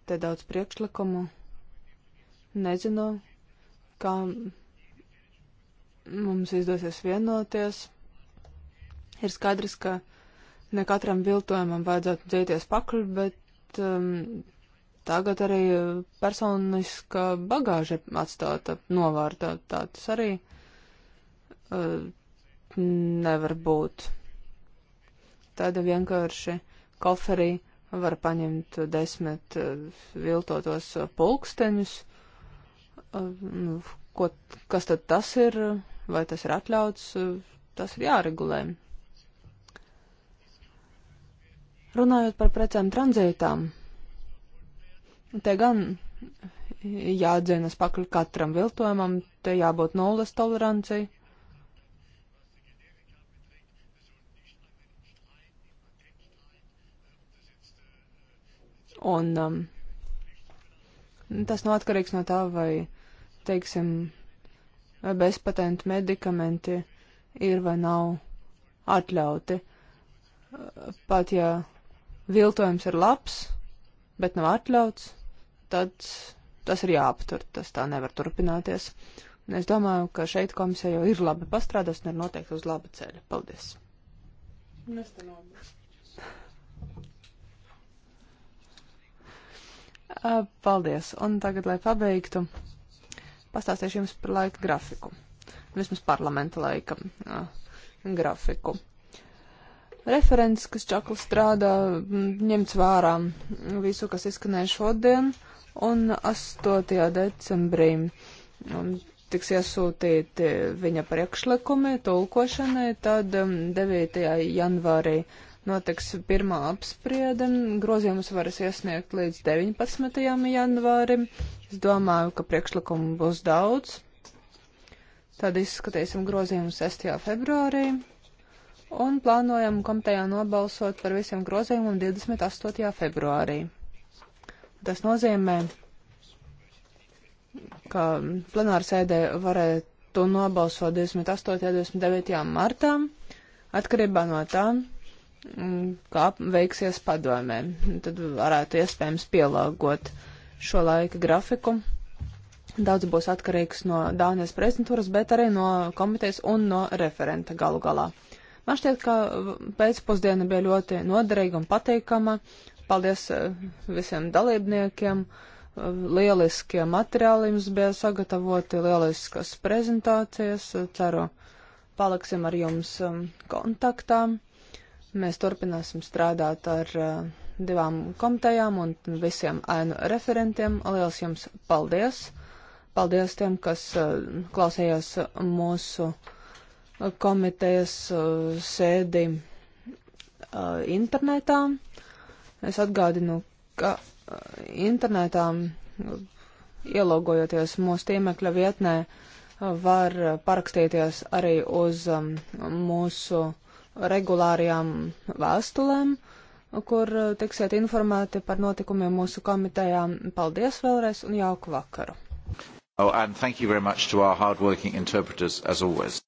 te daudz priekšlikumu. Nezinu, kā mums izdosies vienoties. Ir skaidrs, ka ne katram viltojumam vajadzētu dzēties pakaļ, bet um, tagad arī personiska bagāža ir atstāta novārtā. Tā tas arī uh, nevar būt. Tāda vienkārši koferī var paņemt desmit eh, viltotos eh, pulksteņus. Eh, nu, ko, kas tad tas ir? Vai tas ir atļauts? Tas ir jāregulē. Runājot par precēm tranzītām, te gan jādzienas pakaļ katram viltojumam, te jābūt nulles tolerancijai Un um, tas nav atkarīgs no tā, vai, teiksim, bezpatentu medikamenti ir vai nav atļauti. Pat ja viltojums ir labs, bet nav atļauts, tad tas ir jāaptur, tas tā nevar turpināties. Un es domāju, ka šeit komisija jau ir labi pastrādājusi un ir noteikti uz laba ceļa. Paldies! Nestanāmies. Paldies. Un tagad, lai pabeigtu, pastāstīšu jums par laika grafiku. Vismaz parlamenta laika grafiku. Referents, kas čakli strādā, ņemts vērā visu, kas izskanēja šodien, un 8. decembrī tiks iesūtīti viņa priekšlikumi tulkošanai, tad 9. janvārī uh, notiks pirmā apspriede. Grozījumus varas iesniegt līdz 19. janvārim. Es domāju, ka priekšlikumu būs daudz. Tad izskatīsim grozījumu 6. februārī un plānojam komitejā nobalsot par visiem grozījumiem 28. februārī. Tas nozīmē, ka plenārsēdē varētu nobalsot 28. un 29. martā, atkarībā no tām, kā veiksies padomē. Tad varētu iespējams pielāgot šo laika grafiku. Daudz būs atkarīgs no Dānijas prezidentūras, bet arī no komitejas un no referenta galu galā. Man šķiet, ka pēcpusdiena bija ļoti noderīga un pateikama. Paldies eh, visiem dalībniekiem. Eh, lieliskie materiāli jums bija sagatavoti, lieliskas prezentācijas. Ceru, paliksim ar jums eh, kontaktām. Mēs turpināsim strādāt ar uh, divām komitejām un visiem ēnu referentiem. Liels jums paldies! Paldies tiem, kas uh, klausījās mūsu eh, komitejas uh, sēdi uh, internetā. Es atgādinu, ka uh, internetā, uh, ielogojoties mūsu tiemekļa vietnē, uh, var parakstīties arī uz um, mūsu regulārajām vēstulēm, kur eh, tiksiet informēti par notikumiem mūsu komitejām. Paldies vēlreiz un jauku vakaru! Oh, and thank you very much to our hard-working interpreters, as always.